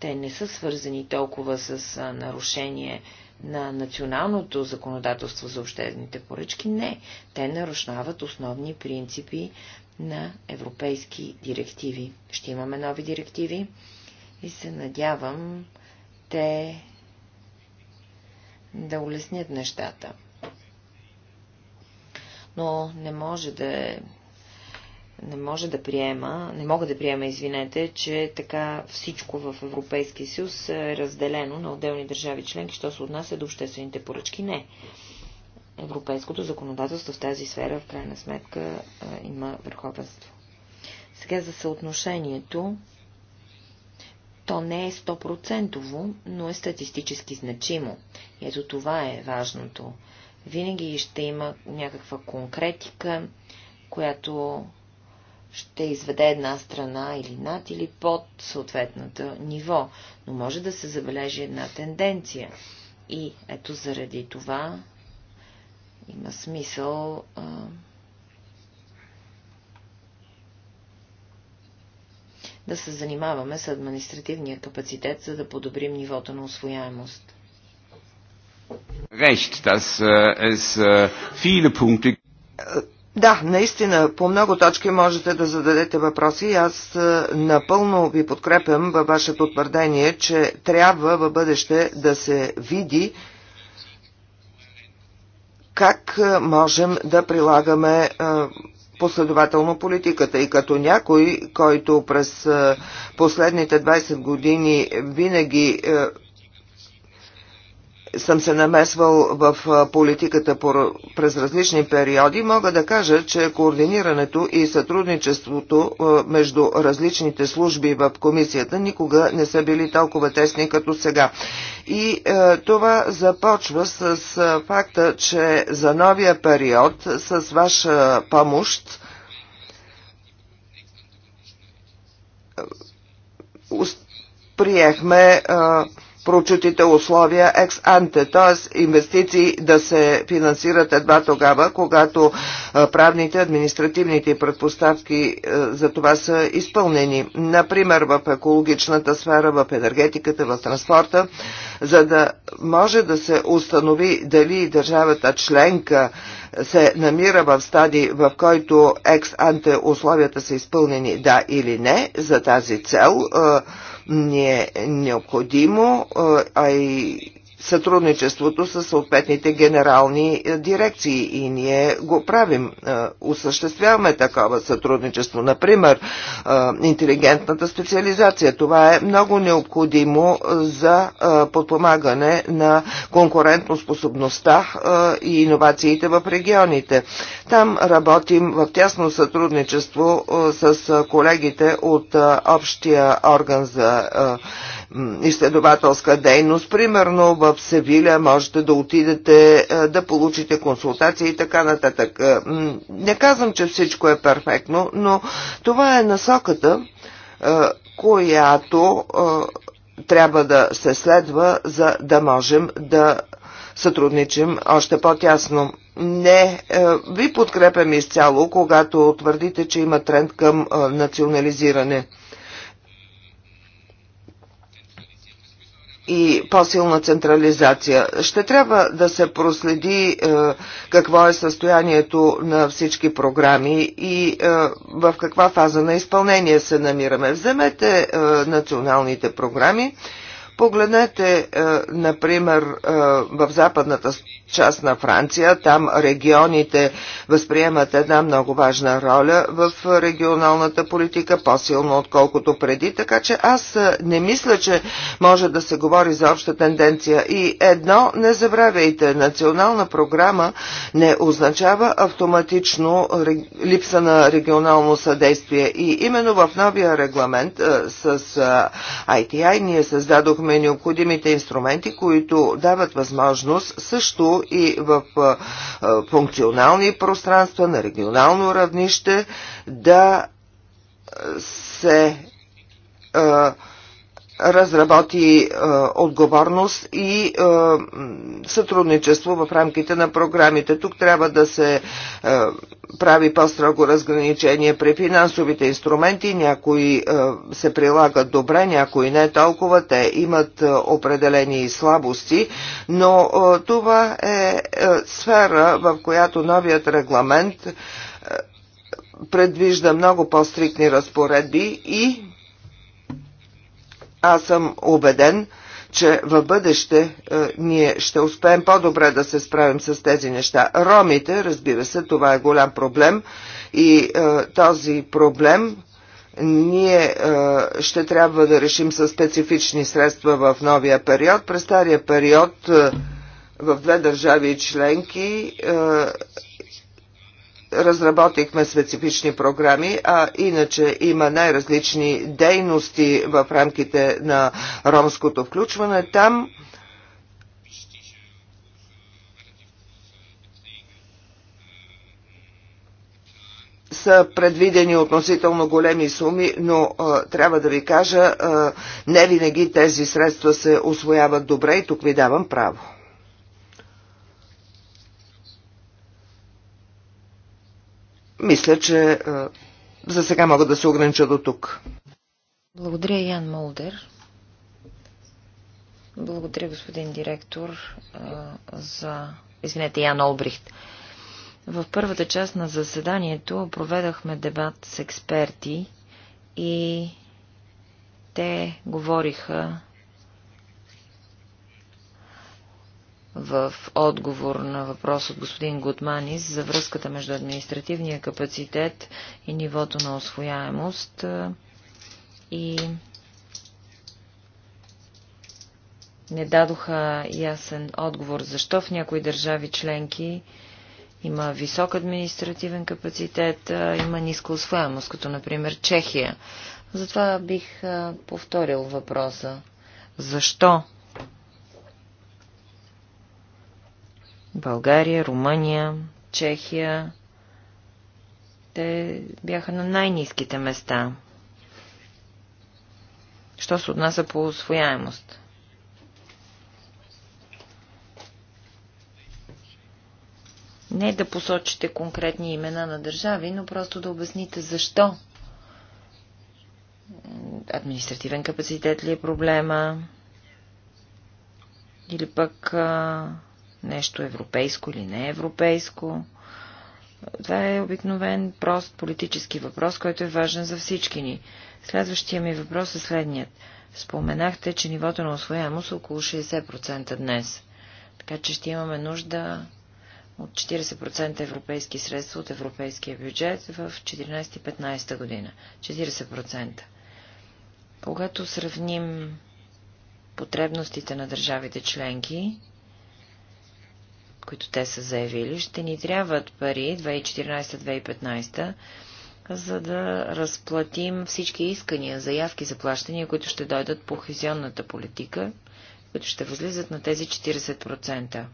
те не са свързани толкова с нарушение на националното законодателство за обществените поръчки. Не, те нарушават основни принципи на европейски директиви. Ще имаме нови директиви и се надявам те да улеснят нещата но не може да не може да приема, не мога да приема, извинете, че така всичко в Европейския съюз е разделено на отделни държави членки, що се отнася до обществените поръчки. Не. Европейското законодателство в тази сфера в крайна сметка е, има върховенство. Сега за съотношението. То не е 100%, но е статистически значимо. ето това е важното. Винаги ще има някаква конкретика, която ще изведе една страна или над или под съответната ниво, но може да се забележи една тенденция. И ето заради това има смисъл а... да се занимаваме с административния капацитет, за да подобрим нивото на освояемост. Recht, dass äh, es äh, viele Punkte да, наистина, по много точки можете да зададете въпроси. Аз е, напълно ви подкрепям във вашето твърдение, че трябва в бъдеще да се види как е, можем да прилагаме е, последователно политиката. И като някой, който през последните 20 години винаги съм се намесвал в политиката през различни периоди, мога да кажа, че координирането и сътрудничеството между различните служби в комисията никога не са били толкова тесни като сега. И е, това започва с е, факта, че за новия период с ваша помощ е, приехме е, прочутите условия екс анте, т.е. инвестиции да се финансират едва тогава, когато правните, административните предпоставки за това са изпълнени. Например, в екологичната сфера, в енергетиката, в транспорта, за да може да се установи дали държавата членка се намира в стадии, в който екс анте условията са изпълнени да или не за тази цел ни е необходимо, а и сътрудничеството с съответните генерални е, дирекции и ние го правим. Е, осъществяваме такова сътрудничество. Например, е, интелигентната специализация. Това е много необходимо за подпомагане на конкурентоспособността и иновациите в регионите. Там работим в тясно сътрудничество с колегите от Общия орган за изследователска дейност. Примерно в Севиля можете да отидете да получите консултации и така нататък. Не казвам, че всичко е перфектно, но това е насоката, която трябва да се следва, за да можем да сътрудничим още по-тясно. Не, ви подкрепям изцяло, когато твърдите, че има тренд към национализиране. и по-силна централизация. Ще трябва да се проследи е, какво е състоянието на всички програми и е, в каква фаза на изпълнение се намираме. Вземете е, националните програми, погледнете, е, например, е, в западната част на Франция. Там регионите възприемат една много важна роля в регионалната политика, по-силно отколкото преди, така че аз не мисля, че може да се говори за обща тенденция. И едно, не забравяйте, национална програма не означава автоматично липса на регионално съдействие. И именно в новия регламент с ITI ние създадохме необходимите инструменти, които дават възможност също и в функционални пространства на регионално равнище да се а, разработи е, отговорност и е, сътрудничество в рамките на програмите. Тук трябва да се е, прави по-строго разграничение при финансовите инструменти. Някои е, се прилагат добре, някои не толкова. Те имат е, определени слабости, но е, това е, е сфера, в която новият регламент е, предвижда много по-стрикни разпоредби и аз съм убеден, че в бъдеще е, ние ще успеем по-добре да се справим с тези неща. Ромите, разбира се, това е голям проблем и е, този проблем ние е, ще трябва да решим със специфични средства в новия период. През стария период е, в две държави членки е, разработихме специфични програми, а иначе има най-различни дейности в рамките на ромското включване. Там са предвидени относително големи суми, но а, трябва да ви кажа, а, не винаги тези средства се освояват добре и тук ви давам право. Мисля, че е, за сега мога да се огранича до тук. Благодаря, Ян Молдер. Благодаря, господин директор, е, за... Извинете, Ян Олбрихт. В първата част на заседанието проведахме дебат с експерти и те говориха в отговор на въпрос от господин Гудманис за връзката между административния капацитет и нивото на освояемост и не дадоха ясен отговор защо в някои държави членки има висок административен капацитет, има ниска освояемост, като например Чехия. Затова бих повторил въпроса. Защо България, Румъния, Чехия. Те бяха на най-низките места. Що се отнася по освояемост? Не да посочите конкретни имена на държави, но просто да обясните защо. Административен капацитет ли е проблема? Или пък нещо европейско или не европейско. Това е обикновен прост политически въпрос, който е важен за всички ни. Следващия ми въпрос е следният. Споменахте, че нивото на освояемост е около 60% днес. Така че ще имаме нужда от 40% европейски средства от европейския бюджет в 14-15 година. 40%. Когато сравним потребностите на държавите членки, които те са заявили. Ще ни трябват пари 2014-2015, за да разплатим всички искания, заявки за плащания, които ще дойдат по хизионната политика, които ще възлизат на тези 40%.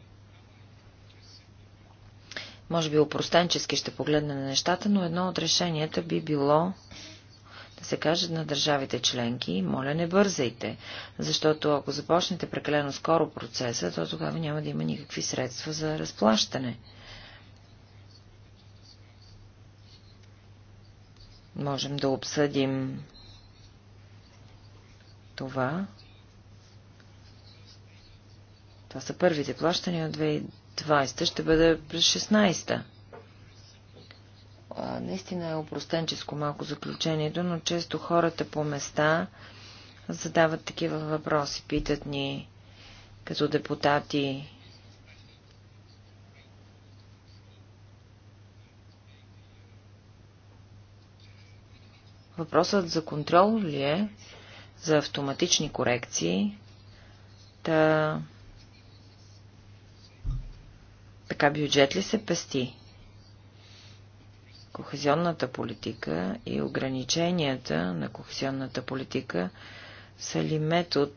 Може би опростенчески ще погледна на нещата, но едно от решенията би било да се кажат на държавите членки, моля не бързайте, защото ако започнете прекалено скоро процеса, то тогава няма да има никакви средства за разплащане. Можем да обсъдим това. Това са първите плащания от 2020, ще бъде през 16-та наистина е опростенческо малко заключението, но често хората по места задават такива въпроси. Питат ни като депутати Въпросът за контрол ли е? За автоматични корекции? Та... Така бюджет ли се пести? Кохезионната политика и ограниченията на кохезионната политика са ли метод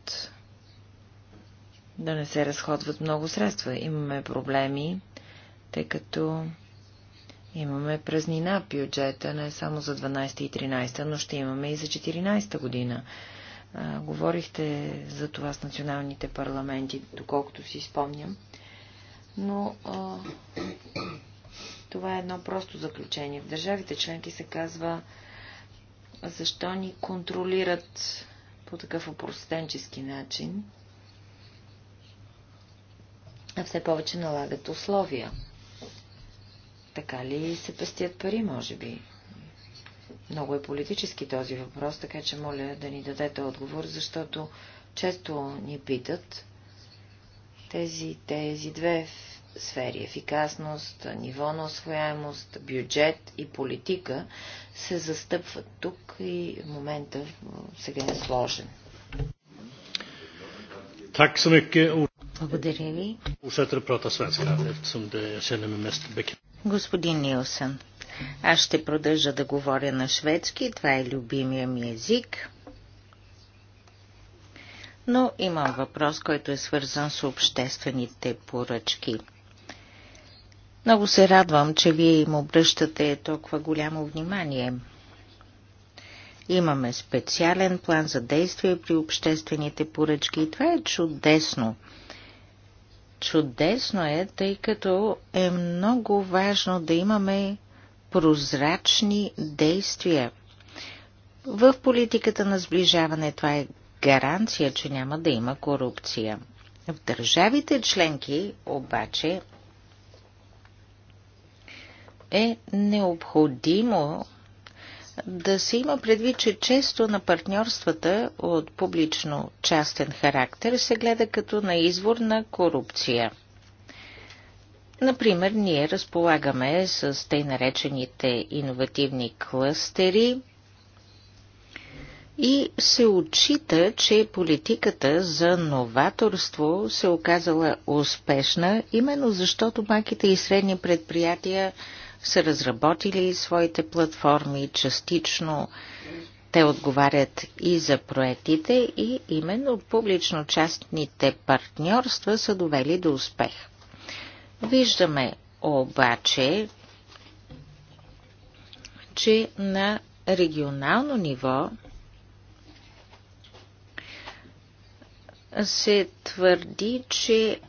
да не се разходват много средства. Имаме проблеми, тъй като имаме празнина в бюджета не само за 12 и 13, но ще имаме и за 14 година. А, говорихте за това с националните парламенти, доколкото си спомням. Но а, това е едно просто заключение. В държавите членки се казва, защо ни контролират по такъв опростенчески начин, а все повече налагат условия. Така ли се пестят пари, може би? Много е политически този въпрос, така че моля да ни дадете отговор, защото често ни питат тези, тези две сфери ефикасност, ниво на освояемост, бюджет и политика се застъпват тук и в момента сега е сложен. Благодаря ви. Господин Нилсън, аз ще продължа да говоря на шведски, това е любимия ми език. Но имам въпрос, който е свързан с обществените поръчки – много се радвам, че вие им обръщате толкова голямо внимание. Имаме специален план за действие при обществените поръчки и това е чудесно. Чудесно е, тъй като е много важно да имаме прозрачни действия. В политиката на сближаване това е гаранция, че няма да има корупция. В държавите членки обаче е необходимо да се има предвид, че често на партньорствата от публично-частен характер се гледа като на извор на корупция. Например, ние разполагаме с тъй наречените иновативни клъстери и се отчита, че политиката за новаторство се оказала успешна, именно защото маките и средни предприятия – са разработили своите платформи частично. Те отговарят и за проектите и именно публично-частните партньорства са довели до успех. Виждаме обаче, че на регионално ниво се твърди, че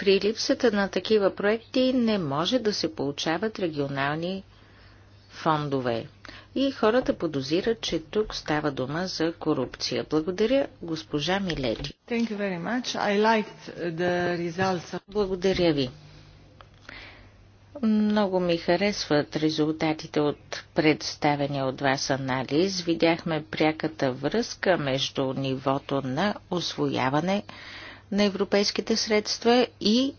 при липсата на такива проекти не може да се получават регионални фондове. И хората подозират, че тук става дума за корупция. Благодаря, госпожа Милети. Благодаря ви. Много ми харесват резултатите от представения от вас анализ. Видяхме пряката връзка между нивото на освояване на европейските средства и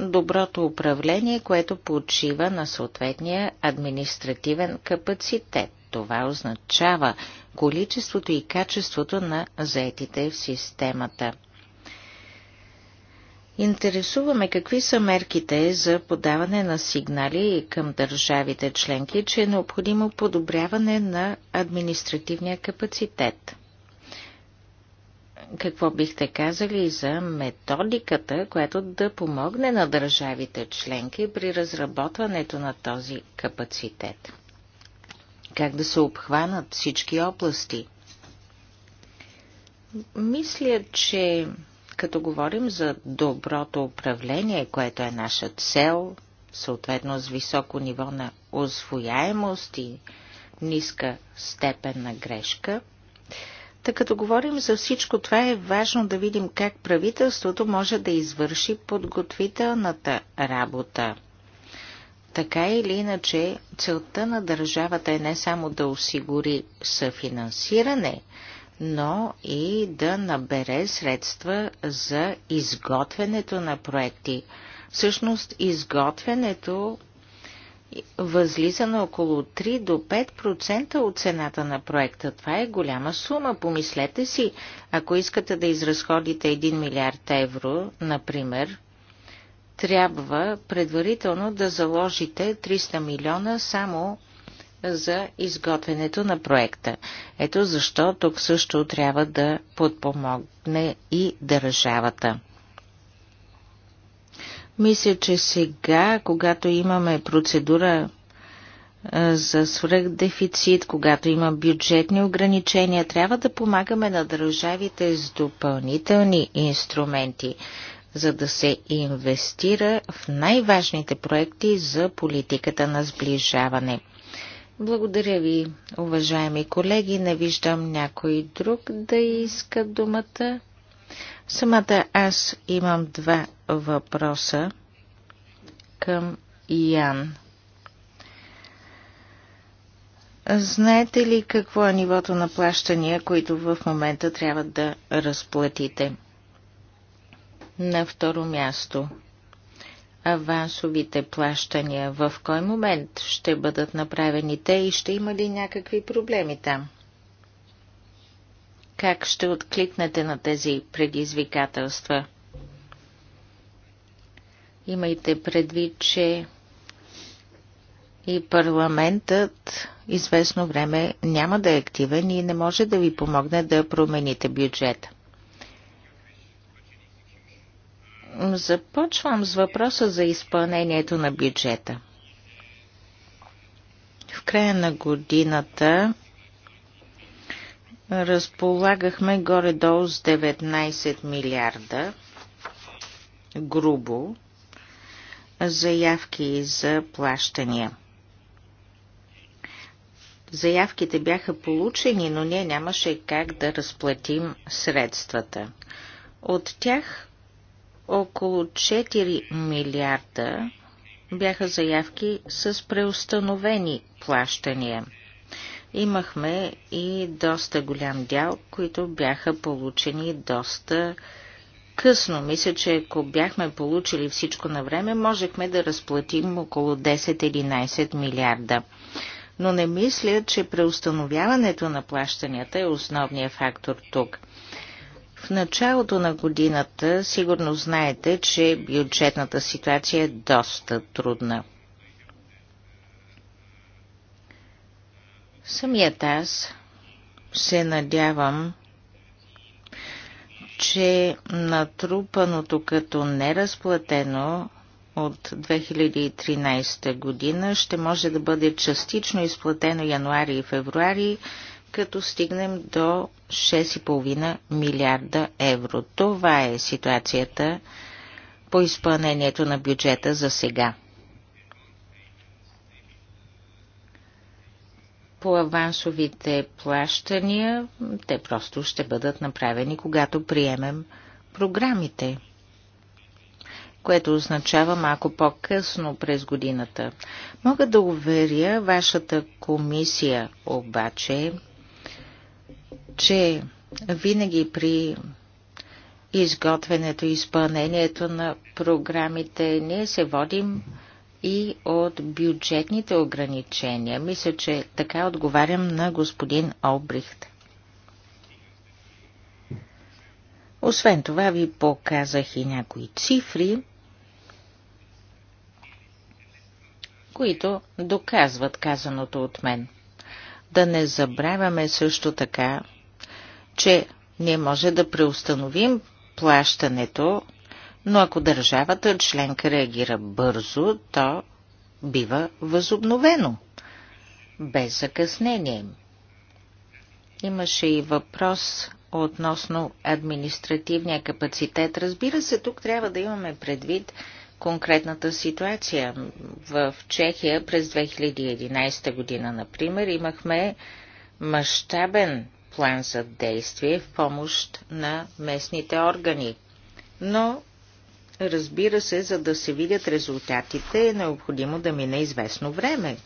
доброто управление, което почива на съответния административен капацитет. Това означава количеството и качеството на заетите в системата. Интересуваме какви са мерките за подаване на сигнали към държавите членки, че е необходимо подобряване на административния капацитет какво бихте казали за методиката, която да помогне на държавите членки при разработването на този капацитет? Как да се обхванат всички области? Мисля, че като говорим за доброто управление, което е наша цел, съответно с високо ниво на освояемост и ниска степен на грешка – така като говорим за всичко това е важно да видим как правителството може да извърши подготвителната работа. Така или иначе, целта на държавата е не само да осигури съфинансиране, но и да набере средства за изготвянето на проекти. Всъщност, изготвянето възлиза на около 3 до 5% от цената на проекта. Това е голяма сума. Помислете си, ако искате да изразходите 1 милиард евро, например, трябва предварително да заложите 300 милиона само за изготвянето на проекта. Ето защо тук също трябва да подпомогне и държавата. Мисля, че сега, когато имаме процедура за свръхдефицит, когато има бюджетни ограничения, трябва да помагаме на държавите с допълнителни инструменти, за да се инвестира в най-важните проекти за политиката на сближаване. Благодаря ви, уважаеми колеги. Не виждам някой друг да иска думата. Самата аз имам два въпроса към Ян. Знаете ли какво е нивото на плащания, които в момента трябва да разплатите? На второ място. Авансовите плащания в кой момент ще бъдат направени те и ще има ли някакви проблеми там? Как ще откликнете на тези предизвикателства? Имайте предвид, че и парламентът известно време няма да е активен и не може да ви помогне да промените бюджета. Започвам с въпроса за изпълнението на бюджета. В края на годината разполагахме горе-долу с 19 милиарда грубо заявки за плащания. Заявките бяха получени, но ние нямаше как да разплатим средствата. От тях около 4 милиарда бяха заявки с преустановени плащания – Имахме и доста голям дял, които бяха получени доста късно. Мисля, че ако бяхме получили всичко на време, можехме да разплатим около 10-11 милиарда. Но не мисля, че преустановяването на плащанията е основният фактор тук. В началото на годината сигурно знаете, че бюджетната ситуация е доста трудна. Самият аз се надявам, че натрупаното като неразплатено от 2013 година ще може да бъде частично изплатено януари и февруари, като стигнем до 6,5 милиарда евро. Това е ситуацията по изпълнението на бюджета за сега. по авансовите плащания, те просто ще бъдат направени, когато приемем програмите, което означава малко по-късно през годината. Мога да уверя вашата комисия обаче, че винаги при изготвянето и изпълнението на програмите ние се водим и от бюджетните ограничения. Мисля, че така отговарям на господин Олбрихт. Освен това ви показах и някои цифри, които доказват казаното от мен. Да не забравяме също така, че не може да преустановим плащането но ако държавата членка реагира бързо, то бива възобновено, без закъснение. Имаше и въпрос относно административния капацитет. Разбира се, тук трябва да имаме предвид конкретната ситуация. В Чехия през 2011 година, например, имахме мащабен план за действие в помощ на местните органи. Но Разбира се, за да се видят резултатите е необходимо да мине известно време.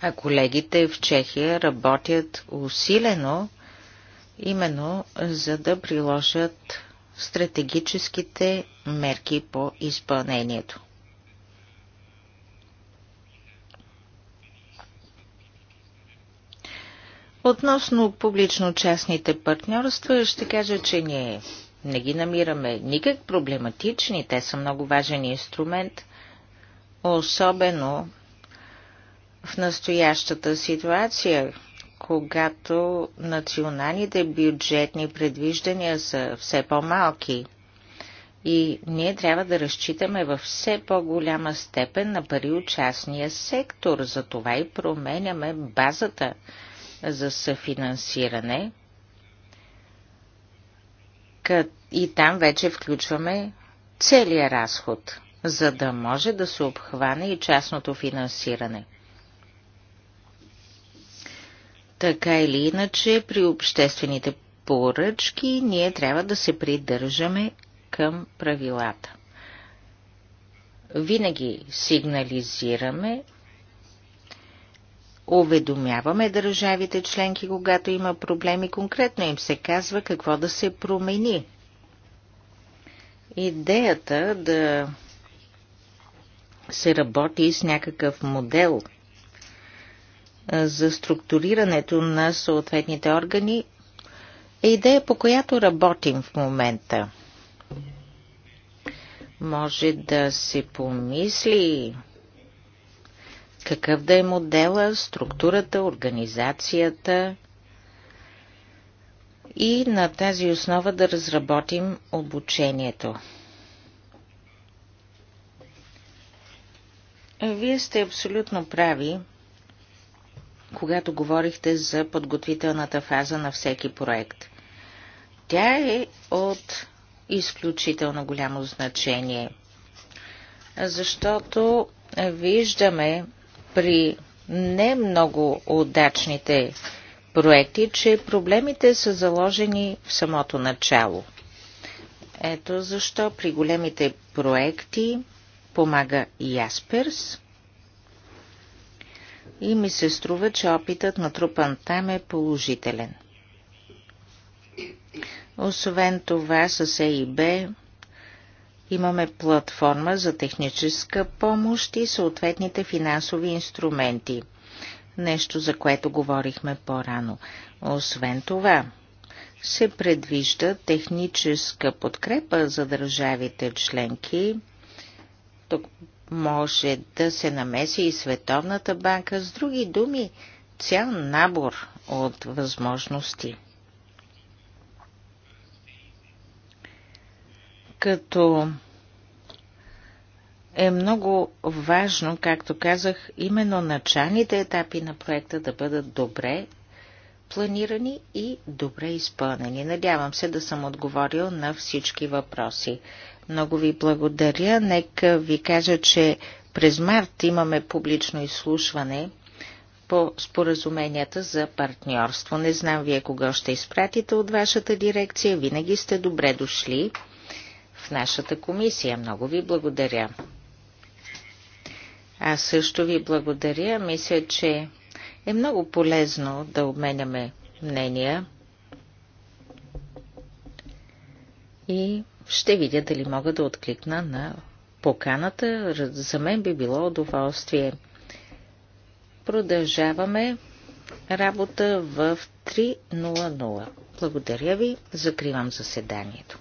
А колегите в Чехия работят усилено, именно за да приложат стратегическите мерки по изпълнението. Относно публично-частните партньорства, ще кажа, че ние не ги намираме никак проблематични, те са много важен инструмент, особено в настоящата ситуация, когато националните бюджетни предвиждания са все по-малки. И ние трябва да разчитаме във все по-голяма степен на пари от частния сектор. Затова и променяме базата за съфинансиране сметка и там вече включваме целия разход, за да може да се обхване и частното финансиране. Така или иначе, при обществените поръчки ние трябва да се придържаме към правилата. Винаги сигнализираме уведомяваме държавите членки, когато има проблеми, конкретно им се казва какво да се промени. Идеята да се работи с някакъв модел за структурирането на съответните органи е идея, по която работим в момента. Може да се помисли какъв да е модела, структурата, организацията и на тази основа да разработим обучението. Вие сте абсолютно прави, когато говорихте за подготвителната фаза на всеки проект. Тя е от изключително голямо значение, защото виждаме при не много удачните проекти, че проблемите са заложени в самото начало. Ето защо при големите проекти помага Ясперс и ми се струва, че опитът на трупан там е положителен. Освен това с Е и Б имаме платформа за техническа помощ и съответните финансови инструменти. Нещо, за което говорихме по-рано. Освен това, се предвижда техническа подкрепа за държавите членки. Тук може да се намеси и Световната банка. С други думи, цял набор от възможности. като е много важно, както казах, именно началните етапи на проекта да бъдат добре планирани и добре изпълнени. Надявам се да съм отговорил на всички въпроси. Много ви благодаря. Нека ви кажа, че през март имаме публично изслушване по споразуменията за партньорство. Не знам вие кога ще изпратите от вашата дирекция. Винаги сте добре дошли нашата комисия. Много ви благодаря. Аз също ви благодаря. Мисля, че е много полезно да обменяме мнения и ще видя дали мога да откликна на поканата. За мен би било удоволствие. Продължаваме работа в 3.00. Благодаря ви. Закривам заседанието.